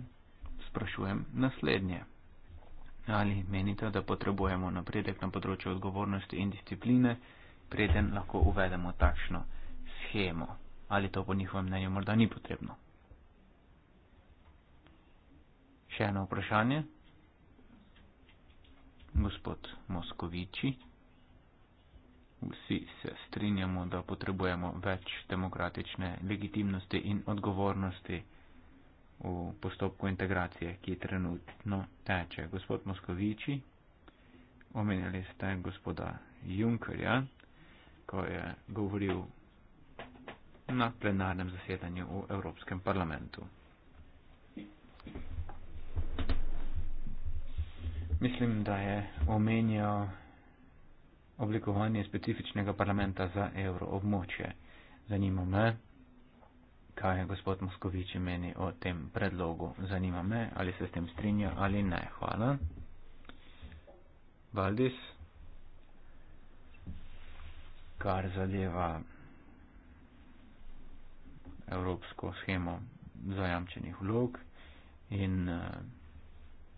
sprašujem naslednje. Ali menite, da potrebujemo napredek na področju odgovornosti in discipline, preden lahko uvedemo takšno schemo? Ali to po njihovem mnenju morda ni potrebno? Še eno vprašanje. Gospod Moskoviči, vsi se strinjamo, da potrebujemo več demokratične legitimnosti in odgovornosti v postopku integracije, ki je trenutno teče. Gospod Moskovič, omenjali ste gospoda Junkerja, ko je govoril na plenarnem zasedanju v Evropskem parlamentu. Mislim, da je omenjal oblikovanje specifičnega parlamenta za evroobmočje. Zanima me, kaj je gospod Moskovič meni o tem predlogu. Zanima me, ali se s tem strinja ali ne. Hvala. Valdis, kar zadeva evropsko schemo zajamčenih vlog in eh,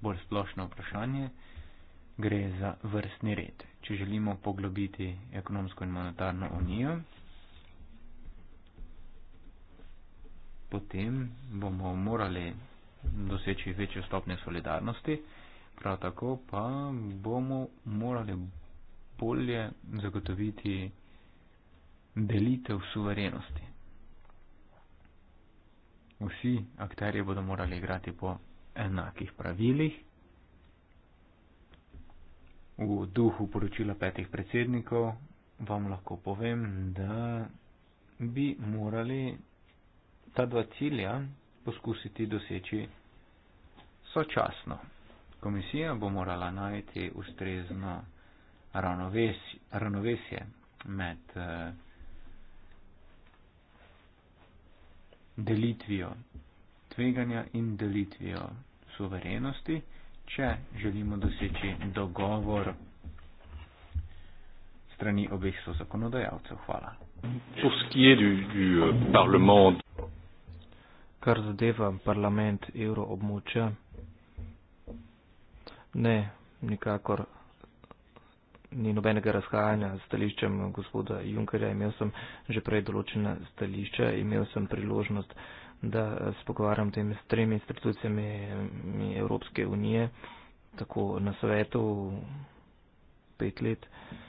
bolj splošno vprašanje, gre za vrstni red. Če želimo poglobiti ekonomsko in monetarno unijo, potem bomo morali doseči večjo stopnjo solidarnosti, prav tako pa bomo morali bolje zagotoviti delitev suverenosti. Vsi akterje bodo morali igrati po enakih pravilih. V duhu poročila petih predsednikov vam lahko povem, da bi morali ta dva cilja poskusiti doseči sočasno. Komisija bo morala najti ustrezno ravnovesje, ravnovesje med eh, delitvijo tveganja in delitvijo suverenosti, če želimo doseči dogovor strani obeh so zakonodajalcev. Hvala. Pour ce qui est du, du euh, Parlement kar zadeva parlament evroobmočja? Ne, nikakor ni nobenega razhajanja s stališčem gospoda Junkerja. Imel sem že prej določena stališča, imel sem priložnost, da se pogovarjam tem s tremi institucijami Evropske unije, tako na svetu pet let. Uh,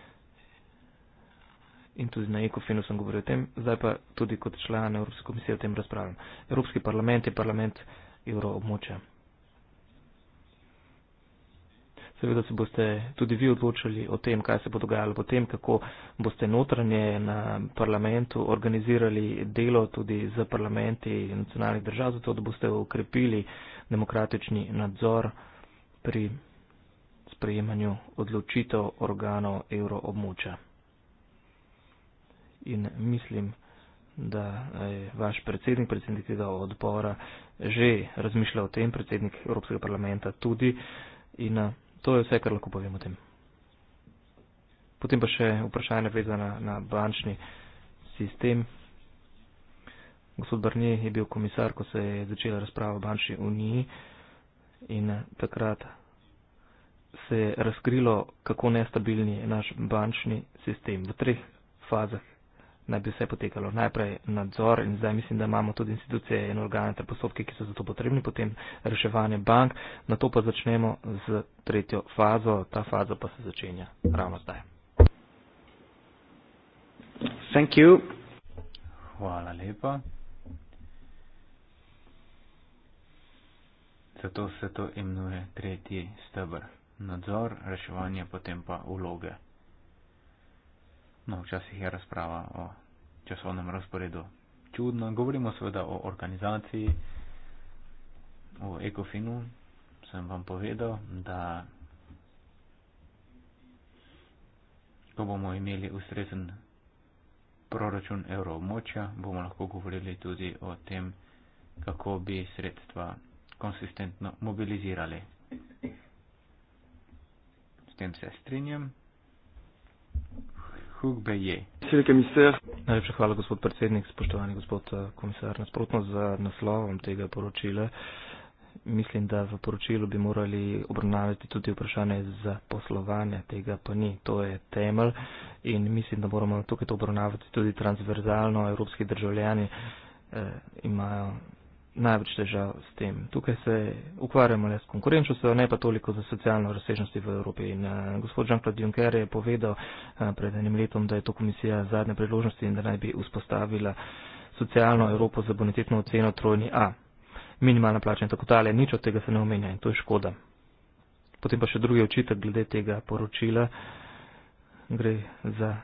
in tudi na ECOFIN-u sem govoril o tem, zdaj pa tudi kot član Evropske komisije o tem razpravljam. Evropski parlament je parlament evroobmočja. Seveda se boste tudi vi odločili o tem, kaj se bo dogajalo potem, kako boste notranje na parlamentu organizirali delo tudi za parlamenti nacionalnih držav, zato da boste ukrepili demokratični nadzor pri sprejemanju odločitev organov evroobmočja in mislim, da je vaš predsednik, predsednik tega odbora, že razmišljal o tem, predsednik Evropskega parlamenta tudi in eh, to je vse, kar lahko povem o tem. Potem pa še vprašanje vezana na bančni sistem. Gospod Barnier je bil komisar, ko se je začela razprava o bančni uniji in eh, takrat se je razkrilo, kako nestabilni je naš bančni sistem. V treh fazah naj bi vse potekalo. Najprej nadzor in zdaj mislim, da imamo tudi institucije in organe ter postopke, ki so za to potrebni, potem reševanje bank, na to pa začnemo z tretjo fazo, ta faza pa se začenja ravno zdaj. Thank you. Hvala lepa. Zato se to imenuje tretji stebr. Nadzor, reševanje, potem pa vloge. No, včasih je razprava o časovnem razporedu čudna. Govorimo seveda o organizaciji, o ekofinu. Sem vam povedal, da ko bomo imeli ustrezen proračun evroobmočja, bomo lahko govorili tudi o tem, kako bi sredstva konsistentno mobilizirali. S tem se strinjam. Hukbeje. Najlepša hvala, gospod predsednik, spoštovani gospod eh, komisar. Nasprotno za eh, naslovom tega poročila, mislim, da v poročilu bi morali obravnavati tudi vprašanje za poslovanje, tega pa ni. To je temelj in mislim, da moramo tukaj to obravnavati tudi transverzalno. Evropski državljani eh, imajo največ težav s tem. Tukaj se ukvarjamo le s konkurenčnostjo, ne pa toliko za socialno razsežnosti v Evropi. In uh, gospod Jean-Claude Juncker je povedal uh, pred enim letom, da je to komisija zadnje priložnosti in da naj bi vzpostavila socialno Evropo za bonitetno oceno trojni A. Minimalna plača in tako dalje, nič od tega se ne omenja in to je škoda. Potem pa še drugi očitek glede tega poročila gre za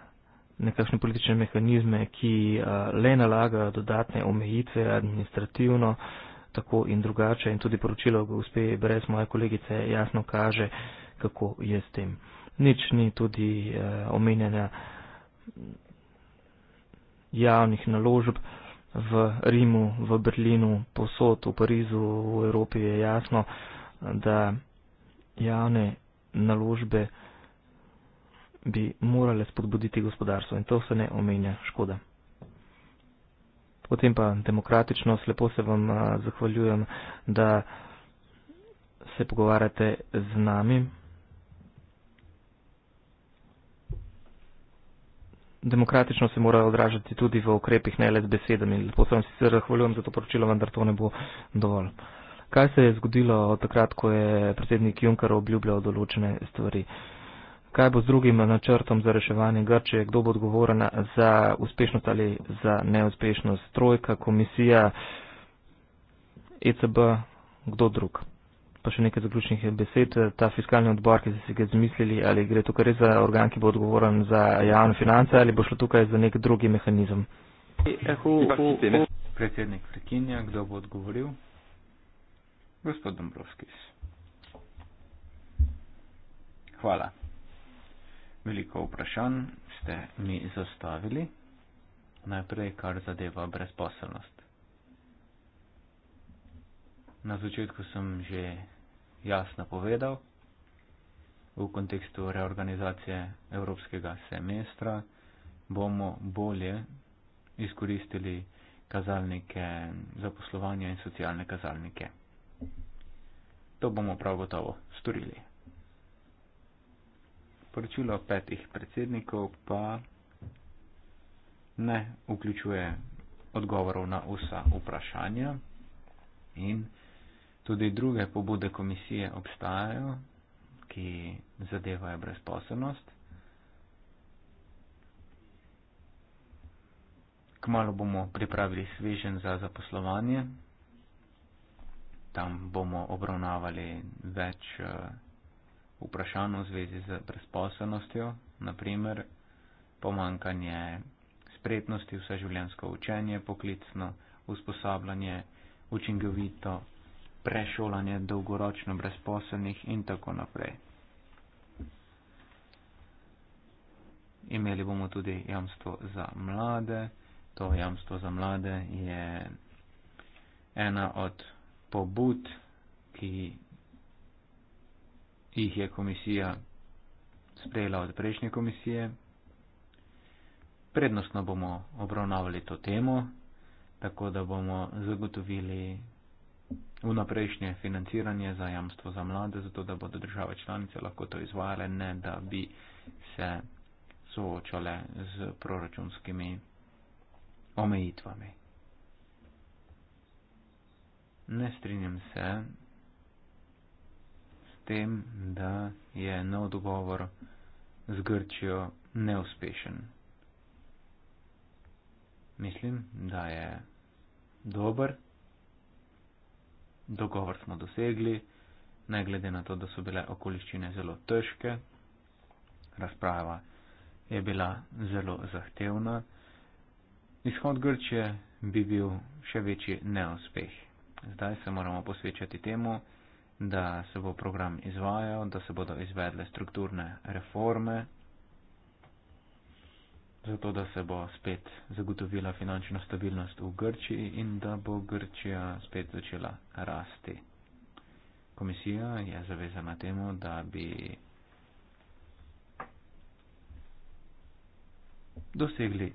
nekakšne politične mehanizme, ki eh, le nalagajo dodatne omejitve administrativno, tako in drugače. In tudi poročilo gospe Brez, moje kolegice, jasno kaže, kako je s tem. Nič ni tudi eh, omenjanja javnih naložb v Rimu, v Berlinu, posod v Parizu, v Evropi je jasno, da javne naložbe bi morale spodbuditi gospodarstvo in to se ne omenja škoda. Potem pa demokratično, slepo se vam zahvaljujem, da se pogovarjate z nami. Demokratično se mora odražati tudi v okrepih, ne le z besedami. Lepo se vam sicer zahvaljujem za to poročilo, vendar to ne bo dovolj. Kaj se je zgodilo od takrat, ko je predsednik Juncker obljubljal določene stvari? Uh, kaj bo z drugim načrtom za reševanje Grčije, kdo bo odgovoren za uspešnost ali za neuspešnost. Trojka, komisija, ECB, kdo drug. Pa še nekaj zaključnih besed. Ta fiskalni odbor, ki ste si ga zamislili, ali gre tukaj res za organ, ki bo odgovoren za javne finance ali bo šlo tukaj za nek drugi mehanizem. Predsednik Frekinja, kdo bo odgovoril? Gospod Dombrovskis. Hvala veliko vprašanj ste mi zastavili. Najprej, kar zadeva brezposelnost. Na začetku sem že jasno povedal, v kontekstu reorganizacije evropskega semestra bomo bolje izkoristili kazalnike zaposlovanja in socialne kazalnike. To bomo prav gotovo storili poročilo petih predsednikov pa ne vključuje odgovorov na vsa vprašanja in tudi druge pobude komisije obstajajo, ki zadevajo brezposobnost. Kmalo bomo pripravili svežen za zaposlovanje. Tam bomo obravnavali več uh, vprašanj v zvezi z brezposobnostjo, naprimer pomankanje spretnosti, vseživljensko učenje, poklicno usposabljanje, učinkovito prešolanje dolgoročno brezposobnih in tako naprej. Imeli bomo tudi jamstvo za mlade. To jamstvo za mlade je ena od pobud, ki jih je komisija sprejela od prejšnje komisije. Prednostno bomo obravnavali to temo, tako da bomo zagotovili vnaprejšnje financiranje za jamstvo za mlade, zato da bodo države članice lahko to izvajale, ne da bi se soočale z proračunskimi omejitvami. Ne strinjam se tem, da je nov dogovor z Grčijo neuspešen. Mislim, da je dober. Dogovor smo dosegli, ne glede na to, da so bile okoliščine zelo težke. Razprava je bila zelo zahtevna. Izhod Grčije bi bil še večji neuspeh. Zdaj se moramo posvečati temu, da se bo program izvajal, da se bodo izvedle strukturne reforme, zato da se bo spet zagotovila finančna stabilnost v Grčiji in da bo Grčija spet začela rasti. Komisija je zavezana temu, da bi dosegli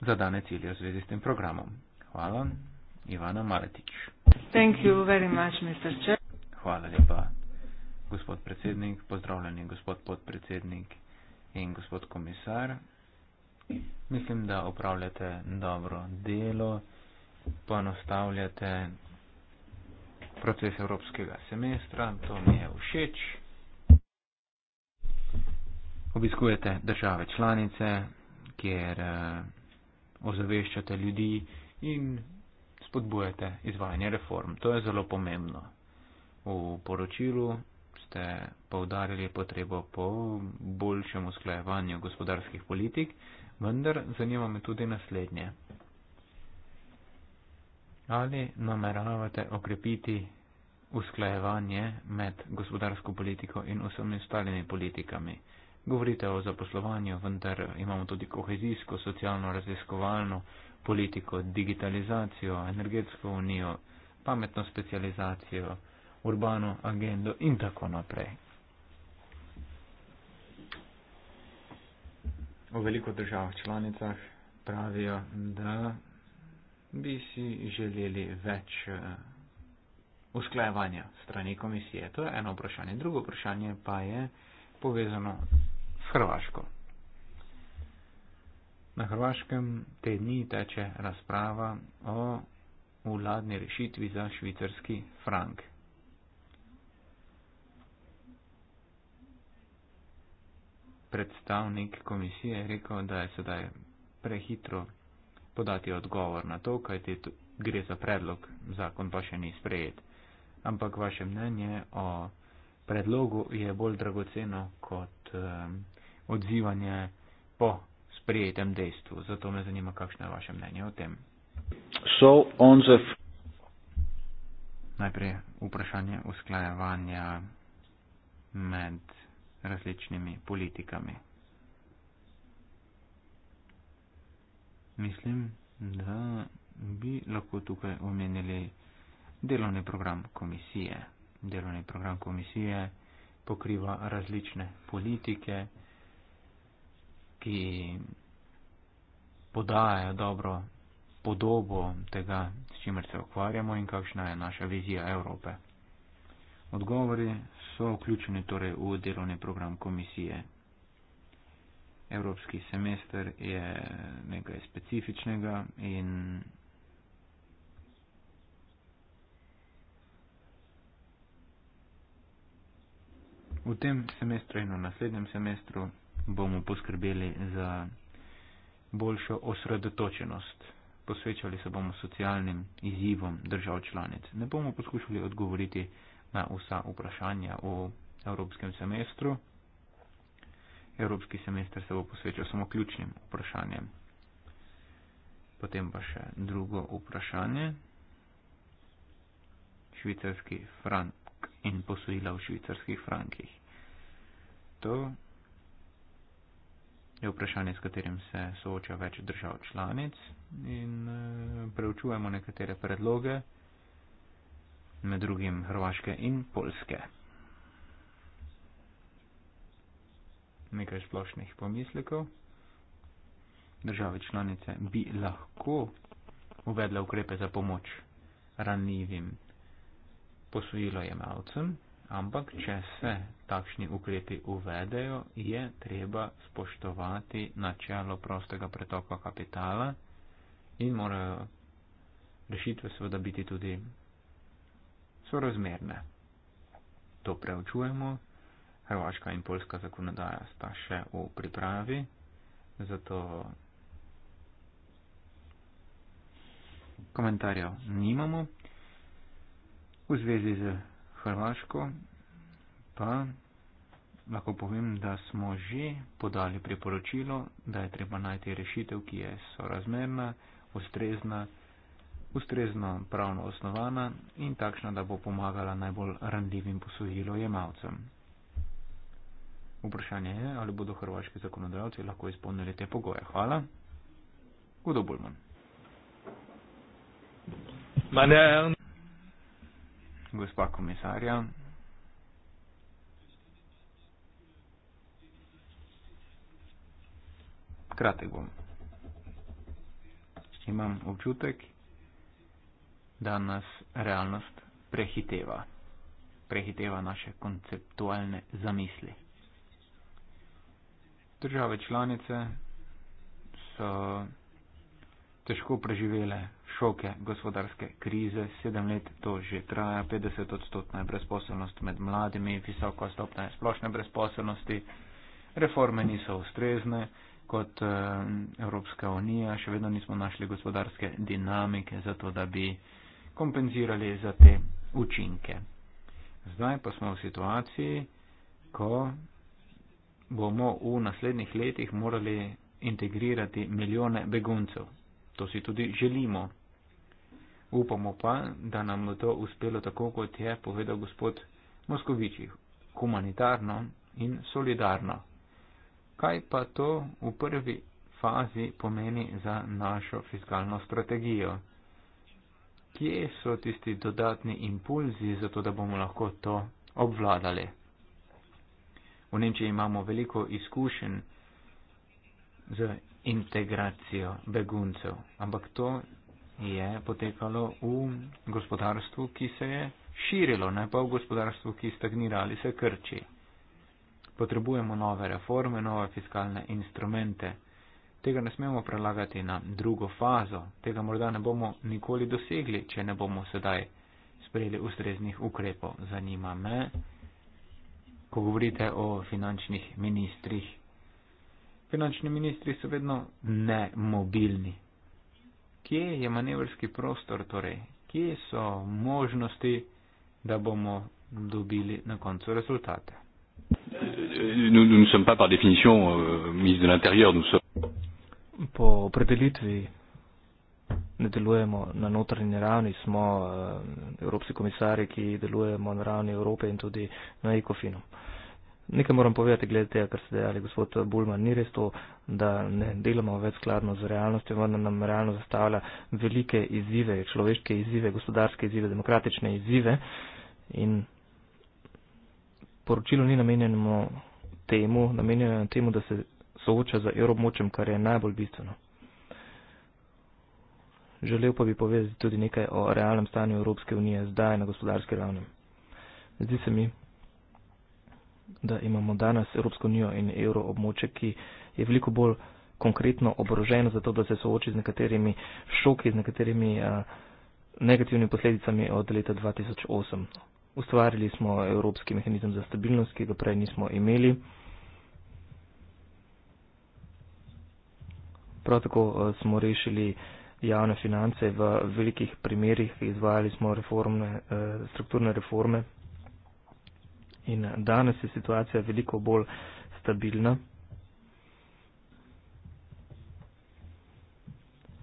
zadane cilje v zvezi s tem programom. Hvala, Ivana Maletič. Thank you very much, Mr. Chair. Hvala lepa, gospod predsednik, pozdravljeni gospod podpredsednik in gospod komisar. Mislim, da upravljate dobro delo, poenostavljate proces evropskega semestra, to mi je všeč. Obiskujete države članice, kjer eh, ozaveščate ljudi in spodbujate izvajanje reform. To je zelo pomembno. V poročilu ste povdarjali potrebo po boljšem usklajevanju gospodarskih politik, vendar zanima me tudi naslednje. Ali nameravate okrepiti usklajevanje med gospodarsko politiko in vsemi ostalimi politikami? Govorite o zaposlovanju, vendar imamo tudi kohezijsko, socialno, raziskovalno politiko, digitalizacijo, energetsko unijo, pametno specializacijo urbano agendo in tako naprej. V veliko državah članicah pravijo, da bi si želeli več eh, usklajevanja strani komisije. To je eno vprašanje. Drugo vprašanje pa je povezano s Hrvaško. Na Hrvaškem te dni teče razprava o vladni rešitvi za švicarski frank. predstavnik komisije rekel, da je sedaj prehitro podati odgovor na to, kaj te gre za predlog, zakon pa še ni sprejet. Ampak vaše mnenje o predlogu je bolj dragoceno kot um, odzivanje po sprejetem dejstvu. Zato me zanima, kakšno je vaše mnenje o tem. So on the Najprej vprašanje usklajevanja med različnimi politikami. Mislim, da bi lahko tukaj omenili delovni program komisije. Delovni program komisije pokriva različne politike, ki podajajo dobro podobo tega, s čimer se okvarjamo in kakšna je naša vizija Evrope odgovori so vključeni torej v delovni program komisije. Evropski semester je nekaj specifičnega in v tem semestru in v naslednjem semestru bomo poskrbeli za boljšo osredotočenost. Posvečali se bomo socialnim izzivom držav članic. Ne bomo poskušali odgovoriti na vsa vprašanja o evropskem semestru. Evropski semester se bo posvečal samo ključnim vprašanjem. Potem pa še drugo vprašanje. Švicarski frank in posojila v švicarskih frankih. To je vprašanje, s katerim se sooča več držav članic in eh, preučujemo nekatere predloge med drugim Hrvaške in Polske. Nekaj splošnih pomislekov. Države članice bi lahko uvedle ukrepe za pomoč ranljivim posojilojemalcem, ampak če se takšni ukrepi uvedejo, je treba spoštovati načelo prostega pretoka kapitala in morajo rešitve seveda biti tudi so razmerne. To preučujemo, hrvaška in polska zakonodaja sta še v pripravi, zato komentarjev nimamo. V zvezi z Hrvaško pa lahko povem, da smo že podali priporočilo, da je treba najti rešitev, ki je sorazmerna, ustrezna ustrezno pravno osnovana in takšna, da bo pomagala najbolj randljivim posojilojemalcem. Vprašanje je, ali bodo hrvaški zakonodajalci lahko izpolnili te pogoje. Hvala. Kdo bo manj? Gospa komisarja. Kratek bom. Imam občutek, da nas realnost prehiteva, prehiteva naše konceptualne zamisli. Države članice so težko preživele šoke gospodarske krize, sedem let to že traja, 50 odstotna je brezposobnost med mladimi, visoka stopna je splošne brezposobnosti, reforme niso ustrezne, kot eh, Evropska unija še vedno nismo našli gospodarske dinamike za to, da bi eh, kompenzirali za te učinke. Zdaj pa smo v situaciji, ko bomo v naslednjih letih morali integrirati milijone beguncev. To si tudi želimo. Upamo pa, da nam bo to uspelo tako, kot je povedal gospod Moskoviči, humanitarno in solidarno. Kaj pa to v prvi fazi pomeni za našo fiskalno strategijo? kje so tisti dodatni impulzi, zato da bomo lahko to obvladali. V Nemčiji imamo veliko izkušenj z integracijo beguncev, ampak to je potekalo v gospodarstvu, ki se je širilo, ne pa v gospodarstvu, ki stagnira ali se krči. Potrebujemo nove reforme, nove fiskalne instrumente. Tega ne smemo prelagati na drugo fazo, tega morda ne bomo nikoli dosegli, če ne bomo sedaj sprejeli ustreznih ukrepov. Zanima me, ko govorite o finančnih ministrih. Finančni ministri so vedno nemobilni. Kje je manevrski prostor, torej, kje so možnosti, da bomo dobili na koncu rezultate? Nous, nous po opredelitvi ne delujemo na notranji ravni, smo uh, evropski komisari, ki delujemo na ravni Evrope in tudi na ECOFIN. Nekaj moram povedati, glede tega, kar ste dejali, gospod Bulman, ni res to, da ne delamo več skladno z realnostjo, vendar nam realnost zastavlja velike izzive, človeške izzive, gospodarske izzive, demokratične izzive. In poročilo ni namenjeno temu, namenjeno temu, da se sooča z evromočem, kar je najbolj bistveno. Želel pa bi povedati tudi nekaj o realnem stanju Evropske unije zdaj na gospodarski ravni. Zdi se mi, da imamo danes Evropsko unijo in evro območje, ki je veliko bolj konkretno oboroženo za to, da se sooči z nekaterimi šoki, z nekaterimi a, negativnimi posledicami od leta 2008. Ustvarili smo Evropski mehanizem za stabilnost, ki ga prej nismo imeli. Prav tako eh, smo rešili javne finance v velikih primerjih, izvajali smo reformne, eh, strukturne reforme. In eh, danes je situacija veliko bolj stabilna,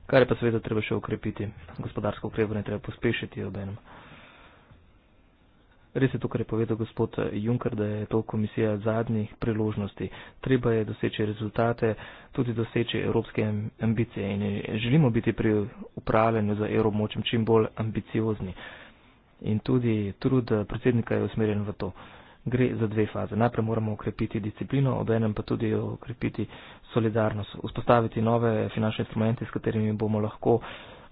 kar je pa seveda treba še ukrepiti. Gospodarsko ukrepanje treba pospešiti ob enem. Res je to, kar je povedal gospod Juncker, da je to komisija zadnjih priložnosti. Treba je doseči rezultate, tudi doseči evropske ambicije in želimo biti pri upravljanju za evromočem čim bolj ambiciozni. In tudi trud predsednika je usmerjen v to. Gre za dve faze. Najprej moramo ukrepiti disciplino, obenem pa tudi ukrepiti solidarnost, vzpostaviti nove finančne instrumente, s katerimi bomo lahko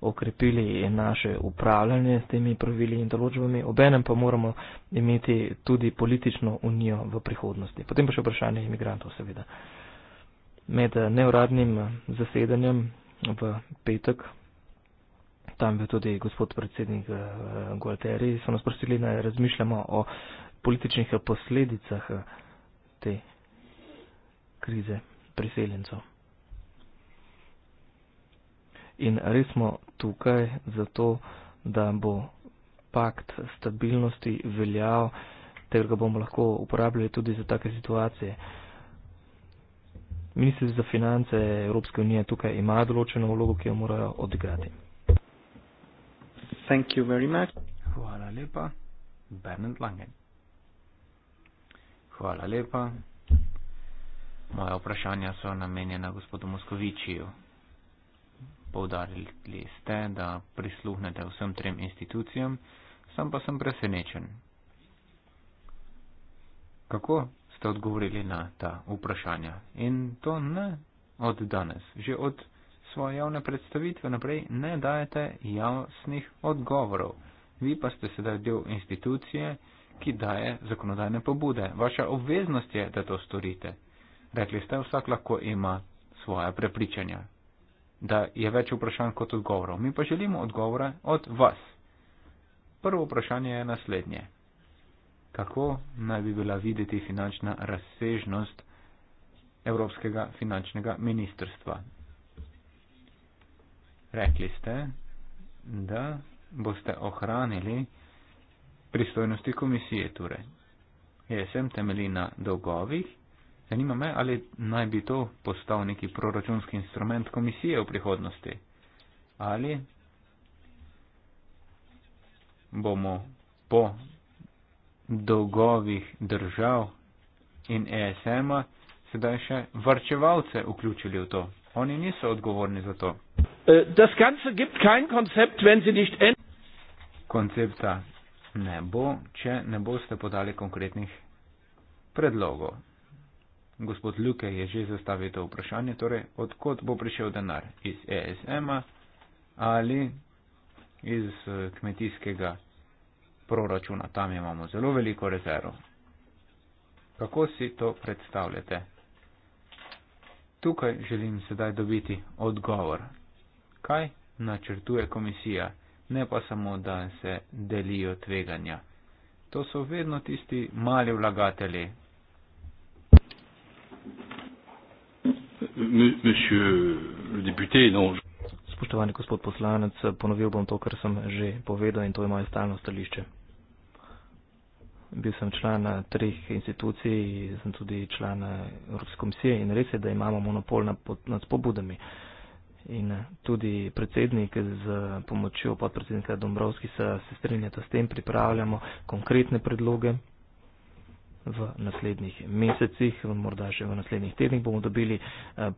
okrepili naše upravljanje s temi pravili in določbami, obenem pa moramo imeti tudi politično unijo v prihodnosti. Potem pa še vprašanje imigrantov, seveda. Med neuradnim zasedanjem v petek, tam je tudi gospod predsednik eh, Gualteri, so nas prosili, da razmišljamo o političnih posledicah eh, te krize priseljencev in res smo tukaj zato, da bo pakt stabilnosti veljal, ter ga bomo lahko uporabljali tudi za take situacije. Ministri za finance Evropske unije tukaj imajo določeno vlogo, ki jo morajo odigrati. Thank you very much. Hvala lepa, Bernard Lange. Hvala lepa. Moje vprašanja so namenjena gospodu Moskovičiju poudarili ste, da prisluhnete vsem trem institucijam, sam pa sem presenečen. Kako ste odgovorili na ta vprašanja? In to ne od danes, že od svoje javne predstavitve naprej ne dajete jasnih odgovorov. Vi pa ste sedaj del institucije, ki daje zakonodajne pobude. Vaša obveznost je, da to storite. Rekli ste, vsak lahko ima svoje prepričanja da je več vprašanj kot odgovorov. Mi pa želimo odgovore od vas. Prvo vprašanje je naslednje. Kako naj bi bila videti finančna razsežnost Evropskega finančnega ministrstva? Rekli ste, da boste ohranili pristojnosti komisije. Torej, ESM temelji na dolgovih Zanima me, ali naj bi to postal neki proračunski instrument komisije v prihodnosti. Ali bomo po dolgovih držav in ESM-a sedaj še varčevalce vključili v to. Oni niso odgovorni za to. Äh, Koncepta ne bo, če ne boste podali konkretnih predlogov. Gospod Luke je že zastavil to vprašanje, torej odkot bo prišel denar? Iz ESM-a ali iz eh, kmetijskega proračuna? Tam imamo zelo veliko rezerv. Kako si to predstavljate? Tukaj želim sedaj dobiti odgovor. Kaj načrtuje komisija, ne pa samo, da se delijo tveganja? To so vedno tisti mali vlagatelji, Spoštovani gospod poslanec, ponovil bom to, kar sem že povedal in to je moje stalno stališče. Bil sem član eh, treh institucij, sem tudi član eh, Evropske komisije in res je, da imamo monopol nad pobudami. In eh, tudi predsednik z pomočjo podpredsednika Dombrovskisa se strinjata s tem, pripravljamo konkretne predloge v naslednjih mesecih, morda še v naslednjih tednih bomo dobili eh,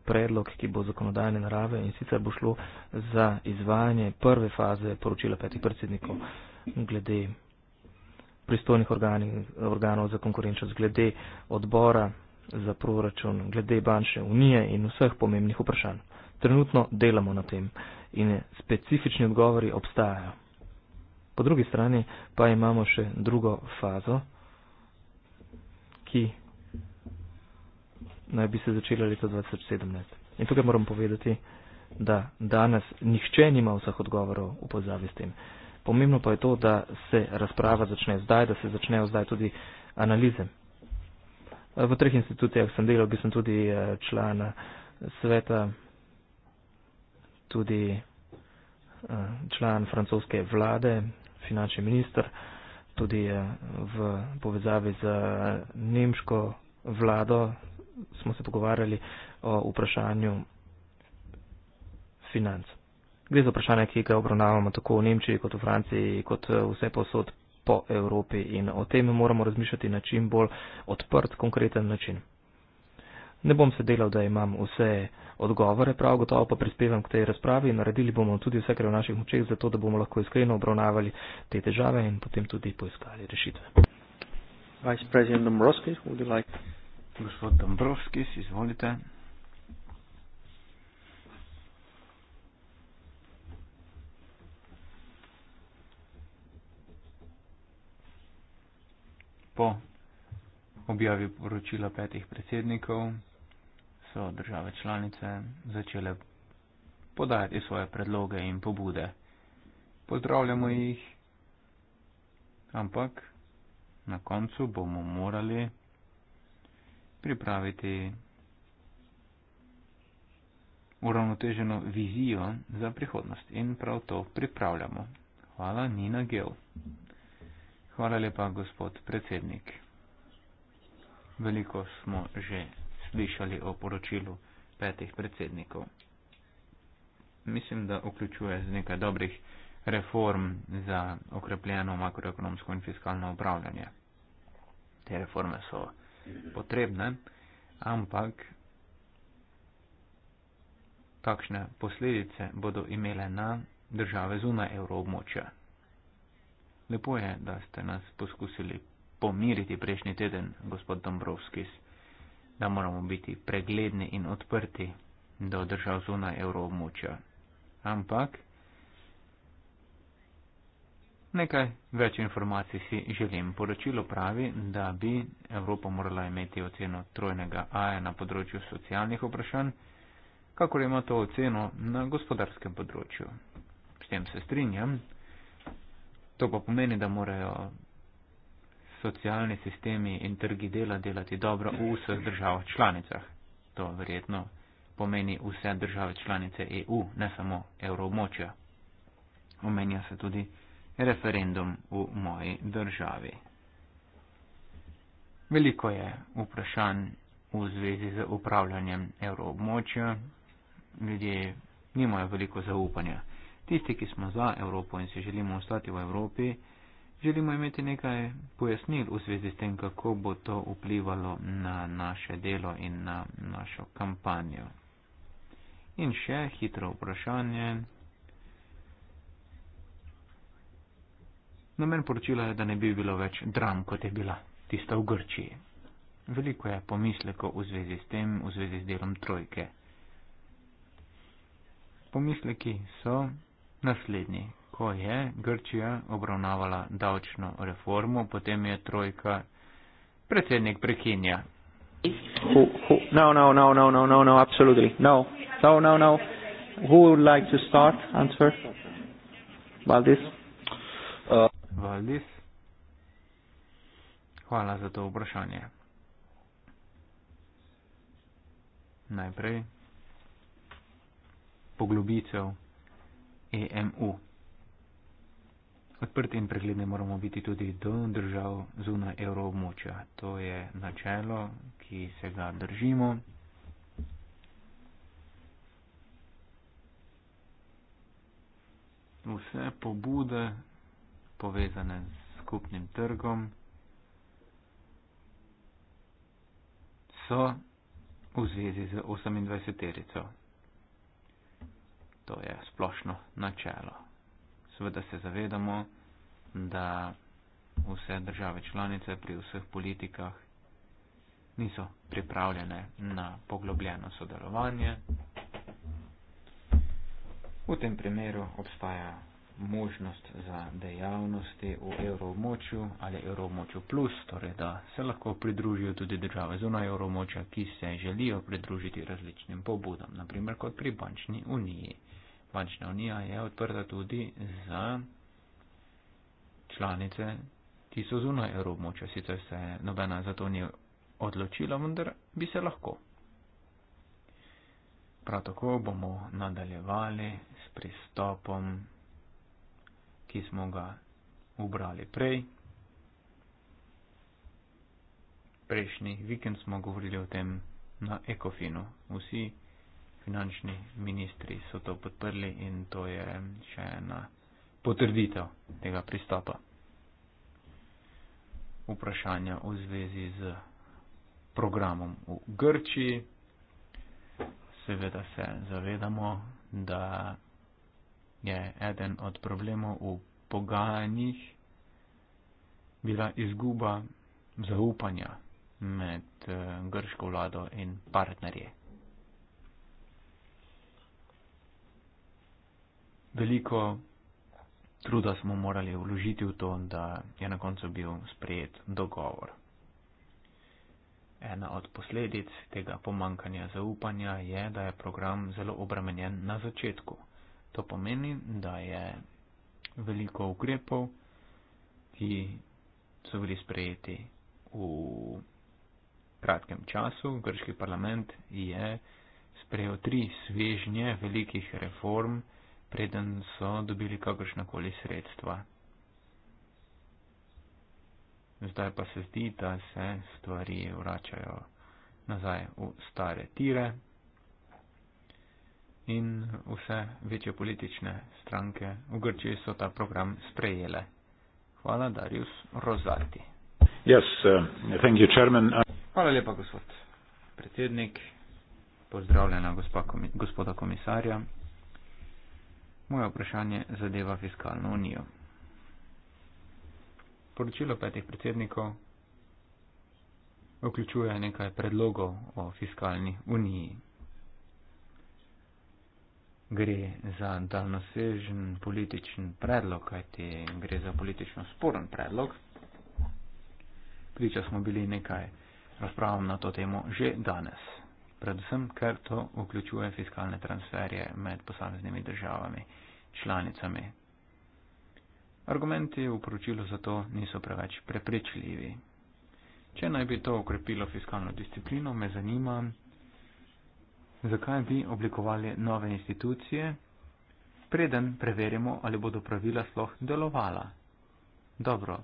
predlog, ki bo zakonodajne narave in sicer bo šlo za izvajanje prve faze poročila petih predsednikov glede pristojnih organi, organov za konkurenčnost, glede odbora za proračun, glede bančne unije in vseh pomembnih vprašanj. Trenutno delamo na tem in specifični odgovori obstajajo. Po drugi strani pa imamo še drugo fazo ki naj bi se začela leta 2017. In tukaj moram povedati, da danes nihče nima vseh odgovorov v pozavi s tem. Pomembno pa je to, da se razprava začne zdaj, da se začnejo zdaj tudi analize. V treh institucijah sem delal, bil sem tudi eh, član eh, sveta, tudi eh, član francoske vlade, finančni minister tudi v povezavi z nemško vlado smo se pogovarjali o vprašanju financ. Gre za vprašanje, ki ga obravnavamo tako v Nemčiji kot v Franciji, kot eh, vse posod po Evropi in o tem moramo razmišljati na čim bolj odprt, konkreten način. Ne bom se delal, da imam vse odgovore, prav gotovo pa prispevam k tej razpravi. Naredili bomo tudi vse, kar je v naših močeh, zato da bomo lahko iskreno obravnavali te težave in potem tudi poiskali rešitve. Gospod Dombrovski, izvolite. Po objavi poročila petih predsednikov so države članice začele podajati svoje predloge in pobude. Pozdravljamo jih, ampak na koncu bomo morali pripraviti uravnoteženo vizijo za prihodnost in prav to pripravljamo. Hvala, Nina Gel. Hvala lepa, gospod predsednik. Veliko smo že slišali o poročilu petih predsednikov. Mislim, da vključuje z nekaj dobrih reform za okrepljeno makroekonomsko in fiskalno upravljanje. Te reforme so potrebne, ampak kakšne posledice bodo imele na države zunaj evroobmočja. Lepo je, da ste nas poskusili pomiriti prejšnji teden, gospod Dombrovskis da moramo biti pregledni in odprti do držav zunaj evroobmočja. Ampak nekaj več informacij si želim. Poročilo pravi, da bi Evropa morala imeti oceno trojnega A na področju socialnih vprašanj, kakor ima to oceno na gospodarskem področju. S tem se strinjam. To pa pomeni, da morajo socialni sistemi in trgi dela delati dobro v vseh državah članicah. To verjetno pomeni vse države članice EU, ne samo evroobmočja. Omenja se tudi referendum v moji državi. Veliko je vprašanj v zvezi z upravljanjem evroobmočja. Ljudje nimajo veliko zaupanja. Tisti, ki smo za Evropo in si želimo ostati v Evropi, Želimo imeti nekaj pojasnil v zvezi s tem, kako bo to vplivalo na naše delo in na našo kampanjo. In še hitro vprašanje. Namen poročila je, da ne bi bilo več dram, kot je bila tista v Grčiji. Veliko je pomisleko v zvezi s tem, v zvezi s delom trojke. Pomisleki so naslednji ko je Grčija obravnavala davčno reformo, potem je trojka predsednik prekinja. Uh, Valdis. Hvala za to vprašanje. Najprej poglobitev EMU. Odprti in pregledni moramo biti tudi do držav zunaj evroobmočja. To je načelo, ki se ga držimo. Vse pobude povezane z skupnim trgom so v zvezi z 28-terico. To je splošno načelo seveda se zavedamo, da vse države članice pri vseh politikah niso pripravljene na poglobljeno sodelovanje. V tem primeru obstaja možnost za dejavnosti v evroobmočju ali evroobmočju plus, torej da se lahko pridružijo tudi države zunaj evroobmočja, ki se želijo pridružiti različnim pobudam, naprimer kot pri bančni uniji bančna unija je odprta tudi za članice, ki so zunaj evroobmočja. Sicer se nobena za to ni odločila, vendar bi se lahko. Prav tako bomo nadaljevali s pristopom, ki smo ga ubrali prej. Prejšnji vikend smo govorili o tem na ekofinu. Vsi finančni ministri so to podprli in to je še ena potrditev tega pristopa. Vprašanja v zvezi z programom v Grčiji. Seveda se zavedamo, da je eden od problemov v pogajanjih bila izguba zaupanja med eh, grško vlado in partnerje. veliko truda smo morali vložiti v to, da je na koncu bil sprejet dogovor. Ena od posledic tega pomankanja zaupanja je, da je program zelo obramenjen na začetku. To pomeni, da je veliko ukrepov, ki so bili sprejeti v kratkem času. Grški parlament je sprejel tri svežnje velikih reform, preden so dobili kakršnakoli sredstva. Zdaj pa se zdi, da se stvari vračajo nazaj v stare tire in vse večje politične stranke v Grčiji so ta program sprejele. Hvala, Darius Rozati. Yes, uh, thank you, chairman. Hvala lepa, gospod predsednik. Pozdravljena gospa komi gospoda komisarja. Moje vprašanje zadeva fiskalno unijo. Poročilo petih predsednikov vključuje nekaj predlogov o fiskalni uniji. Gre za daljnosežen političen predlog, kajti gre za politično sporen predlog. Priča smo bili nekaj razpravam na to temo že danes predvsem ker to vključuje fiskalne transferje med posameznimi državami, članicami. Argumenti v poročilu za to niso preveč prepričljivi. Če naj bi to ukrepilo fiskalno disciplino, me zanima, zakaj bi oblikovali nove institucije, preden preverimo, ali bodo pravila sloh delovala. Dobro,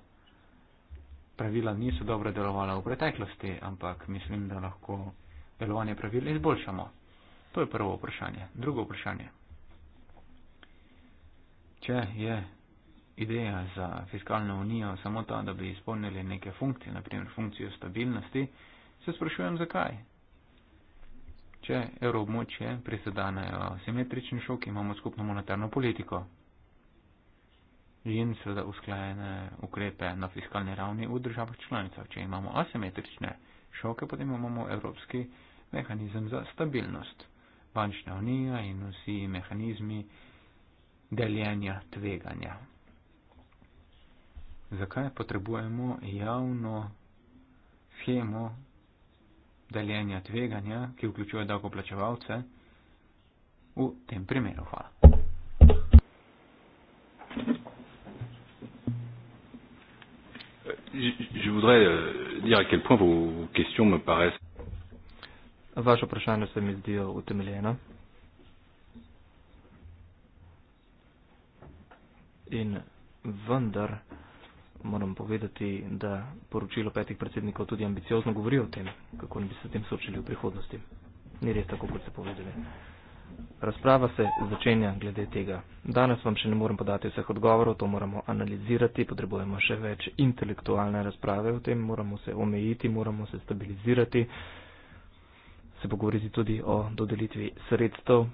pravila niso dobro delovala v preteklosti, ampak mislim, da lahko delovanje pravil izboljšamo? To je prvo vprašanje. Drugo vprašanje. Če je ideja za fiskalno unijo samo ta, da bi izpolnili neke funkcije, naprimer funkcijo stabilnosti, se sprašujem zakaj. Če evroobmočje prisedanajo simetrični šok, imamo skupno monetarno politiko in seveda usklajene ukrepe na fiskalni ravni v državah članicah. Če imamo asimetrične šoke, potem imamo evropski mehanizem za stabilnost, bančna unija in vsi mehanizmi deljenja tveganja. Zakaj potrebujemo javno schemo deljenja tveganja, ki vključuje davkoplačevalce v tem primeru? Hvala. Je voudrais euh, dire à quel point vos questions me paraissent. Vaše vprašanje se mi zdi utemeljeno. In vendar moram povedati, da poročilo petih predsednikov tudi ambiciozno govori o tem, kako bi se s tem soočili v prihodnosti. Ni res tako, kot se povedali. Razprava se začenja glede tega. Danes vam še ne morem podati vseh odgovorov, to moramo analizirati, potrebujemo še več intelektualne razprave o tem, moramo se omejiti, moramo se stabilizirati, se pogovoriti tudi o dodelitvi sredstev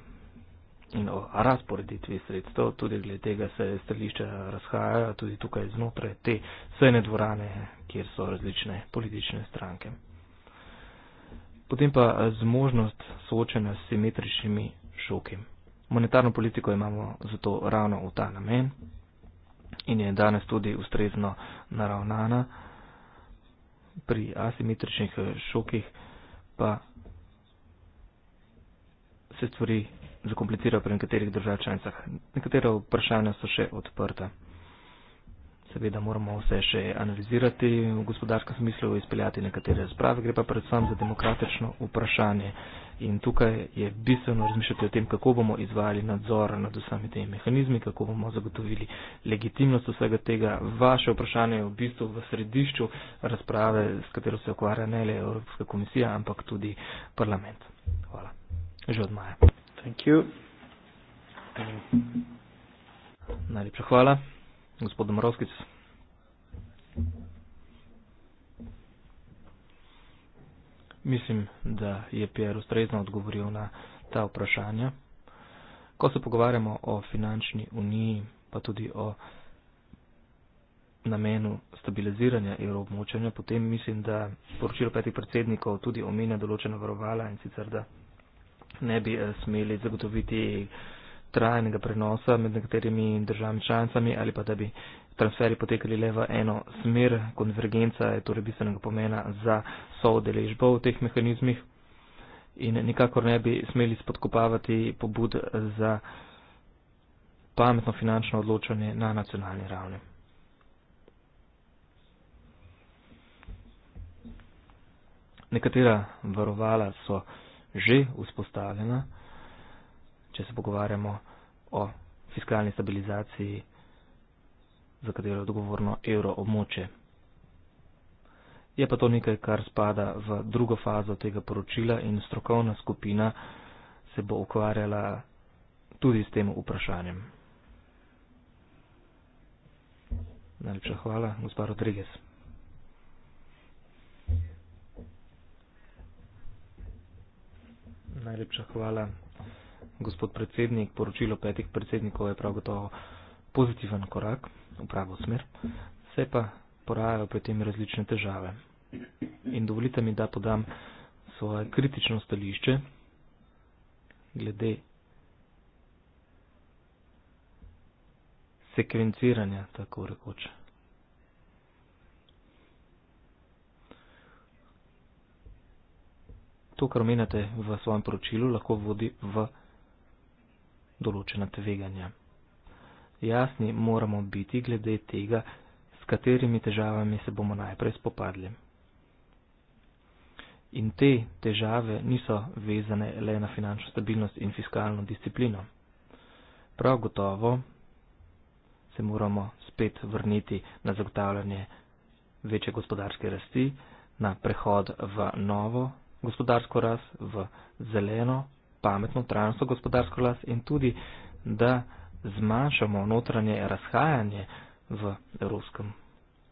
in o razporeditvi sredstev. Tudi glede tega se stališča razhajajo, tudi tukaj znotraj te sejne dvorane, kjer so različne politične stranke. Potem pa zmožnost soočena s simetričnimi šoki. Monetarno politiko imamo zato ravno v ta namen in je danes tudi ustrezno naravnana. Pri asimetričnih eh, šokih pa se stvari zakomplicirajo pri nekaterih držav članicah. Nekatera vprašanja so še odprta. Seveda moramo vse še analizirati v gospodarskem smislu, izpeljati nekatere razprave, gre pa predvsem za demokratično vprašanje. In tukaj je bistveno razmišljati o tem, kako bomo izvajali nadzor nad vsemi temi mehanizmi, kako bomo zagotovili legitimnost vsega tega. Vaše vprašanje je v bistvu v središču razprave, s katero se ukvarja ne le Evropska komisija, ampak tudi parlament. Hvala. Že od maja. Thank you. Najlepša hvala. Gospod Domorovskic. Thank you. Mislim, da je Pierre ustrezno odgovoril na ta vprašanja. Ko se pogovarjamo o finančni uniji, pa tudi o namenu stabiliziranja evroobmočanja, potem mislim, da poročilo petih predsednikov tudi omenja določena varovala in sicer, da ne bi eh, smeli zagotoviti trajnega prenosa med nekaterimi državami članicami ali pa da bi transferi potekali le v eno smer. Konvergenca je torej bistvenega pomena za soodeležbo v teh mehanizmih in nikakor ne bi smeli spodkopavati pobud za pametno finančno odločanje na nacionalni ravni. Nekatera varovala so že vzpostavljena, če se pogovarjamo o fiskalni stabilizaciji za katero je odgovorno evroobmoče. Je pa to nekaj, kar spada v drugo fazo tega poročila in strokovna skupina se bo ukvarjala tudi s tem vprašanjem. Najlepša hvala, gospod Rodriguez. Najlepša hvala, gospod predsednik. Poročilo petih predsednikov je prav gotovo pozitiven korak v pravo smer, se pa porajajo pri tem različne težave. In dovolite mi, da podam svoje kritično stališče glede sekvenciranja, tako rekoč. To, kar omenjate v svojem poročilu, lahko vodi v določena tveganja jasni moramo biti glede tega, s katerimi težavami se bomo najprej spopadli. In te težave niso vezane le na finančno stabilnost in fiskalno disciplino. Prav gotovo se moramo spet vrniti na zagotavljanje večje gospodarske rasti, na prehod v novo gospodarsko rast, v zeleno, pametno, trajnostno gospodarsko rast in tudi, da zmanjšamo notranje razhajanje v evropskem,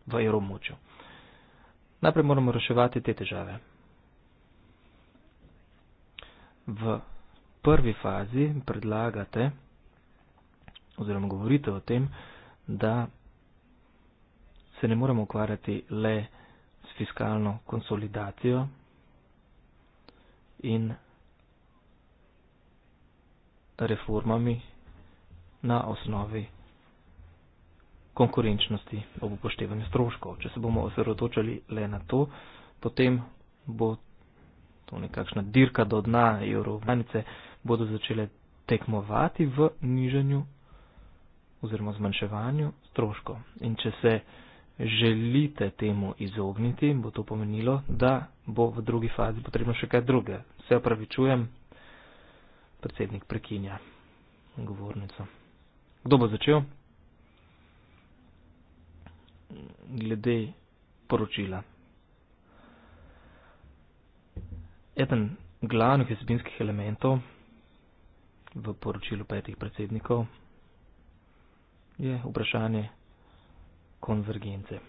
v evromočju. Najprej moramo reševati te težave. V prvi fazi predlagate oziroma govorite o tem, da se ne moremo ukvarjati le s fiskalno konsolidacijo in reformami na osnovi konkurenčnosti ob upoštevanju stroškov. Če se bomo osredotočali le na to, potem bo to nekakšna dirka do dna evrovanice, bodo začele tekmovati v nižanju oziroma zmanjševanju stroškov. In če se želite temu izogniti, bo to pomenilo, da bo v drugi fazi potrebno še kaj druge. Se opravičujem, predsednik prekinja govornico. Kdo bo začel? Glede poročila. Eden glavnih vsebinskih elementov v poročilu petih predsednikov je vprašanje konvergence.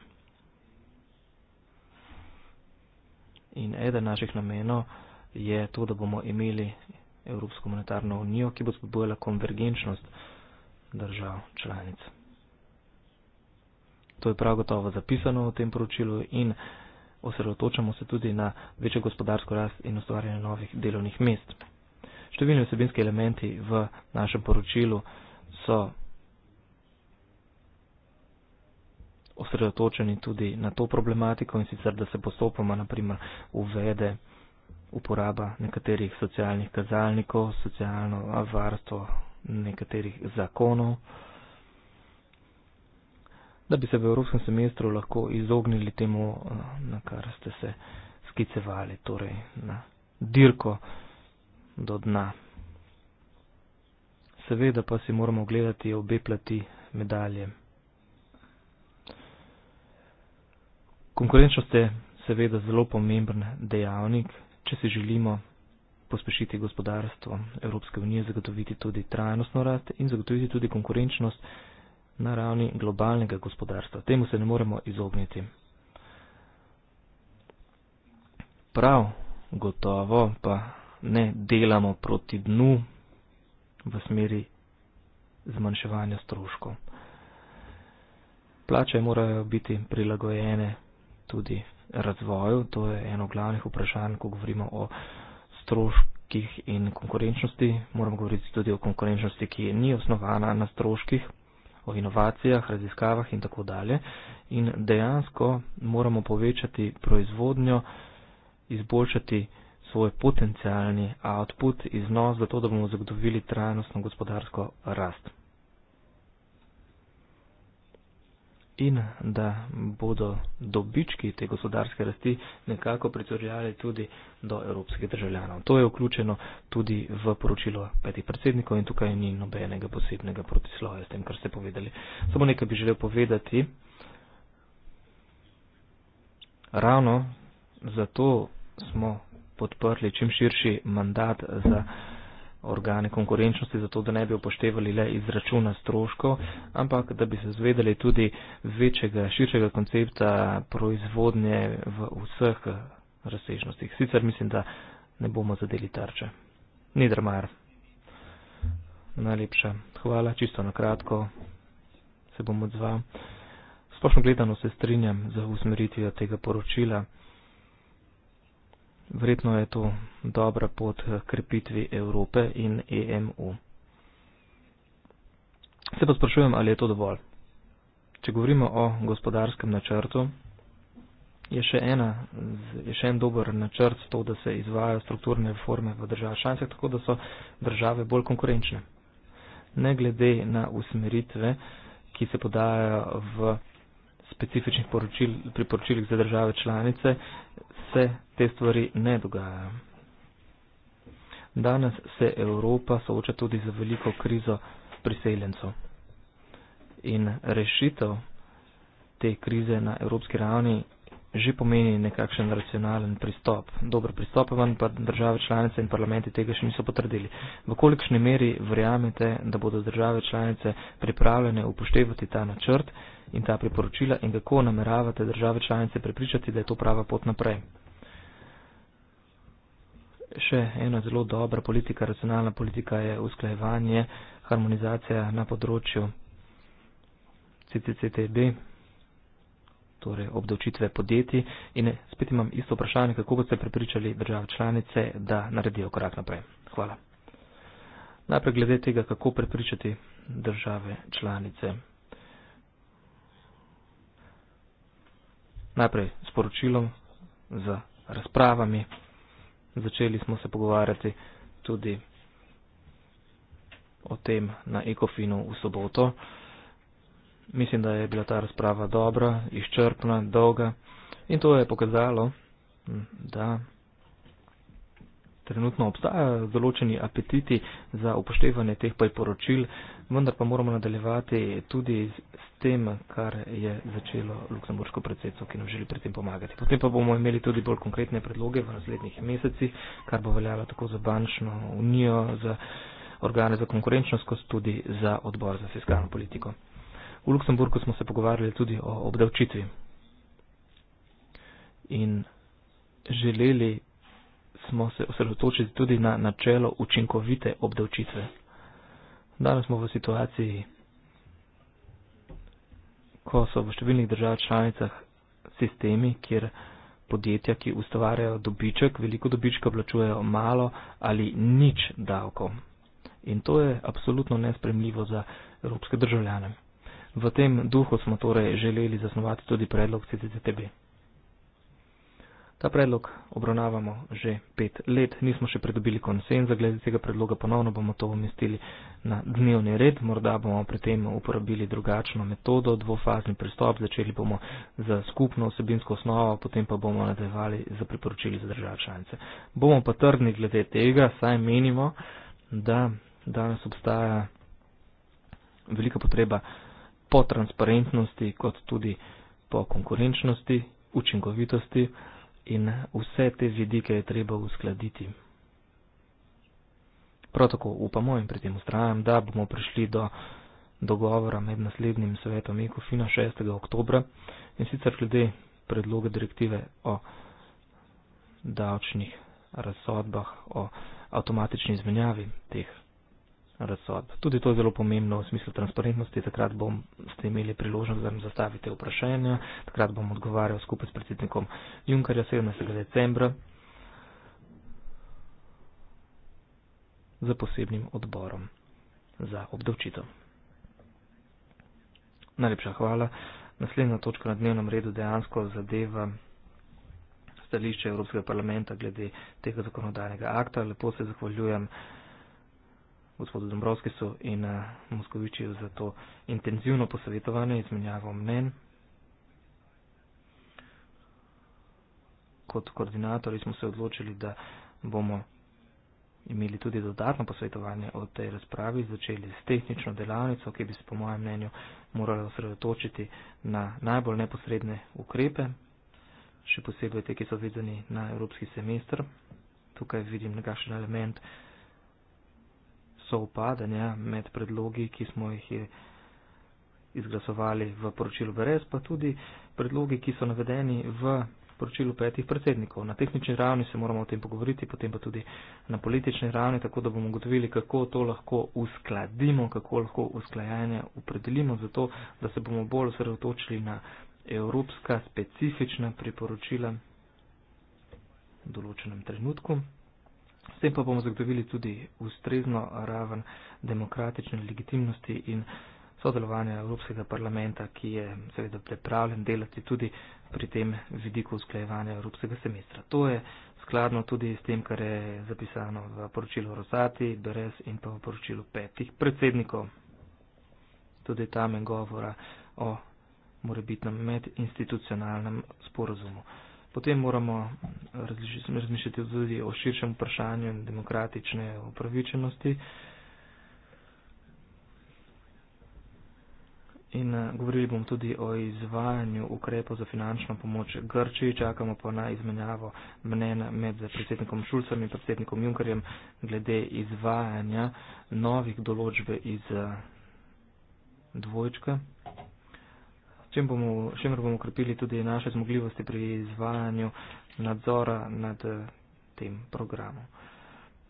In eden naših namenov je to, da bomo imeli Evropsko monetarno unijo, ki bo spodbojala konvergenčnost držav članic. To je prav gotovo zapisano v tem poročilu in osredotočamo se tudi na večjo gospodarsko rast in ustvarjanje novih delovnih mest. Številni vsebinski elementi v našem poročilu so osredotočeni tudi na to problematiko in sicer, da se postopoma naprimer uvede uporaba nekaterih socialnih kazalnikov, socialno varstvo nekaterih zakonov, da bi se v evropskem semestru lahko izognili temu, na kar ste se skicevali, torej na dirko do dna. Seveda pa si moramo gledati obe plati medalje. Konkurenčnost je seveda zelo pomemben dejavnik, če si želimo pospešiti gospodarstvo Evropske unije, zagotoviti tudi trajnostno rast in zagotoviti tudi konkurenčnost na ravni globalnega gospodarstva. Temu se ne moremo izogniti. Prav gotovo pa ne delamo proti dnu v smeri zmanjševanja stroškov. Plače morajo biti prilagojene tudi razvoju. To je eno glavnih vprašanj, ko govorimo o stroških in konkurenčnosti. Moram govoriti tudi o konkurenčnosti, ki ni osnovana na stroških, o inovacijah, raziskavah in tako dalje. In dejansko moramo povečati proizvodnjo, izboljšati svoj potencialni output, iznos, zato da bomo zagotovili trajnostno gospodarsko rast. in da bodo dobički te gospodarske rasti nekako pritorjali tudi do evropskih državljanov. To je vključeno tudi v poročilo petih predsednikov in tukaj ni nobenega posebnega protisloja s tem, kar ste povedali. Samo nekaj bi želel povedati. Ravno zato smo podprli čim širši mandat za organe konkurenčnosti, zato da ne bi upoštevali le izračuna stroškov, ampak da bi se zvedeli tudi večjega, širšega koncepta proizvodnje v vseh razsežnostih. Sicer mislim, da ne bomo zadeli tarče. Nidrmar. Najlepša hvala, čisto na kratko se bom odzval. Splošno gledano se strinjam za usmeritvijo tega poročila. Verjetno je to dobra pot krepitvi Evrope in EMU. Se pa sprašujem, ali je to dovolj. Če govorimo o gospodarskem načrtu, je še, ena, je še en dober načrt to, da se izvajo strukturne reforme v državah šansah, tako da so države bolj konkurenčne. Ne glede na usmeritve, ki se podajajo v specifičnih poročil, priporočilih za države članice, se te stvari ne dogajajo. Danes se Evropa sooča tudi z veliko krizo priseljencev. In rešitev te krize na evropski ravni že pomeni nekakšen racionalen pristop. Dobro pristop, pa države članice in parlamenti tega še niso potrdili. V kolikšni meri verjamete, da bodo države članice pripravljene upoštevati ta načrt in ta priporočila in kako nameravate države članice prepričati, da je to prava pot naprej? Še ena zelo dobra politika, racionalna politika je usklajevanje, harmonizacija na področju CCCTB torej obdavčitve podjetij. In spet imam isto vprašanje, kako boste prepričali države članice, da naredijo korak naprej. Hvala. Najprej glede tega, kako prepričati države članice. Najprej s poročilom, z razpravami. Začeli smo se pogovarjati tudi o tem na Ekofinu v soboto mislim, da je bila ta razprava dobra, izčrpna, dolga in to je pokazalo, da trenutno obstajajo določeni apetiti za upoštevanje teh priporočil, vendar pa moramo nadaljevati tudi s tem, kar je začelo luksemburško predsedstvo, ki nam želi pri tem pomagati. Potem pa bomo imeli tudi bolj konkretne predloge v naslednjih mesecih, kar bo veljalo tako za bančno unijo, za organe za konkurenčnost, kot tudi za odbor za fiskalno politiko. V Luksemburgu smo se pogovarjali tudi o obdavčitvi in želeli smo se osredotočiti tudi na načelo učinkovite obdavčitve. Danes smo v situaciji, ko so v številnih državah članicah sistemi, kjer podjetja, ki ustvarjajo dobiček, veliko dobička plačujejo malo ali nič davkov. In to je absolutno nespremljivo za evropske državljane. V tem duhu smo torej želeli zasnovati tudi predlog CCTB. Ta predlog obravnavamo že pet let, nismo še predobili konsenza glede tega predloga, ponovno bomo to umestili na dnevni red, morda bomo pri tem uporabili drugačno metodo, dvofazni pristop, začeli bomo z skupno osebinsko osnovo, potem pa bomo nadaljevali za priporočili za države članice. Bomo pa trdni glede tega, saj menimo, da danes obstaja velika potreba po transparentnosti, kot tudi po konkurenčnosti, učinkovitosti in vse te vidike je treba uskladiti. Prav tako upamo in pri tem ustrajam, da bomo prišli do dogovora med naslednjim svetom ECOFINA 6. oktobra in sicer glede predloga direktive o davčnih razsodbah o avtomatični izmenjavi teh razsodb. Tudi to je zelo pomembno v smislu transparentnosti. Takrat boste imeli priložnost, da nam zastavite vprašanja. Takrat bom odgovarjal skupaj s predsednikom Junkarja 17. decembra za posebnim odborom za obdavčitev. Najlepša hvala. Naslednja točka na dnevnem redu dejansko zadeva stališče Evropskega parlamenta glede tega zakonodajnega akta. Lepo se zahvaljujem gospodu Dombrovskisu in uh, eh, Moskovičiju za to intenzivno posvetovanje, izmenjavo mnen. Kot koordinatorji smo se odločili, da bomo imeli tudi dodatno posvetovanje o tej razpravi, začeli s tehnično delavnico, ki bi se po mojem mnenju morala osredotočiti na najbolj neposredne ukrepe, še posebej te, ki so vezani na evropski semester. Tukaj vidim nekakšen element uh, sovpadanja med predlogi, ki smo jih izglasovali v poročilu BRS, pa tudi predlogi, ki so navedeni v poročilu petih predsednikov. Na tehnični ravni se moramo o tem pogovoriti, potem pa tudi na politični ravni, tako da bomo ugotovili, kako to lahko uskladimo, kako lahko usklajanje opredelimo, zato da se bomo bolj osredotočili na evropska specifična priporočila v določenem trenutku. S tem pa bomo zagotovili tudi ustrezno raven demokratične legitimnosti in sodelovanja Evropskega parlamenta, ki je seveda pripravljen delati tudi pri tem vidiku usklajevanja Evropskega semestra. To je skladno tudi s tem, kar je zapisano v poročilu Rosati, Beres in pa v poročilu petih predsednikov. Tudi tam je govora o morebitnem medinstitucionalnem sporozumu. Potem moramo razmišljati tudi o širšem vprašanju demokratične upravičenosti. In eh, govorili bom tudi o izvajanju ukrepov za finančno pomoč Grčiji. Čakamo pa na izmenjavo mnen med predsednikom Šulcem in predsednikom Junkerjem glede izvajanja novih določbe iz eh, dvojčka čim bomo, čimer bomo ukrepili tudi naše zmogljivosti pri izvajanju nadzora nad eh, tem programom.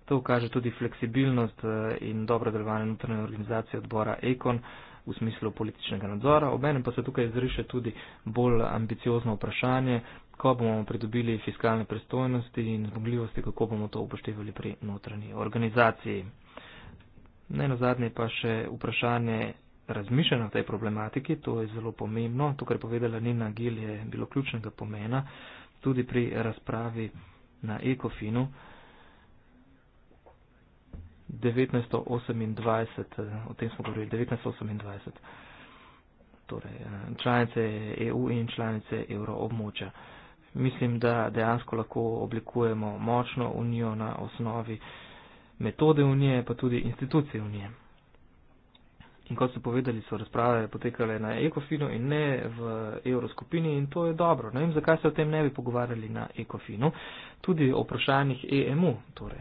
To kaže tudi fleksibilnost eh, in dobro delovanje notranje organizacije odbora EKON v smislu političnega nadzora. Obenem pa se tukaj izriše tudi bolj ambiciozno vprašanje, ko bomo pridobili fiskalne pristojnosti in zmogljivosti, kako bomo to upoštevali pri notranji organizaciji. Najno zadnje pa še vprašanje razmišljanja o tej problematiki, to je zelo pomembno. To, kar je povedala Nina Gil, je bilo ključnega pomena tudi pri razpravi na Ekofinu 1928, o tem smo govorili 1928, torej eh, članice EU in članice evroobmočja. Mislim, da dejansko lahko oblikujemo močno unijo na osnovi metode unije, pa tudi institucije unije. In kot so povedali, so razprave potekale na ekofinu in ne v evroskupini in to je dobro. Ne vem, zakaj se o tem ne bi pogovarjali na ekofinu, tudi o vprašanjih EMU. Torej.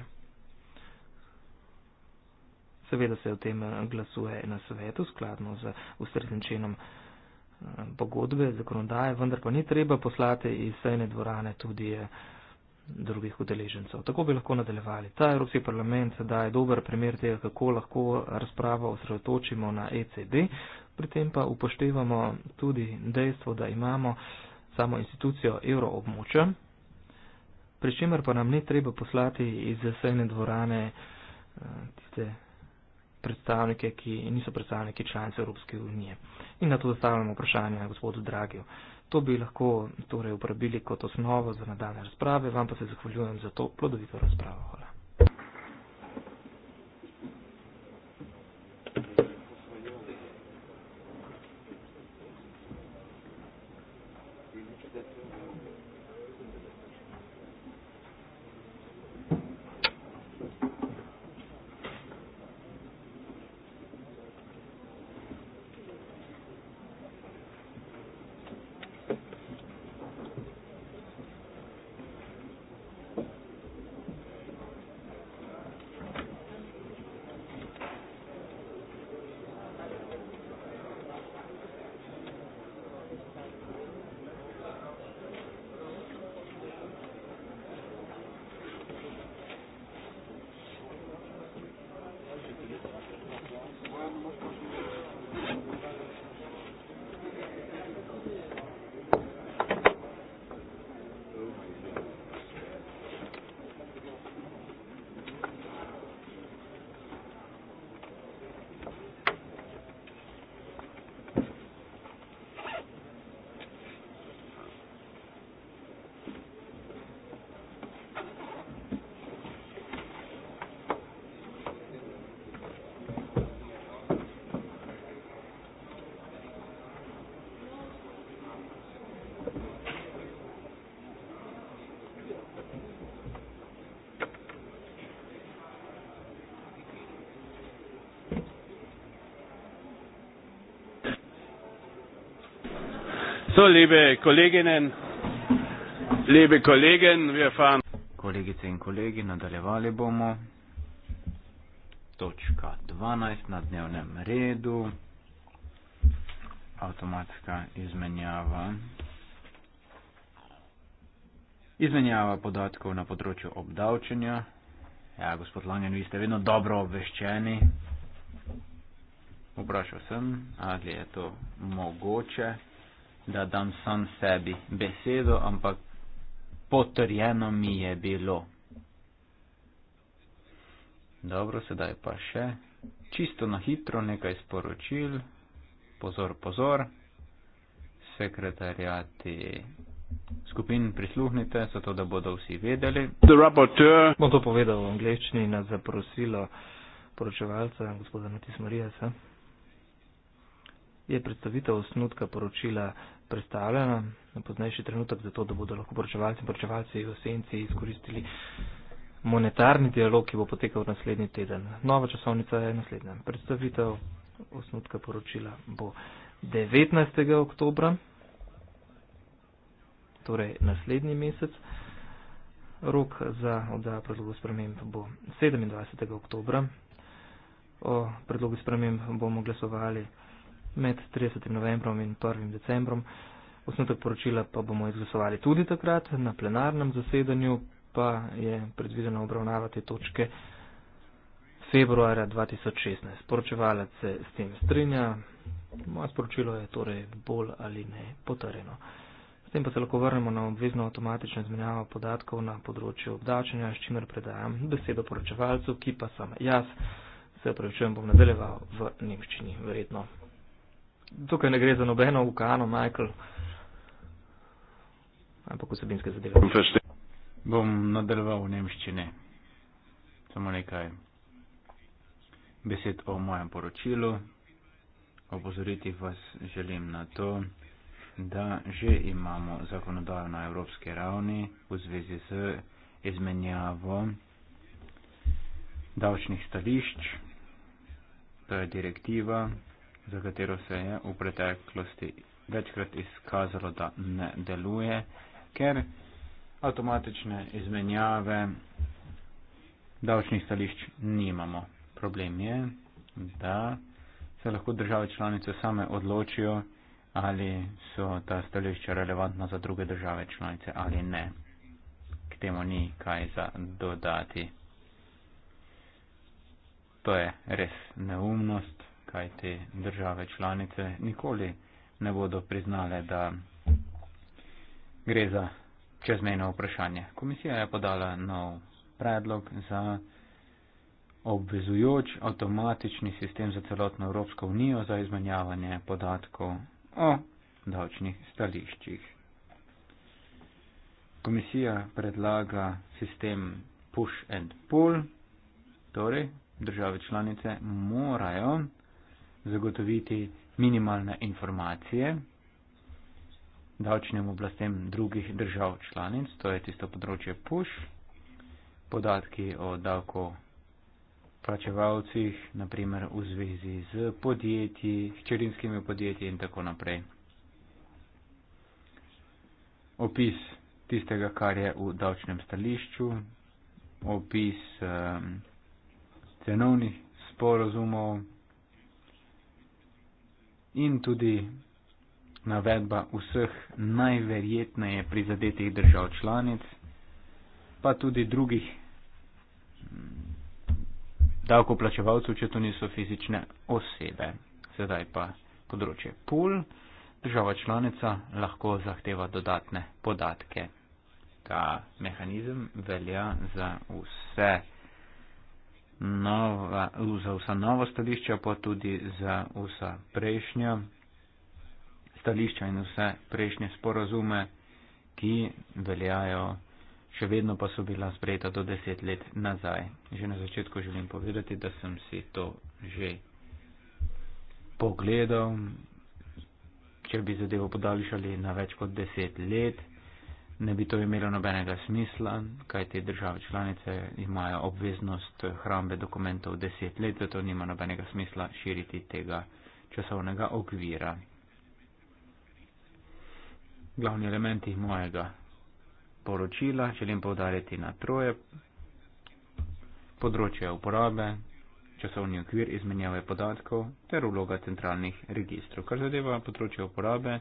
Seveda se o tem glasuje na svetu, skladno z ustreznim členom eh, pogodbe, zakonodaje, vendar pa ni treba poslati iz sejne dvorane tudi. Je, eh, drugih udeležencev. Tako bi lahko nadaljevali. Ta Evropski parlament daje dober primer tega, kako lahko razpravo osredotočimo na ECB, pri tem pa upoštevamo tudi dejstvo, da imamo samo institucijo evroobmoča, pri čemer pa nam ne treba poslati iz zasejne dvorane eh, tiste predstavnike, ki niso predstavniki članice Evropske unije. In na to zastavljamo vprašanje gospodu Dragiju. To bi lahko torej uporabili kot osnovo za nadaljne razprave. Vam pa se zahvaljujem za to plodovito razpravo. Hvala. So, liebe Kolleginnen, liebe Kollegen, wir fahren. Kolegice in kolegi, nadaljevali bomo. Točka 12 na dnevnem redu. Avtomatska izmenjava. Izmenjava podatkov na področju obdavčenja. Ja, gospod Langen, vi ste vedno dobro obveščeni. Vprašal sem, ali je to mogoče da dam sam sebi besedo, ampak potrjeno mi je bilo. Dobro, sedaj pa še čisto na hitro nekaj sporočil. Pozor, pozor. Sekretarjati skupin prisluhnite, zato da bodo vsi vedeli. Bom to povedal v angleščini na zaprosilo poročevalca, gospoda Matis Marijasa. Je predstavitev osnutka poročila predstavljena na poznejši trenutek, zato da bodo lahko poročevalci in poročevalci v senci izkoristili monetarni dialog, ki bo potekal naslednji teden. Nova časovnica je naslednja. Predstavitev osnutka poročila bo 19. oktober, torej naslednji mesec. Rok za oddajo predlogov sprememb bo 27. oktober. O predlogu sprememb bomo glasovali med 30. novembrom in 1. decembrom. Osnetek poročila pa bomo izglasovali tudi takrat na plenarnem zasedanju, pa je predvideno obravnavati točke februarja 2016. Poročevalec se s tem strinja, moje sporočilo je torej bolj ali ne potrjeno. S tem pa se lahko vrnemo na obvezno avtomatično izmenjavo podatkov na področju obdačenja, s čimer predajam besedo poročevalcu, ki pa sam jaz, se opravičujem, bom nadaljeval v nemščini, verjetno. Tukaj ne gre za nobeno ukano, Michael. Ampak vsebinske zadeve. Bom nadaljeval v nemščini. Samo nekaj besed o mojem poročilu. Opozoriti vas želim na to, da že imamo zakonodajo na evropski ravni v zvezi z izmenjavo davčnih stališč. To je direktiva za katero se je v preteklosti večkrat izkazalo, da ne deluje, ker avtomatične izmenjave davčnih stališč nimamo. Problem je, da se lahko države članice same odločijo, ali so ta stališča relevantna za druge države članice ali ne. K temu ni kaj za dodati. To je res neumnost kaj te države članice nikoli ne bodo priznale, da gre za čezmejno vprašanje. Komisija je podala nov predlog za obvezujoč avtomatični sistem za celotno Evropsko unijo za izmenjavanje podatkov o davčnih stališčih. Komisija predlaga sistem push and pull, torej države članice morajo zagotoviti minimalne informacije davčnim oblastem drugih držav članic, to je tisto področje PUŠ, podatki o davko plačevalcih, naprimer v zvezi z podjetji, hčerinskimi podjetji in tako naprej. Opis tistega, kar je v davčnem stališču, opis um, cenovnih sporozumov, in tudi navedba vseh najverjetneje prizadetih držav članic, pa tudi drugih mm, davkoplačevalcev, če to niso fizične osebe. Sedaj pa področje pool. Država članica lahko zahteva dodatne podatke. Ta mehanizem velja za vse nova, za vsa nova stališča, pa tudi za vsa prejšnja stališča in vse prejšnje sporazume, ki veljajo, še vedno pa so bila sprejeta do deset let nazaj. Že na začetku želim povedati, da sem si to že pogledal. Če bi zadevo podaljšali na več kot deset let, ne bi to imelo nobenega smisla, kaj te države članice imajo obveznost hrambe dokumentov deset let, zato nima nobenega smisla širiti tega časovnega okvira. Glavni elementi mojega poročila želim povdariti na troje področje uporabe, časovni okvir izmenjave podatkov ter vloga centralnih registrov. Kar zadeva področje uporabe,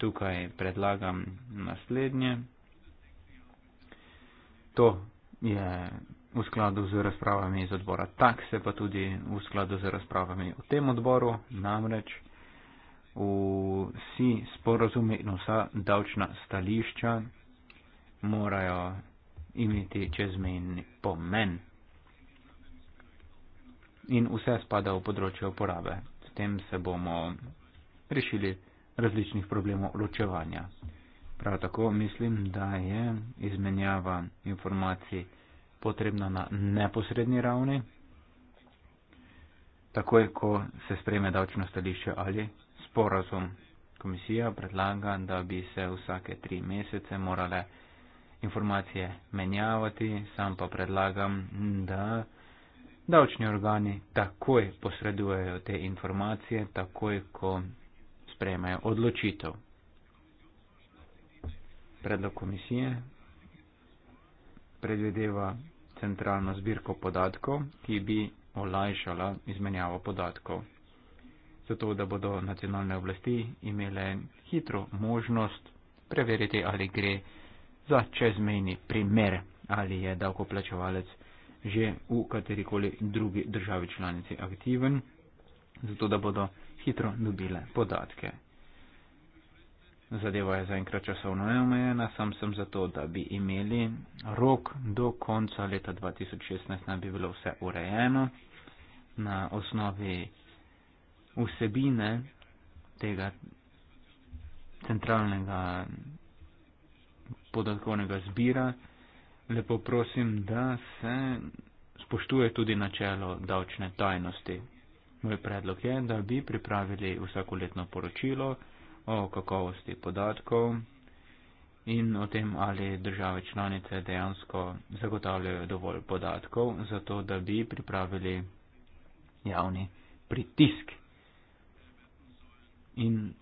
tukaj predlagam naslednje. To je v skladu z razpravami iz odbora takse, pa tudi v skladu z razpravami v tem odboru, namreč vsi sporozumi in vsa davčna stališča morajo imeti čezmejni pomen. In vse spada v področje uporabe. S tem se bomo rešili različnih problemov ločevanja. Prav tako mislim, da je izmenjava informacij potrebna na neposredni ravni, takoj ko se spreme davčno stališče ali sporazum. Komisija predlaga, da bi se vsake tri mesece morale informacije menjavati, sam pa predlagam, da davčni organi takoj posredujejo te informacije, takoj ko sprejmejo odločitev. Predlog komisije predvideva centralno zbirko podatkov, ki bi olajšala izmenjavo podatkov, zato da bodo nacionalne oblasti imele hitro možnost preveriti, ali gre za čezmejni primer, ali je davkoplačevalec že v katerikoli drugi državi članici aktiven, zato da bodo hitro dobile podatke. Zadeva je zaenkrat časovno neomejena, sam sem zato, da bi imeli rok do konca leta 2016, naj bi bilo vse urejeno na osnovi vsebine tega centralnega podatkovnega zbira. Lepo prosim, da se spoštuje tudi načelo davčne tajnosti Moj predlog je, da bi pripravili vsakoletno poročilo o kakovosti podatkov in o tem, ali države članice dejansko zagotavljajo dovolj podatkov, zato da bi pripravili javni pritisk. In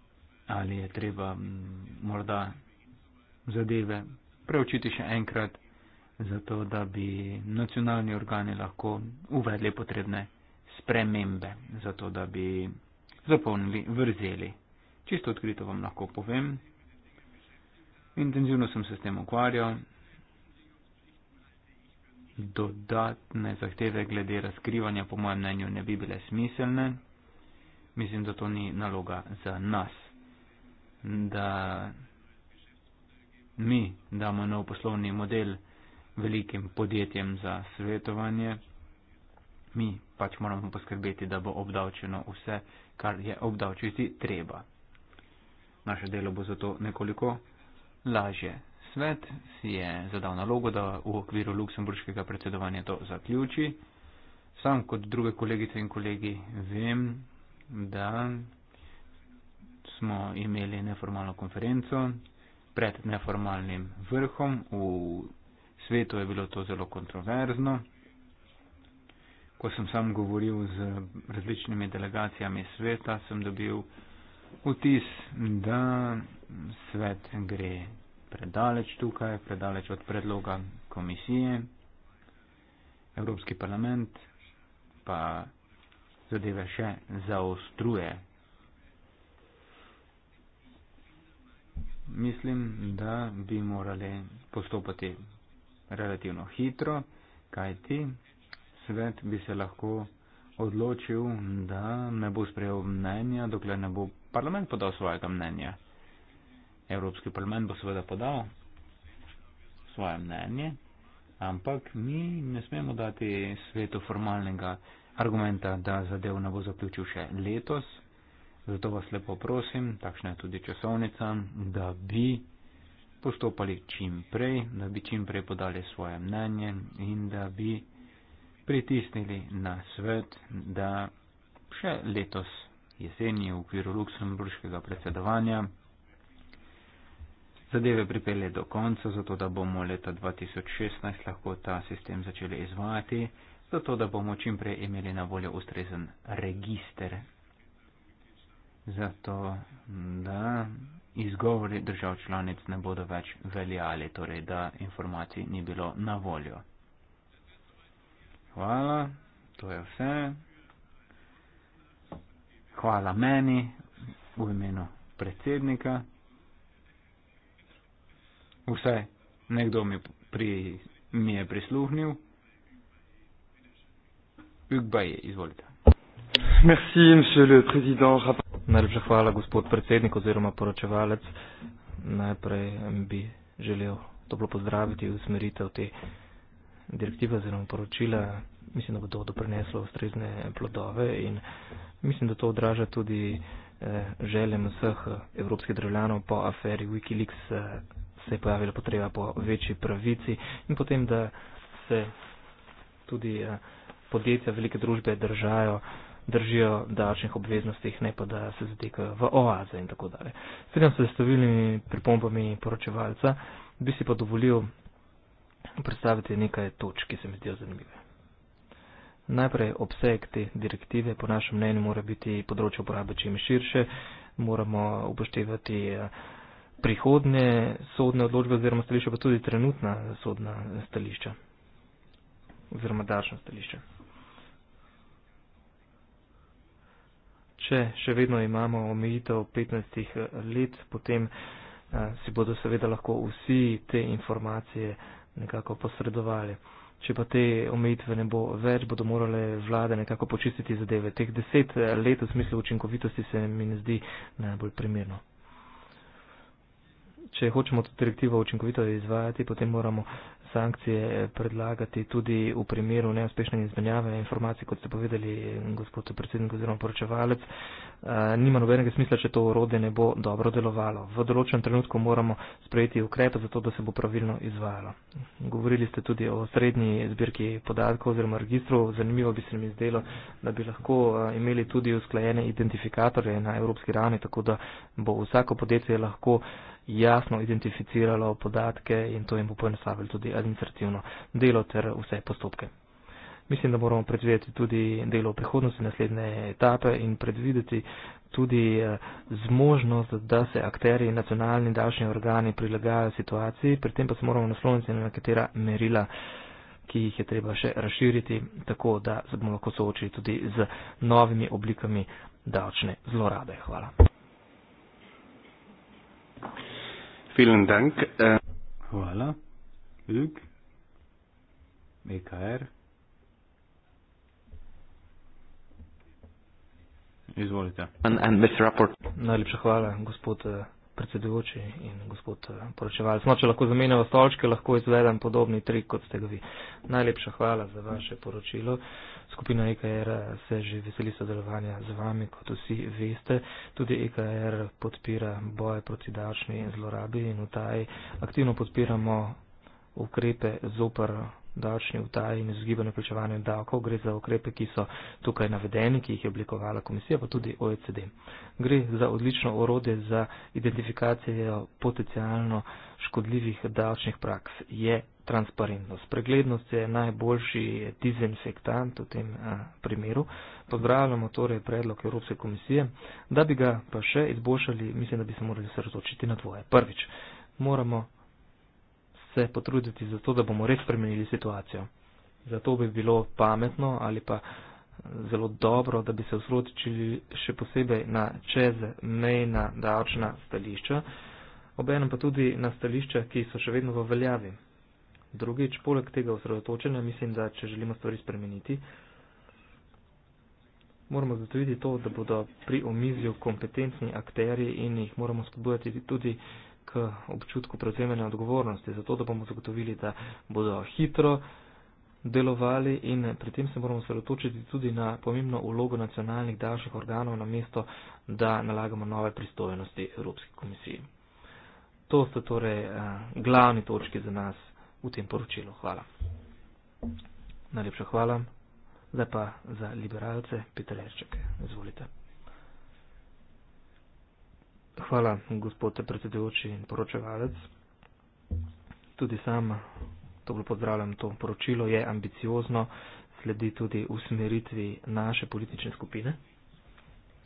ali je treba morda zadeve preučiti še enkrat, zato da bi nacionalni organi lahko uvedli potrebne spremembe, zato da bi zapolnili vrzeli. Čisto odkrito vam lahko povem. Intenzivno sem se s tem ukvarjal. Dodatne zahteve glede razkrivanja, po mojem mnenju, ne bi bile smiselne. Mislim, da to ni naloga za nas, da mi damo nov poslovni model velikim podjetjem za svetovanje mi pač moramo poskrbeti, da bo obdavčeno vse, kar je obdavčiti treba. Naše delo bo zato nekoliko lažje. Svet si je zadal nalogo, da v okviru luksemburškega predsedovanja to zaključi. Sam kot druge kolegice in kolegi vem, da smo imeli neformalno konferenco pred neformalnim vrhom. V svetu je bilo to zelo kontroverzno ko sem sam govoril z različnimi delegacijami sveta, sem dobil vtis, da svet gre predaleč tukaj, predaleč od predloga komisije, Evropski parlament pa zadeve še zaostruje. Mislim, da bi morali postopati relativno hitro, kajti svet bi se lahko odločil, da ne bo sprejel mnenja, dokler ne bo parlament podal svojega mnenja. Evropski parlament bo seveda podal svoje mnenje, ampak mi ne smemo dati svetu formalnega argumenta, da zadev ne bo zaključil še letos. Zato vas lepo prosim, takšna je tudi časovnica, da bi postopali čim prej, da bi čim prej podali svoje mnenje in da bi pritisnili na svet, da še letos jeseni v okviru luksemburškega predsedovanja zadeve pripelje do konca, zato da bomo leta 2016 lahko ta sistem začeli izvajati, zato da bomo čim prej imeli na voljo ustrezen register. Zato, da izgovori držav članic ne bodo več veljali, torej da informacij ni bilo na voljo hvala, to je vse. Hvala meni v imenu predsednika. Vse, nekdo mi, pri, mi je prisluhnil. Ugbaj, izvolite. Merci, Najlepša hvala, gospod predsednik oziroma poročevalec. Najprej bi želel toplo pozdraviti usmeritev te direktiva oziroma poročila, mislim, da bo to doprineslo ustrezne plodove in mislim, da to odraža tudi eh, željem vseh evropskih državljanov po aferi Wikileaks, eh, se je pojavila potreba po večji pravici in potem, da se tudi eh, podjetja velike družbe držajo držijo davčnih obveznostih, ne pa da se zatekajo v oaze in tako dalje. Sedem se s stavilnimi pripombami poročevalca, bi si pa dovolil predstaviti nekaj toč, ki se mi zdijo zanimive. Najprej obseg te direktive, po našem mnenju, mora biti področje uporabe čim širše, moramo upoštevati eh, prihodne sodne odločbe oziroma stališča, pa tudi trenutna sodna stališča oziroma daljša stališča. Če še vedno imamo omejitev 15 let, potem eh, si bodo seveda lahko vsi te informacije nekako posredovali. Če pa te omejitve ne bo več, bodo morale vlade nekako počistiti zadeve. Teh deset let v smislu učinkovitosti se mi ne zdi najbolj primerno če hočemo to direktivo učinkovito izvajati, potem moramo sankcije predlagati tudi v primeru neuspešne izmenjave informacij, kot ste povedali, gospod predsednik oziroma poročevalec. Eh, nima nobenega smisla, če to urode ne bo dobro delovalo. V določenem trenutku moramo sprejeti ukrepe za to, da se bo pravilno izvajalo. Govorili ste tudi o srednji zbirki podatkov oziroma registrov. Zanimivo bi se mi zdelo, da bi lahko eh, imeli tudi usklajene identifikatorje na evropski ravni, tako da bo vsako podjetje lahko jasno identificiralo podatke in to jim bo poenostavilo tudi administrativno delo ter vse postopke. Mislim, da moramo predvideti tudi delo v prihodnosti, naslednje etape in predvideti tudi eh, zmožnost, da se akteri, nacionalni in davčni organi prilagajajo situaciji, pri tem pa se moramo nasloniti na nekatera merila, ki jih je treba še razširiti, tako da se bomo lahko soočili tudi z novimi oblikami davčne zlorabe. Hvala. Thank you. Vielen Dank. Äh Hvala. Hüg. EKR. Izvolite. Najlepša hvala, gospod eh, predsedujoči in gospod eh, poročevalec. No, če lahko zamenjava stolčke, lahko izvedem podobni trik, kot ste ga vi. Najlepša hvala za vaše poročilo. Uh, Skupina EKR se že veseli sodelovanja z vami, kot vsi veste. Tudi EKR podpira boje proti davčni zlorabi in vtaji. Aktivno podpiramo ukrepe zoper davčni vtaji in izogibanje plačevanja davkov. Gre za ukrepe, ki so tukaj navedeni, ki jih je oblikovala komisija, pa tudi OECD. Gre za odlično orode za identifikacijo potencialno škodljivih davčnih praks. Je transparentnost. Preglednost je najboljši dizinfektant v tem eh, primeru. Pozdravljamo torej predlog Evropske komisije, da bi ga pa še izboljšali, mislim, da bi se morali sredotočiti na dvoje. Prvič, moramo se potruditi za to, da bomo res spremenili situacijo. Zato bi bilo pametno ali pa eh, zelo dobro, da bi se osrotičili še posebej na čezmejna davčna stališča, obenem pa tudi na stališča, ki so še vedno v veljavi. Drugič, poleg tega osredotočenja, mislim, da če želimo stvari spremeniti, moramo zatoviti to, da bodo pri omizju kompetentni akteri in jih moramo spodbujati tudi k občutku prevzemene odgovornosti, zato da bomo zagotovili, da bodo hitro delovali in pri tem se moramo sredotočiti tudi na pomembno ulogo nacionalnih davčnih organov na mesto, da nalagamo nove pristojnosti Evropski komisiji. To so torej eh, glavni točki za nas v tem poročilu. Hvala. Najlepša hvala. Zdaj pa za liberalce Petr Erček. Izvolite. Hvala, gospod predsedujoči in poročevalec. Tudi sam toplo pozdravljam to poročilo. Je ambiciozno, sledi tudi usmeritvi naše politične skupine.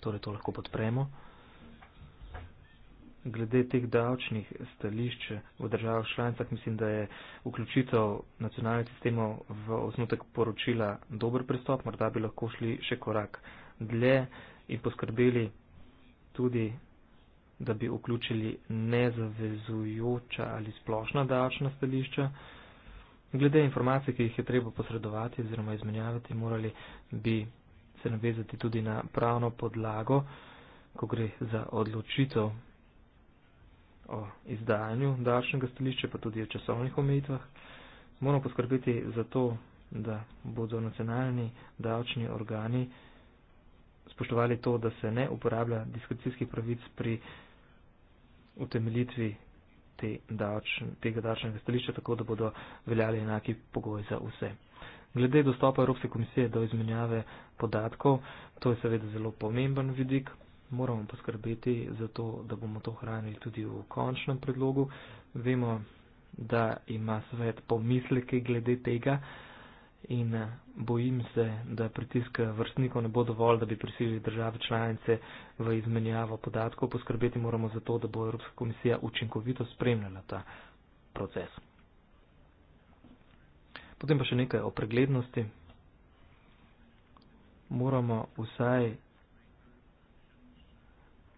Torej to lahko podpremo glede teh davčnih stališč v državah članicah, mislim, da je vključitev nacionalnih sistemov v osnutek poročila dober pristop, morda bi lahko šli še korak dlje in poskrbeli tudi, da bi vključili nezavezujoča ali splošna davčna stališča. Glede informacij, ki jih je treba posredovati oziroma izmenjavati, morali bi se navezati tudi na pravno podlago, ko gre za odločitev o izdajanju davčnega stališča, pa tudi o časovnih omejitvah. Moramo poskrbeti za to, da bodo nacionalni davčni organi spoštovali to, da se ne uporablja diskrecijskih pravic pri utemeljitvi te davč, tega davčnega stališča, tako da bodo veljali enaki pogoji za vse. Glede dostopa Evropske komisije do izmenjave podatkov, to je seveda zelo pomemben vidik moramo poskrbeti za to, da bomo to hranili tudi v končnem predlogu. Vemo, da ima svet pomisleke glede tega in eh, bojim se, da pritisk eh, vrstnikov ne bo dovolj, da bi prisili države članice v izmenjavo podatkov. Poskrbeti moramo za to, da bo Evropska komisija učinkovito spremljala ta proces. Potem pa še nekaj o preglednosti. Moramo vsaj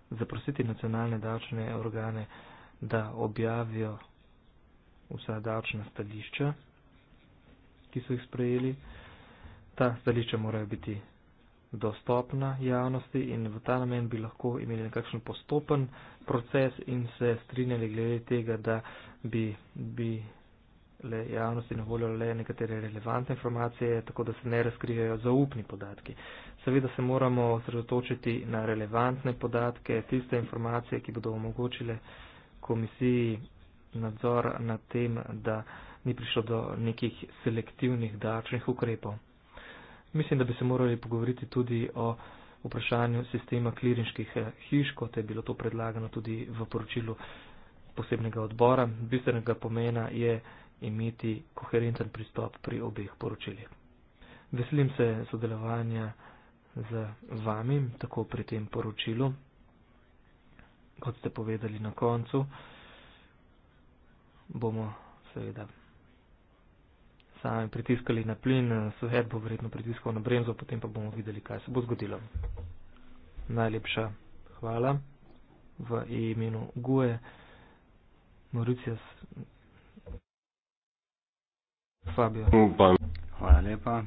zaprositi nacionalne davčne organe, da objavijo vsa davčna stališča, ki so jih sprejeli. Ta stališča morajo biti dostopna javnosti in v ta namen bi lahko imeli nekakšen postopen proces in se strinjali glede tega, da bi, bi le javnosti na voljo le nekatere relevantne informacije, tako da se ne razkrijajo zaupni podatki. Seveda se moramo osredotočiti na relevantne podatke, tiste informacije, ki bodo omogočile komisiji nadzor nad tem, da ni prišlo do nekih selektivnih davčnih ukrepov. Mislim, da bi se morali pogovoriti tudi o vprašanju sistema klirinških eh, hiš, kot je bilo to predlagano tudi v poročilu posebnega odbora. Bistvenega pomena je imeti koherenten pristop pri obeh poročilih. Veselim se sodelovanja z vami, tako pri tem poročilu, kot ste povedali na koncu, bomo seveda sami pritiskali na plin, svet bo verjetno pritiskal na bremzo, potem pa bomo videli, kaj se bo zgodilo. Najlepša hvala v imenu Gue, Mauricijas, Fabio. Hvala lepa.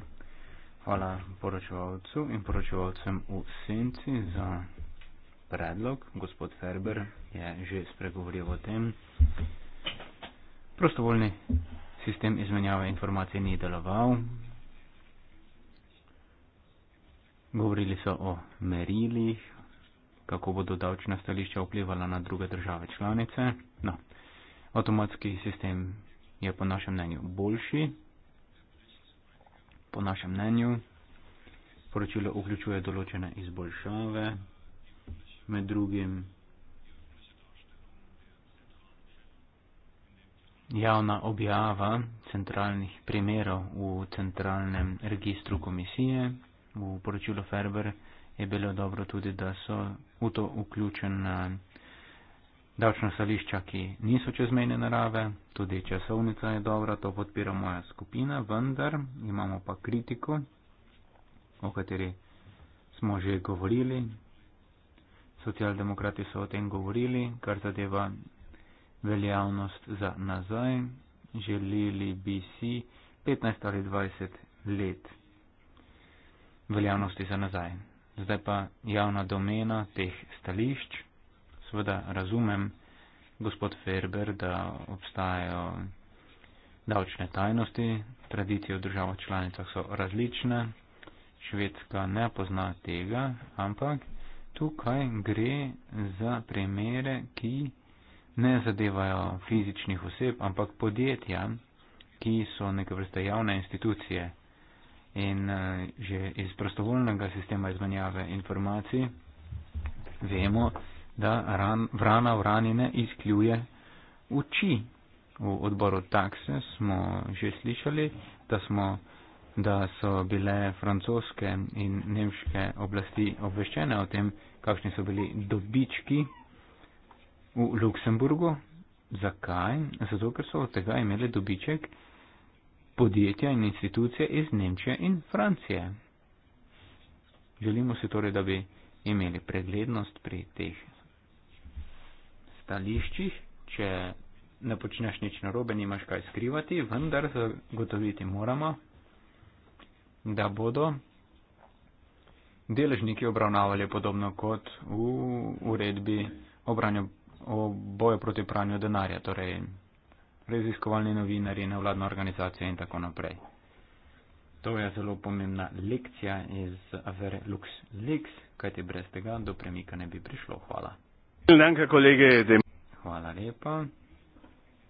Hvala poročevalcu in poročevalcem v senci za predlog. Gospod Ferber je že spregovoril o tem. Prostovoljni sistem izmenjave informacij ni deloval. Govorili so o merilih, kako bodo davčna stališča vplivala na druge države članice. No, avtomatski sistem je po našem mnenju boljši, po našem mnenju. Poročilo vključuje določene izboljšave, med drugim javna objava centralnih primerov v centralnem registru komisije. V poročilo Ferber je bilo dobro tudi, da so v to vključene Davčna stališča, ki niso čezmejne narave, tudi časovnica je dobra, to podpira moja skupina, vendar imamo pa kritiko, o kateri smo že govorili. Socialdemokrati so o tem govorili, kar zadeva veljavnost za nazaj. Želeli bi si 15 ali 20 let veljavnosti za nazaj. Zdaj pa javna domena teh stališč. Seveda razumem, gospod Ferber, da obstajajo davčne tajnosti, tradicije v državah članicah so različne, Švedska ne pozna tega, ampak tukaj gre za primere, ki ne zadevajo fizičnih oseb, ampak podjetja, ki so neke vrste javne institucije. In eh, že iz prostovoljnega sistema izmenjave informacij vemo, da ran, vrana vrani ne izkljuje uči. V odboru takse smo že slišali, da, smo, da so bile francoske in nemške oblasti obveščene o tem, kakšni so bili dobički v Luksemburgu. Zakaj? Zato, ker so od tega imeli dobiček podjetja in institucije iz Nemčije in Francije. Želimo si torej, da bi imeli preglednost pri teh stališčih, če ne počneš nič narobe, nimaš kaj skrivati, vendar zagotoviti moramo, da bodo deležniki obravnavali podobno kot v uredbi o, branju, o boju proti pranju denarja, torej raziskovalni novinari, nevladna organizacija in tako naprej. To je zelo pomembna lekcija iz Avere Lux Lix, kajti brez tega do premika ne bi prišlo. Hvala. Danke, Kollege. Dem Hvala lepa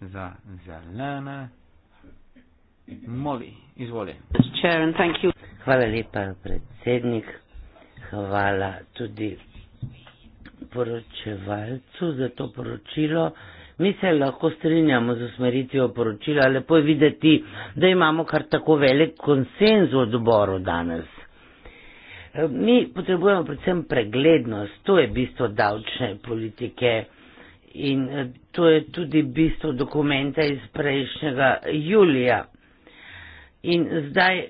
za zelene. Moli, izvoli. Hvala lepa, predsednik. Hvala tudi poročevalcu za to poročilo. Mi se lahko strinjamo z usmeritvijo poročila, lepo je videti, da imamo kar tako velik konsenz v odboru danes. Mi potrebujemo predvsem preglednost, to je bistvo davčne politike in eh, to je tudi bistvo dokumenta iz prejšnjega julija. In zdaj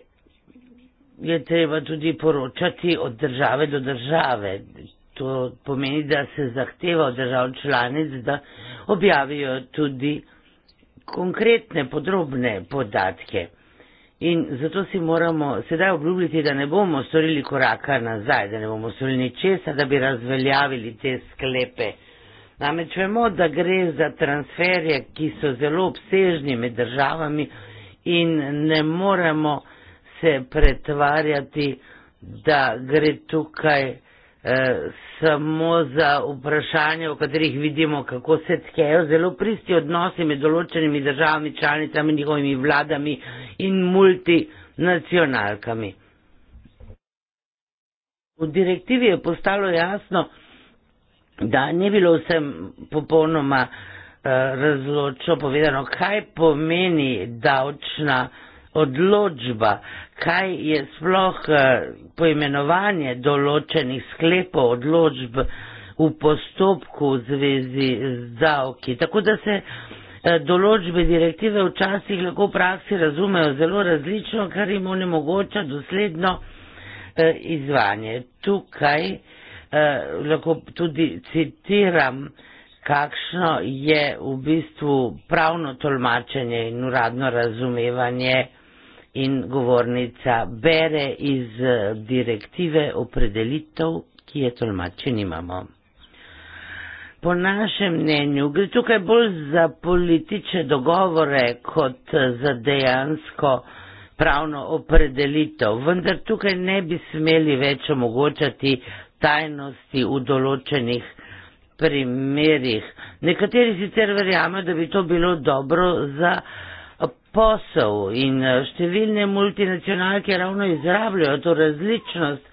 je treba tudi poročati od države do države. To pomeni, da se zahteva od držav članic, da objavijo tudi konkretne, podrobne podatke. In zato si moramo sedaj obljubiti, da ne bomo storili koraka nazaj, da ne bomo storili ničesa, da bi razveljavili te sklepe. Namreč vemo, da gre za transferje, ki so zelo obsežni med državami in ne moremo se pretvarjati, da gre tukaj. Eh, samo za vprašanja, v katerih vidimo, kako se tkejo zelo pristi odnosi med določenimi državami, članicami, njihovimi vladami in multinacionalkami. V direktivi je postalo jasno, da ni bilo vsem popolnoma eh, razločo povedano, kaj pomeni davčna odločba, kaj je sploh eh, poimenovanje določenih sklepov, odločb v postopku v zvezi z davki. Tako da se eh, določbe direktive včasih lahko v praksi razumejo zelo različno, kar jim onemogoča dosledno eh, izvanje. Tukaj lahko tudi citiram kakšno je v bistvu pravno tolmačenje in uradno razumevanje eh, in govornica bere iz eh, direktive opredelitev, ki je tolmače nimamo. Po našem mnenju gre tukaj bolj za politične dogovore kot eh, za dejansko pravno opredelitev, vendar tukaj ne bi smeli več omogočati tajnosti v določenih primerih. Nekateri sicer verjamejo, da bi to bilo dobro za posel in eh, številne multinacionalke ravno izrabljajo to različnost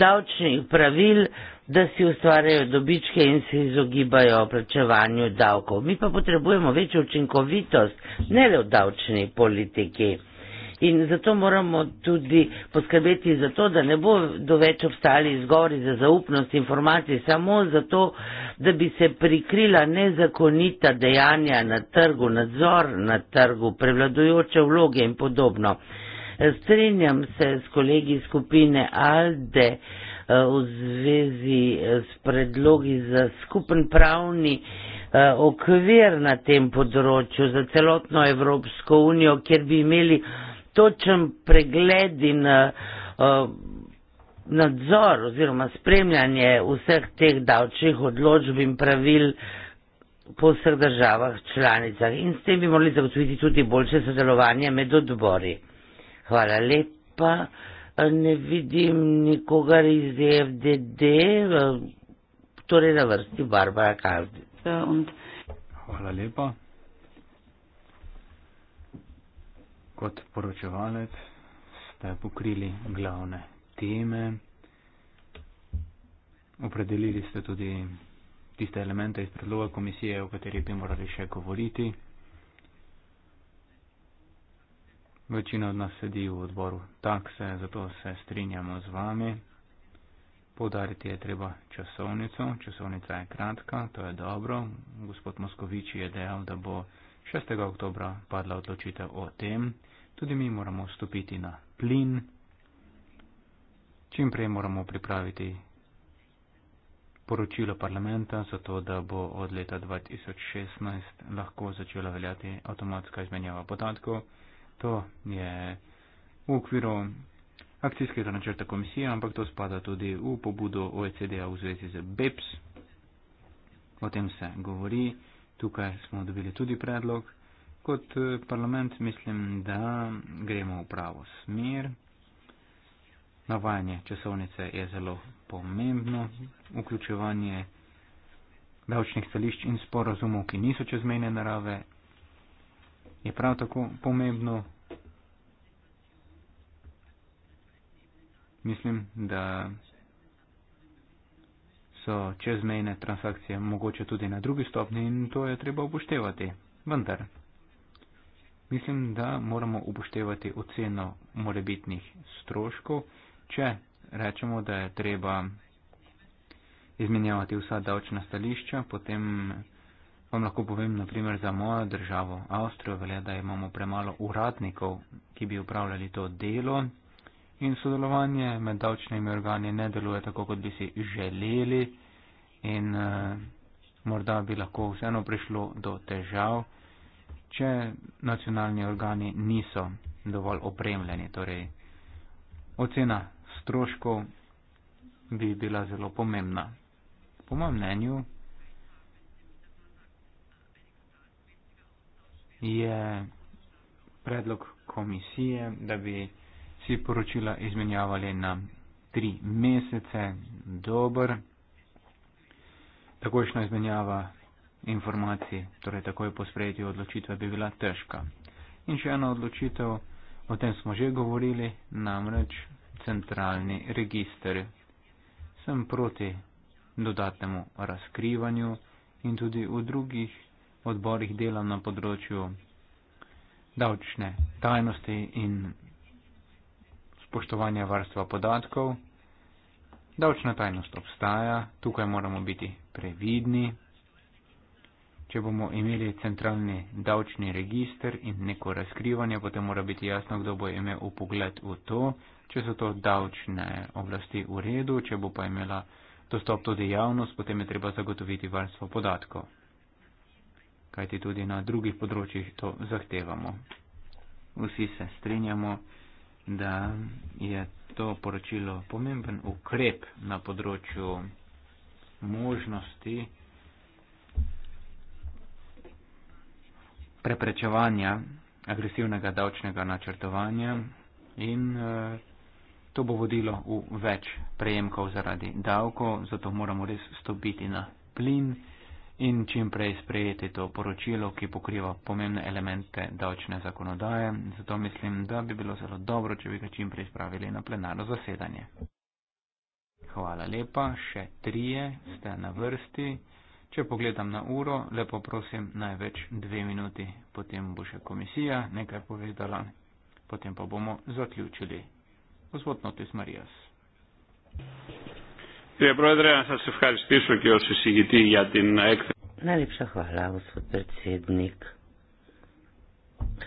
davčnih pravil, da si ustvarjajo dobičke in se izogibajo plačevanju davkov. Mi pa potrebujemo večjo učinkovitost, ne le v davčni politiki in zato moramo tudi poskrbeti za to, da ne bo doveč obstali izgovori za zaupnost informacij samo zato, da bi se prikrila nezakonita dejanja na trgu, nadzor na trgu, prevladujoče vloge in podobno. Strenjam se s kolegi skupine Alde eh, v zvezi eh, s predlogi za skupen pravni eh, okvir na tem področju za celotno Evropsko unijo, kjer bi imeli točen pregled in eh, eh, nadzor oziroma spremljanje vseh teh davčnih odločb in pravil po vseh državah članicah. In s tem bi morali zagotoviti tudi boljše sodelovanje med odbori. Hvala lepa. Eh, ne vidim nikogar iz FDD, torej na vrsti Barbara Kaldi. Hvala lepa. kot poročevalec ste pokrili glavne teme, opredelili ste tudi tiste elemente iz predloga komisije, o katerih bi morali še govoriti. Večina od nas sedi v odboru takse, zato se strinjamo z vami. Podariti je treba časovnico. Časovnica je kratka, to je dobro. Gospod Moskovič je dejal, da bo 6. oktobra padla odločitev o tem. Tudi mi moramo stopiti na plin, čim prej moramo pripraviti poročilo parlamenta, zato da bo od leta 2016 lahko začela veljati avtomatska izmenjava podatkov. To je v okviru akcijskega načrta komisije, ampak to spada tudi v pobudo OECD-a v zvezi z BEPS. O tem se govori. Tukaj smo dobili tudi predlog. Kot eh, parlament mislim, da gremo v pravo smer. Navajanje časovnice je zelo pomembno, vključevanje davčnih stališč in sporozumov, ki niso čezmejne narave, je prav tako pomembno. Mislim, da so čezmejne transakcije mogoče tudi na drugi stopni in to je treba upoštevati. Vendar. Mislim, da moramo upoštevati oceno morebitnih stroškov. Če rečemo, da je treba izmenjavati vsa davčna stališča, potem vam lahko povem, naprimer, za mojo državo Avstrijo velja, da imamo premalo uradnikov, ki bi upravljali to delo in sodelovanje med davčnimi organi ne deluje tako, kot bi si želeli in eh, morda bi lahko vseeno prišlo do težav če nacionalni organi niso dovolj opremljeni. Torej, ocena stroškov bi bila zelo pomembna. Po mojem mnenju je predlog komisije, da bi si poročila izmenjavali na tri mesece dober. Takošna izmenjava informacij, torej takoj po sprejetju odločitve bi bila težka. In še ena odločitev, o tem smo že govorili, namreč centralni register. Sem proti dodatnemu razkrivanju in tudi v drugih odborih delam na področju davčne tajnosti in spoštovanja varstva podatkov. Davčna tajnost obstaja, tukaj moramo biti previdni, Če bomo imeli centralni davčni register in neko razkrivanje, potem mora biti jasno, kdo bo imel upogled v to, če so to davčne oblasti v redu, če bo pa imela dostop tudi javnost, potem je treba zagotoviti varstvo podatkov. Kajti tudi na drugih področjih to zahtevamo. Vsi se strinjamo, da je to poročilo pomemben ukrep na področju možnosti, preprečevanja agresivnega davčnega načrtovanja in eh, to bo vodilo v več prejemkov zaradi davko, zato moramo res stopiti na plin in čim prej sprejeti to poročilo, ki pokriva pomembne elemente davčne zakonodaje. Zato mislim, da bi bilo zelo dobro, če bi ga čim prej spravili na plenarno zasedanje. Hvala lepa, še trije ste na vrsti. Če pogledam na uro, lepo prosim, največ dve minuti, potem bo še komisija nekaj povedala, potem pa bomo zaključili. Gospod Notis Marijas. Najlepša hvala, gospod predsednik.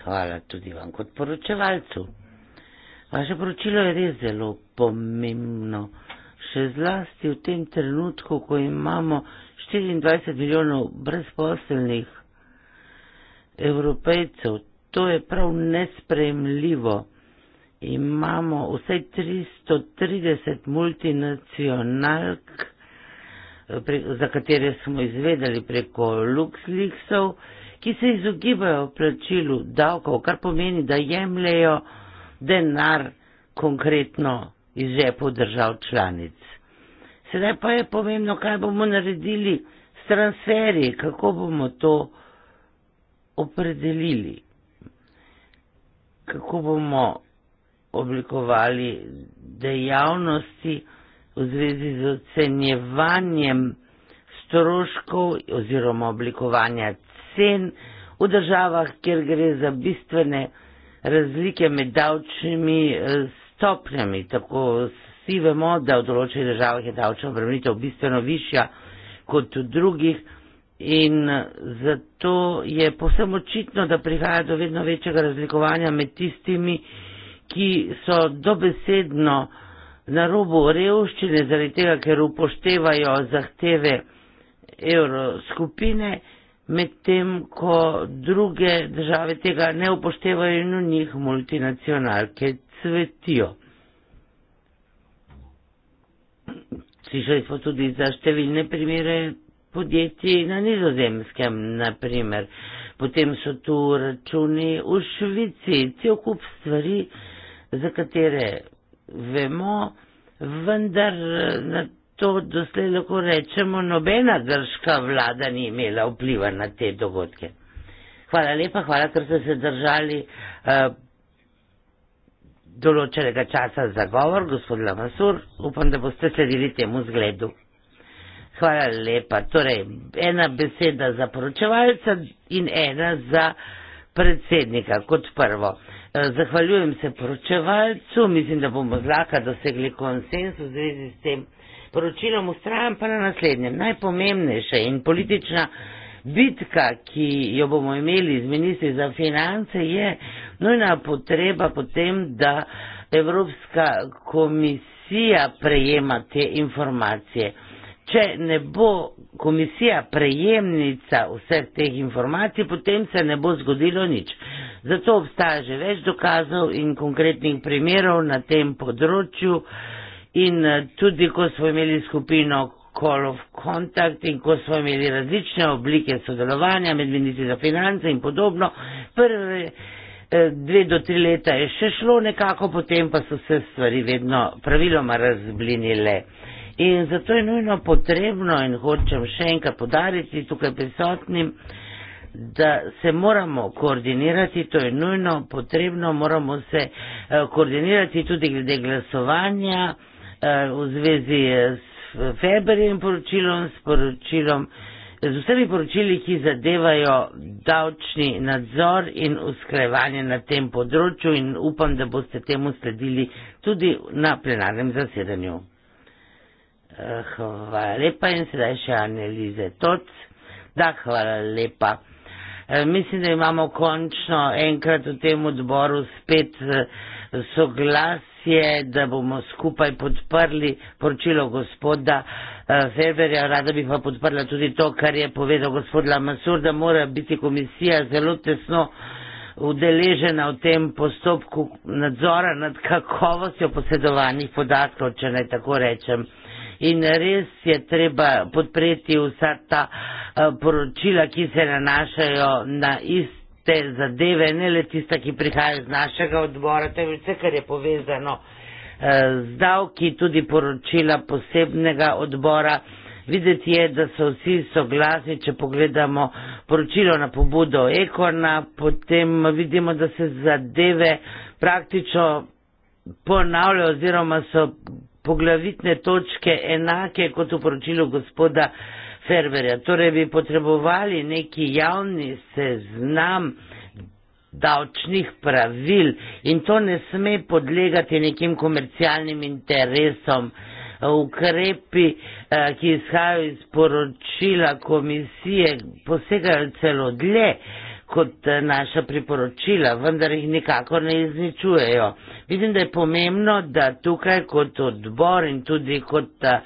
Hvala tudi vam kot poročevalcu. Vaše poročilo je res zelo pomembno, še zlasti v tem trenutku, ko imamo 24 milijonov brezposelnih evropejcev. To je prav nespremljivo. Imamo vse 330 multinacionalk, za katere smo izvedeli preko LuxLeaksov, ki se izogibajo plačilu davkov, kar pomeni, da jemljajo denar konkretno iz žepov držav članic. Sedaj pa je pomembno, kaj bomo naredili s transferji, kako bomo to opredelili, kako bomo oblikovali dejavnosti v zvezi z ocenjevanjem stroškov oziroma oblikovanja cen v državah, kjer gre za bistvene razlike med davčnimi eh, stopnjami, tako s vsi vemo, da v določenih državah je davčna obremenitev bistveno višja kot v drugih in zato je povsem očitno, da prihaja do vedno večjega razlikovanja med tistimi, ki so dobesedno na robu revščine zaradi tega, ker upoštevajo zahteve evroskupine, medtem ko druge države tega ne upoštevajo in v njih multinacionalke cvetijo. Slišali smo tudi za številne primere podjetij na nizozemskem, naprimer. Potem so tu računi v Švici, cel kup stvari, za katere vemo, vendar na to doslej lahko rečemo, nobena grška vlada ni imela vpliva na te dogodke. Hvala lepa, hvala, ker ste se držali uh, določenega časa za govor, gospod Lamasur, upam, da boste sledili temu zgledu. Hvala lepa. Torej, ena beseda za poročevalca in ena za predsednika kot prvo. E, zahvaljujem se poročevalcu, mislim, da bomo zlaka dosegli konsens v zvezi s tem poročilom, ustrajam pa na naslednjem. Najpomembnejše in politična bitka, ki jo bomo imeli z ministri za finance, je nujna potreba potem, da Evropska komisija prejema te informacije. Če ne bo komisija prejemnica vseh teh informacij, potem se ne bo zgodilo nič. Zato obstaja že več dokazov in konkretnih primerov na tem področju. In eh, tudi, ko smo imeli skupino call of contact in ko smo imeli različne oblike sodelovanja med ministri za finance in podobno. Prve eh, dve do tri leta je še šlo nekako, potem pa so se stvari vedno praviloma razblinile. In zato je nujno potrebno in hočem še enkrat podariti tukaj prisotnim, da se moramo koordinirati, to je nujno potrebno, moramo se eh, koordinirati tudi glede glasovanja eh, v zvezi s februarjem poročilom, s, poročilom, z vsemi poročili, ki zadevajo davčni nadzor in usklajevanje na tem področju in upam, da boste temu sledili tudi na plenarnem zasedanju. Eh, hvala lepa in sedaj še analize toc. Da, hvala lepa. E, mislim, da imamo končno enkrat v tem odboru spet eh, soglas je, da bomo skupaj podprli poročilo gospoda eh, Feberja. Rada bi pa podprla tudi to, kar je povedal gospod Lamasur, da mora biti komisija zelo tesno udeležena v tem postopku nadzora nad kakovostjo posedovanih podatkov, če naj tako rečem. In res je treba podpreti vsa ta eh, poročila, ki se nanašajo na isto te zadeve, ne le tista, ki prihaja iz našega odbora, te vse, kar je povezano eh, z davki, tudi poročila posebnega odbora. Videti je, da so vsi soglasni, če pogledamo poročilo na pobudo Ekona, potem vidimo, da se zadeve praktično ponavljajo oziroma so poglavitne točke enake kot v poročilu gospoda serverja. Torej bi potrebovali neki javni seznam davčnih pravil in to ne sme podlegati nekim komercialnim interesom. Ukrepi, eh, ki izhajajo iz poročila komisije, posegajo celo dlje kot eh, naša priporočila, vendar jih nikako ne izničujejo. Mislim, da je pomembno, da tukaj kot odbor in tudi kot uh,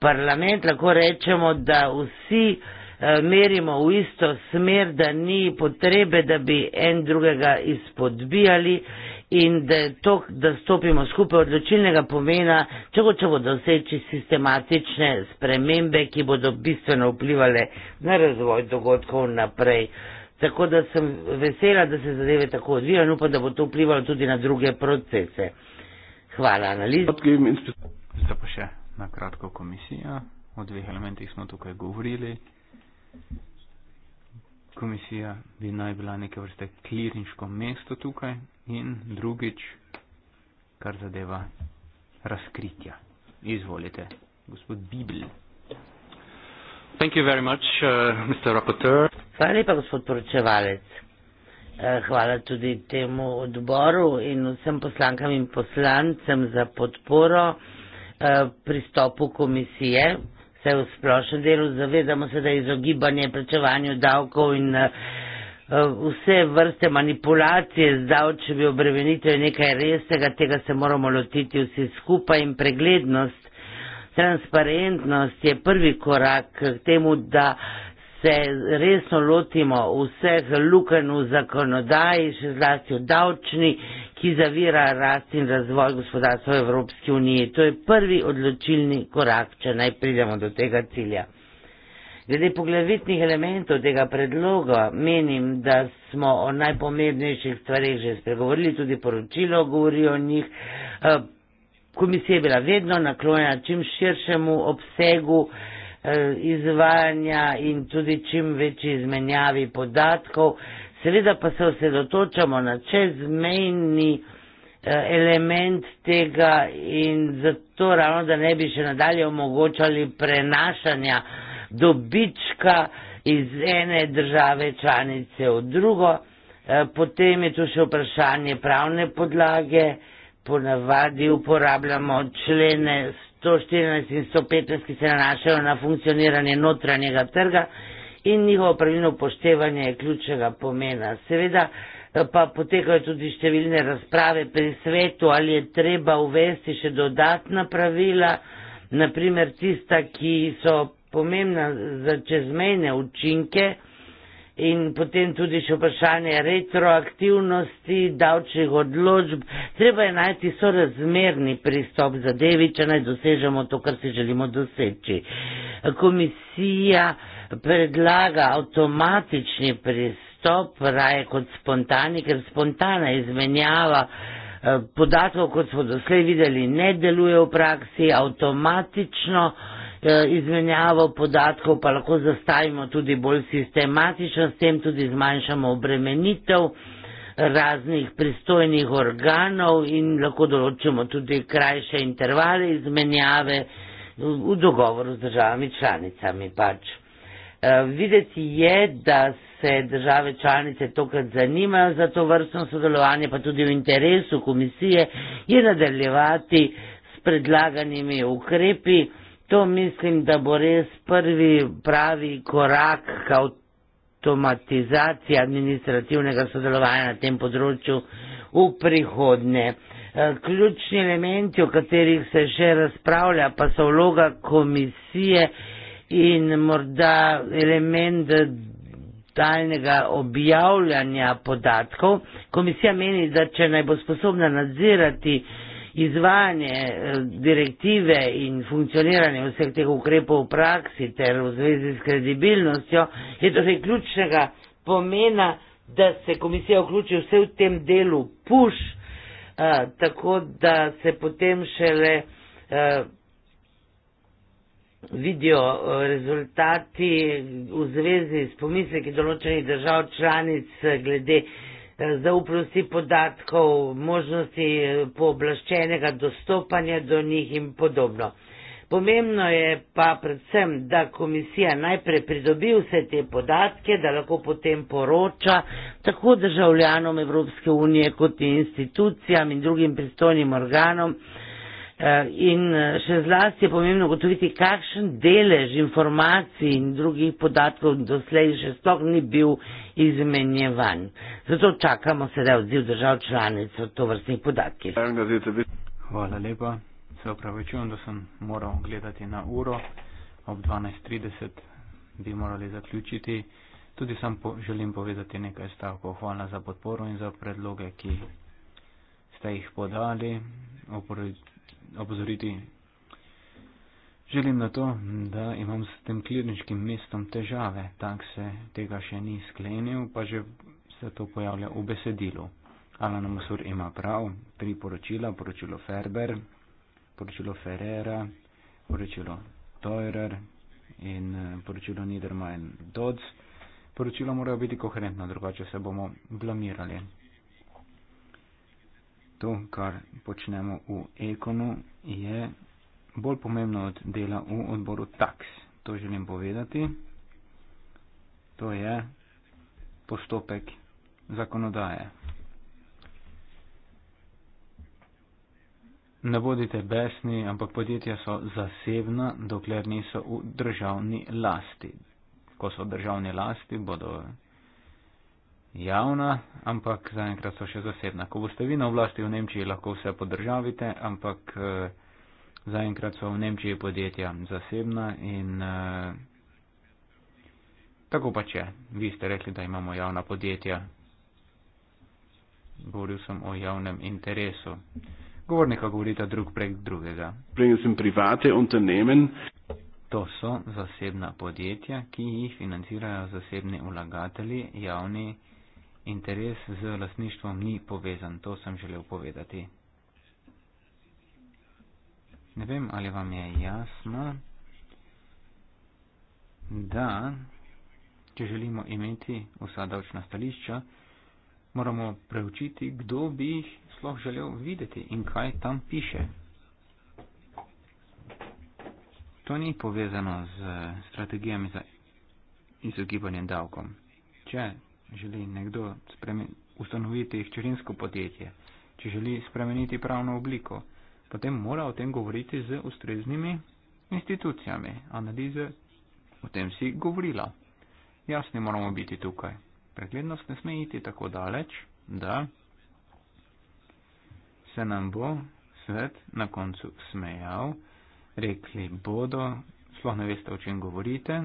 parlament, lahko rečemo, da vsi eh, merimo v isto smer, da ni potrebe, da bi en drugega izpodbijali in da je to, da stopimo skupaj odločilnega pomena, če hočemo doseči sistematične spremembe, ki bodo bistveno vplivali na razvoj dogodkov naprej. Tako da sem vesela, da se zadeve tako odvijajo in upam, da bo to vplivalo tudi na druge procese. Hvala, analiza na kratko komisija. O dveh elementih smo tukaj govorili. Komisija bi naj bila neke vrste klirniško mesto tukaj in drugič, kar zadeva razkritja. Izvolite, gospod Bibel. Thank you very much, uh, Mr. Rapporteur. Hvala lepa, gospod poročevalec. Eh, hvala tudi temu odboru in vsem poslankam in poslancem za podporo. Eh, pristopu komisije, vse v splošnem delu, zavedamo se, da je izogibanje plačevanju davkov in eh, vse vrste manipulacije z davčnimi obremenitvami nekaj resnega, tega se moramo lotiti vsi skupaj in preglednost, transparentnost je prvi korak k temu, da se resno lotimo vseh lukenj v zakonodaji, še zlasti v davčni ki zavira rast in razvoj gospodarstva v Evropski uniji. To je prvi odločilni korak, če naj pridemo do tega cilja. Glede poglavitnih elementov tega predloga menim, da smo o najpomembnejših stvarih že spregovorili, tudi poročilo govori o njih. Eh, komisija je bila vedno naklonjena čim širšemu obsegu eh, izvajanja in tudi čim večji izmenjavi podatkov seveda pa se osredotočamo na čezmejni eh, element tega in zato ravno, da ne bi še nadalje omogočali prenašanja dobička iz ene države članice v drugo. Eh, potem je tu še vprašanje pravne podlage, ponavadi uporabljamo člene 114 in 115, ki se nanašajo na funkcioniranje notranjega trga in njihovo pravilno upoštevanje je ključnega pomena. Seveda eh, pa potekajo tudi številne razprave pri svetu, ali je treba uvesti še dodatna pravila, naprimer tista, ki so pomembna za čezmejne učinke in potem tudi še vprašanje retroaktivnosti, davčnih odločb. Treba je najti sorazmerni pristop za devi, če naj dosežemo to, kar si želimo doseči. Komisija predlaga avtomatični pristop, raje kot spontani, ker spontana izmenjava eh, podatkov, kot smo doslej videli, ne deluje v praksi, avtomatično eh, izmenjavo podatkov pa lahko zastavimo tudi bolj sistematično, s tem tudi zmanjšamo obremenitev raznih pristojnih organov in lahko določimo tudi krajše intervale izmenjave v dogovoru z državami članicami pač. Eh, videti je, da se države članice tokrat zanimajo za to vrstno sodelovanje, pa tudi v interesu komisije je nadaljevati s predlaganimi ukrepi. To mislim, da bo res prvi pravi korak k avtomatizaciji administrativnega sodelovanja na tem področju v prihodnje. Eh, ključni elementi, o katerih se še razpravlja, pa so vloga komisije in morda element daljnega objavljanja podatkov. Komisija meni, da če naj bo sposobna nadzirati izvajanje eh, direktive in funkcioniranje vseh teh ukrepov v praksi ter v zvezi s kredibilnostjo, je torej ključnega pomena, da se komisija vključi vse v tem delu push, eh, tako da se potem šele eh, vidijo eh, rezultati v zvezi s pomisleki določenih držav članic eh, glede eh, zauprosti podatkov, možnosti pooblaščenega dostopanja do njih in podobno. Pomembno je pa predvsem, da komisija najprej pridobi vse te podatke, da lahko potem poroča tako državljanom Evropske unije kot institucijam in drugim pristojnim organom, Eh, in eh, še zlasti je pomembno gotoviti, kakšen delež informacij in drugih podatkov doslej še stok ni bil izmenjevan. Zato čakamo sedaj odziv držav članic v to vrstnih podatkih. Hvala lepa. Se opravičujem, da sem moral gledati na uro. Ob 12.30 bi morali zaključiti. Tudi sam po želim povedati nekaj stavkov. Hvala za podporo in za predloge, ki ste jih podali. Oporučujem opozoriti. Želim na to, da imam s tem klirničkim mestom težave, tak se tega še ni sklenil, pa že se to pojavlja v besedilu. Alan Musur ima prav, tri poročila, poročilo Ferber, poročilo Ferrera, poročilo Teurer in eh, poročilo Niedermayer Dodds. Poročila morajo biti koherentna, drugače se bomo blamirali to, kar počnemo v Ekonu, je bolj pomembno od dela v odboru tax. To želim povedati. To je postopek zakonodaje. Ne bodite besni, ampak podjetja so zasebna, dokler niso v državni lasti. Ko so v državni lasti, bodo javna, ampak zaenkrat so še zasebna. Ko boste vi na oblasti v Nemčiji, lahko vse podržavite, ampak uh, zaenkrat so v Nemčiji podjetja zasebna in uh, tako pač je. Vi ste rekli, da imamo javna podjetja. Govoril sem o javnem interesu. Govornika govorita drug prek drugega. Prejel sem private unternehmen. To so zasebna podjetja, ki jih financirajo zasebni vlagatelji, javni interes z lasništvom ni povezan, to sem želel povedati. Ne vem, ali vam je jasno, da če želimo imeti vsa davčna stališča, moramo preučiti, kdo bi jih sploh želel videti in kaj tam piše. To ni povezano z strategijami za izogibanje davkom. Če želi nekdo ustanoviti hčerinsko podjetje, če želi spremeniti pravno obliko, potem mora o tem govoriti z ustreznimi institucijami. Analize o tem si govorila. Jasni moramo biti tukaj. Preglednost ne sme iti tako daleč, da se nam bo svet na koncu smejal, rekli bodo, sploh ne veste, o čem govorite.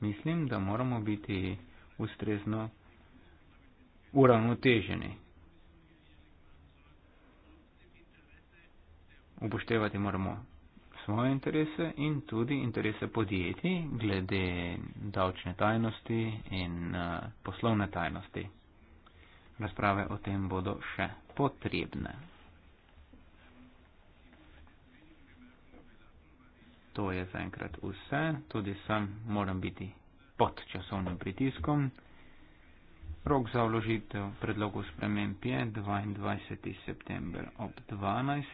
Mislim, da moramo biti ustrezno uravnoteženi. Upoštevati moramo svoje interese in tudi interese podjetij glede davčne tajnosti in uh, poslovne tajnosti. Razprave o tem bodo še potrebne. To je zaenkrat vse, tudi sam moram biti pod časovnim pritiskom. Rok za vložitev predlogov sprememb je 22. september ob 12.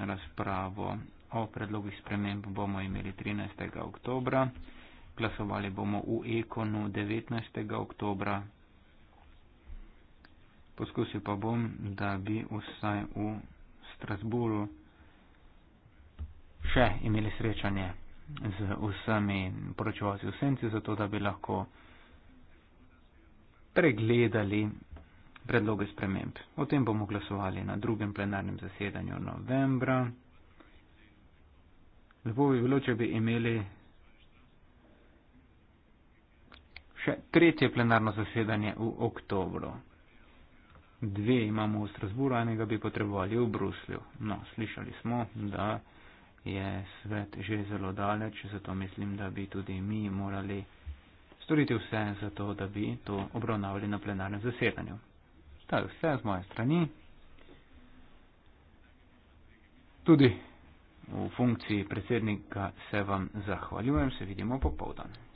Razpravo o predlogih sprememb bomo imeli 13. oktober. Glasovali bomo v Ekonu 19. oktober. Poskusil pa bom, da bi vsaj v Strasburu še imeli srečanje z vsemi poročevalci v senci, zato da bi lahko pregledali predloge sprememb. O tem bomo glasovali na drugem plenarnem zasedanju novembra. Lepo bi bilo, če bi imeli še tretje plenarno zasedanje v oktobru. Dve imamo v Strasburu, enega bi potrebovali v Bruslju. No, slišali smo, da je svet že zelo daleč, zato mislim, da bi tudi mi morali storiti vse za to, da bi to obravnavali na plenarnem zasedanju. To je vse z moje strani. Tudi v funkciji predsednika se vam zahvaljujem, se vidimo popovdan.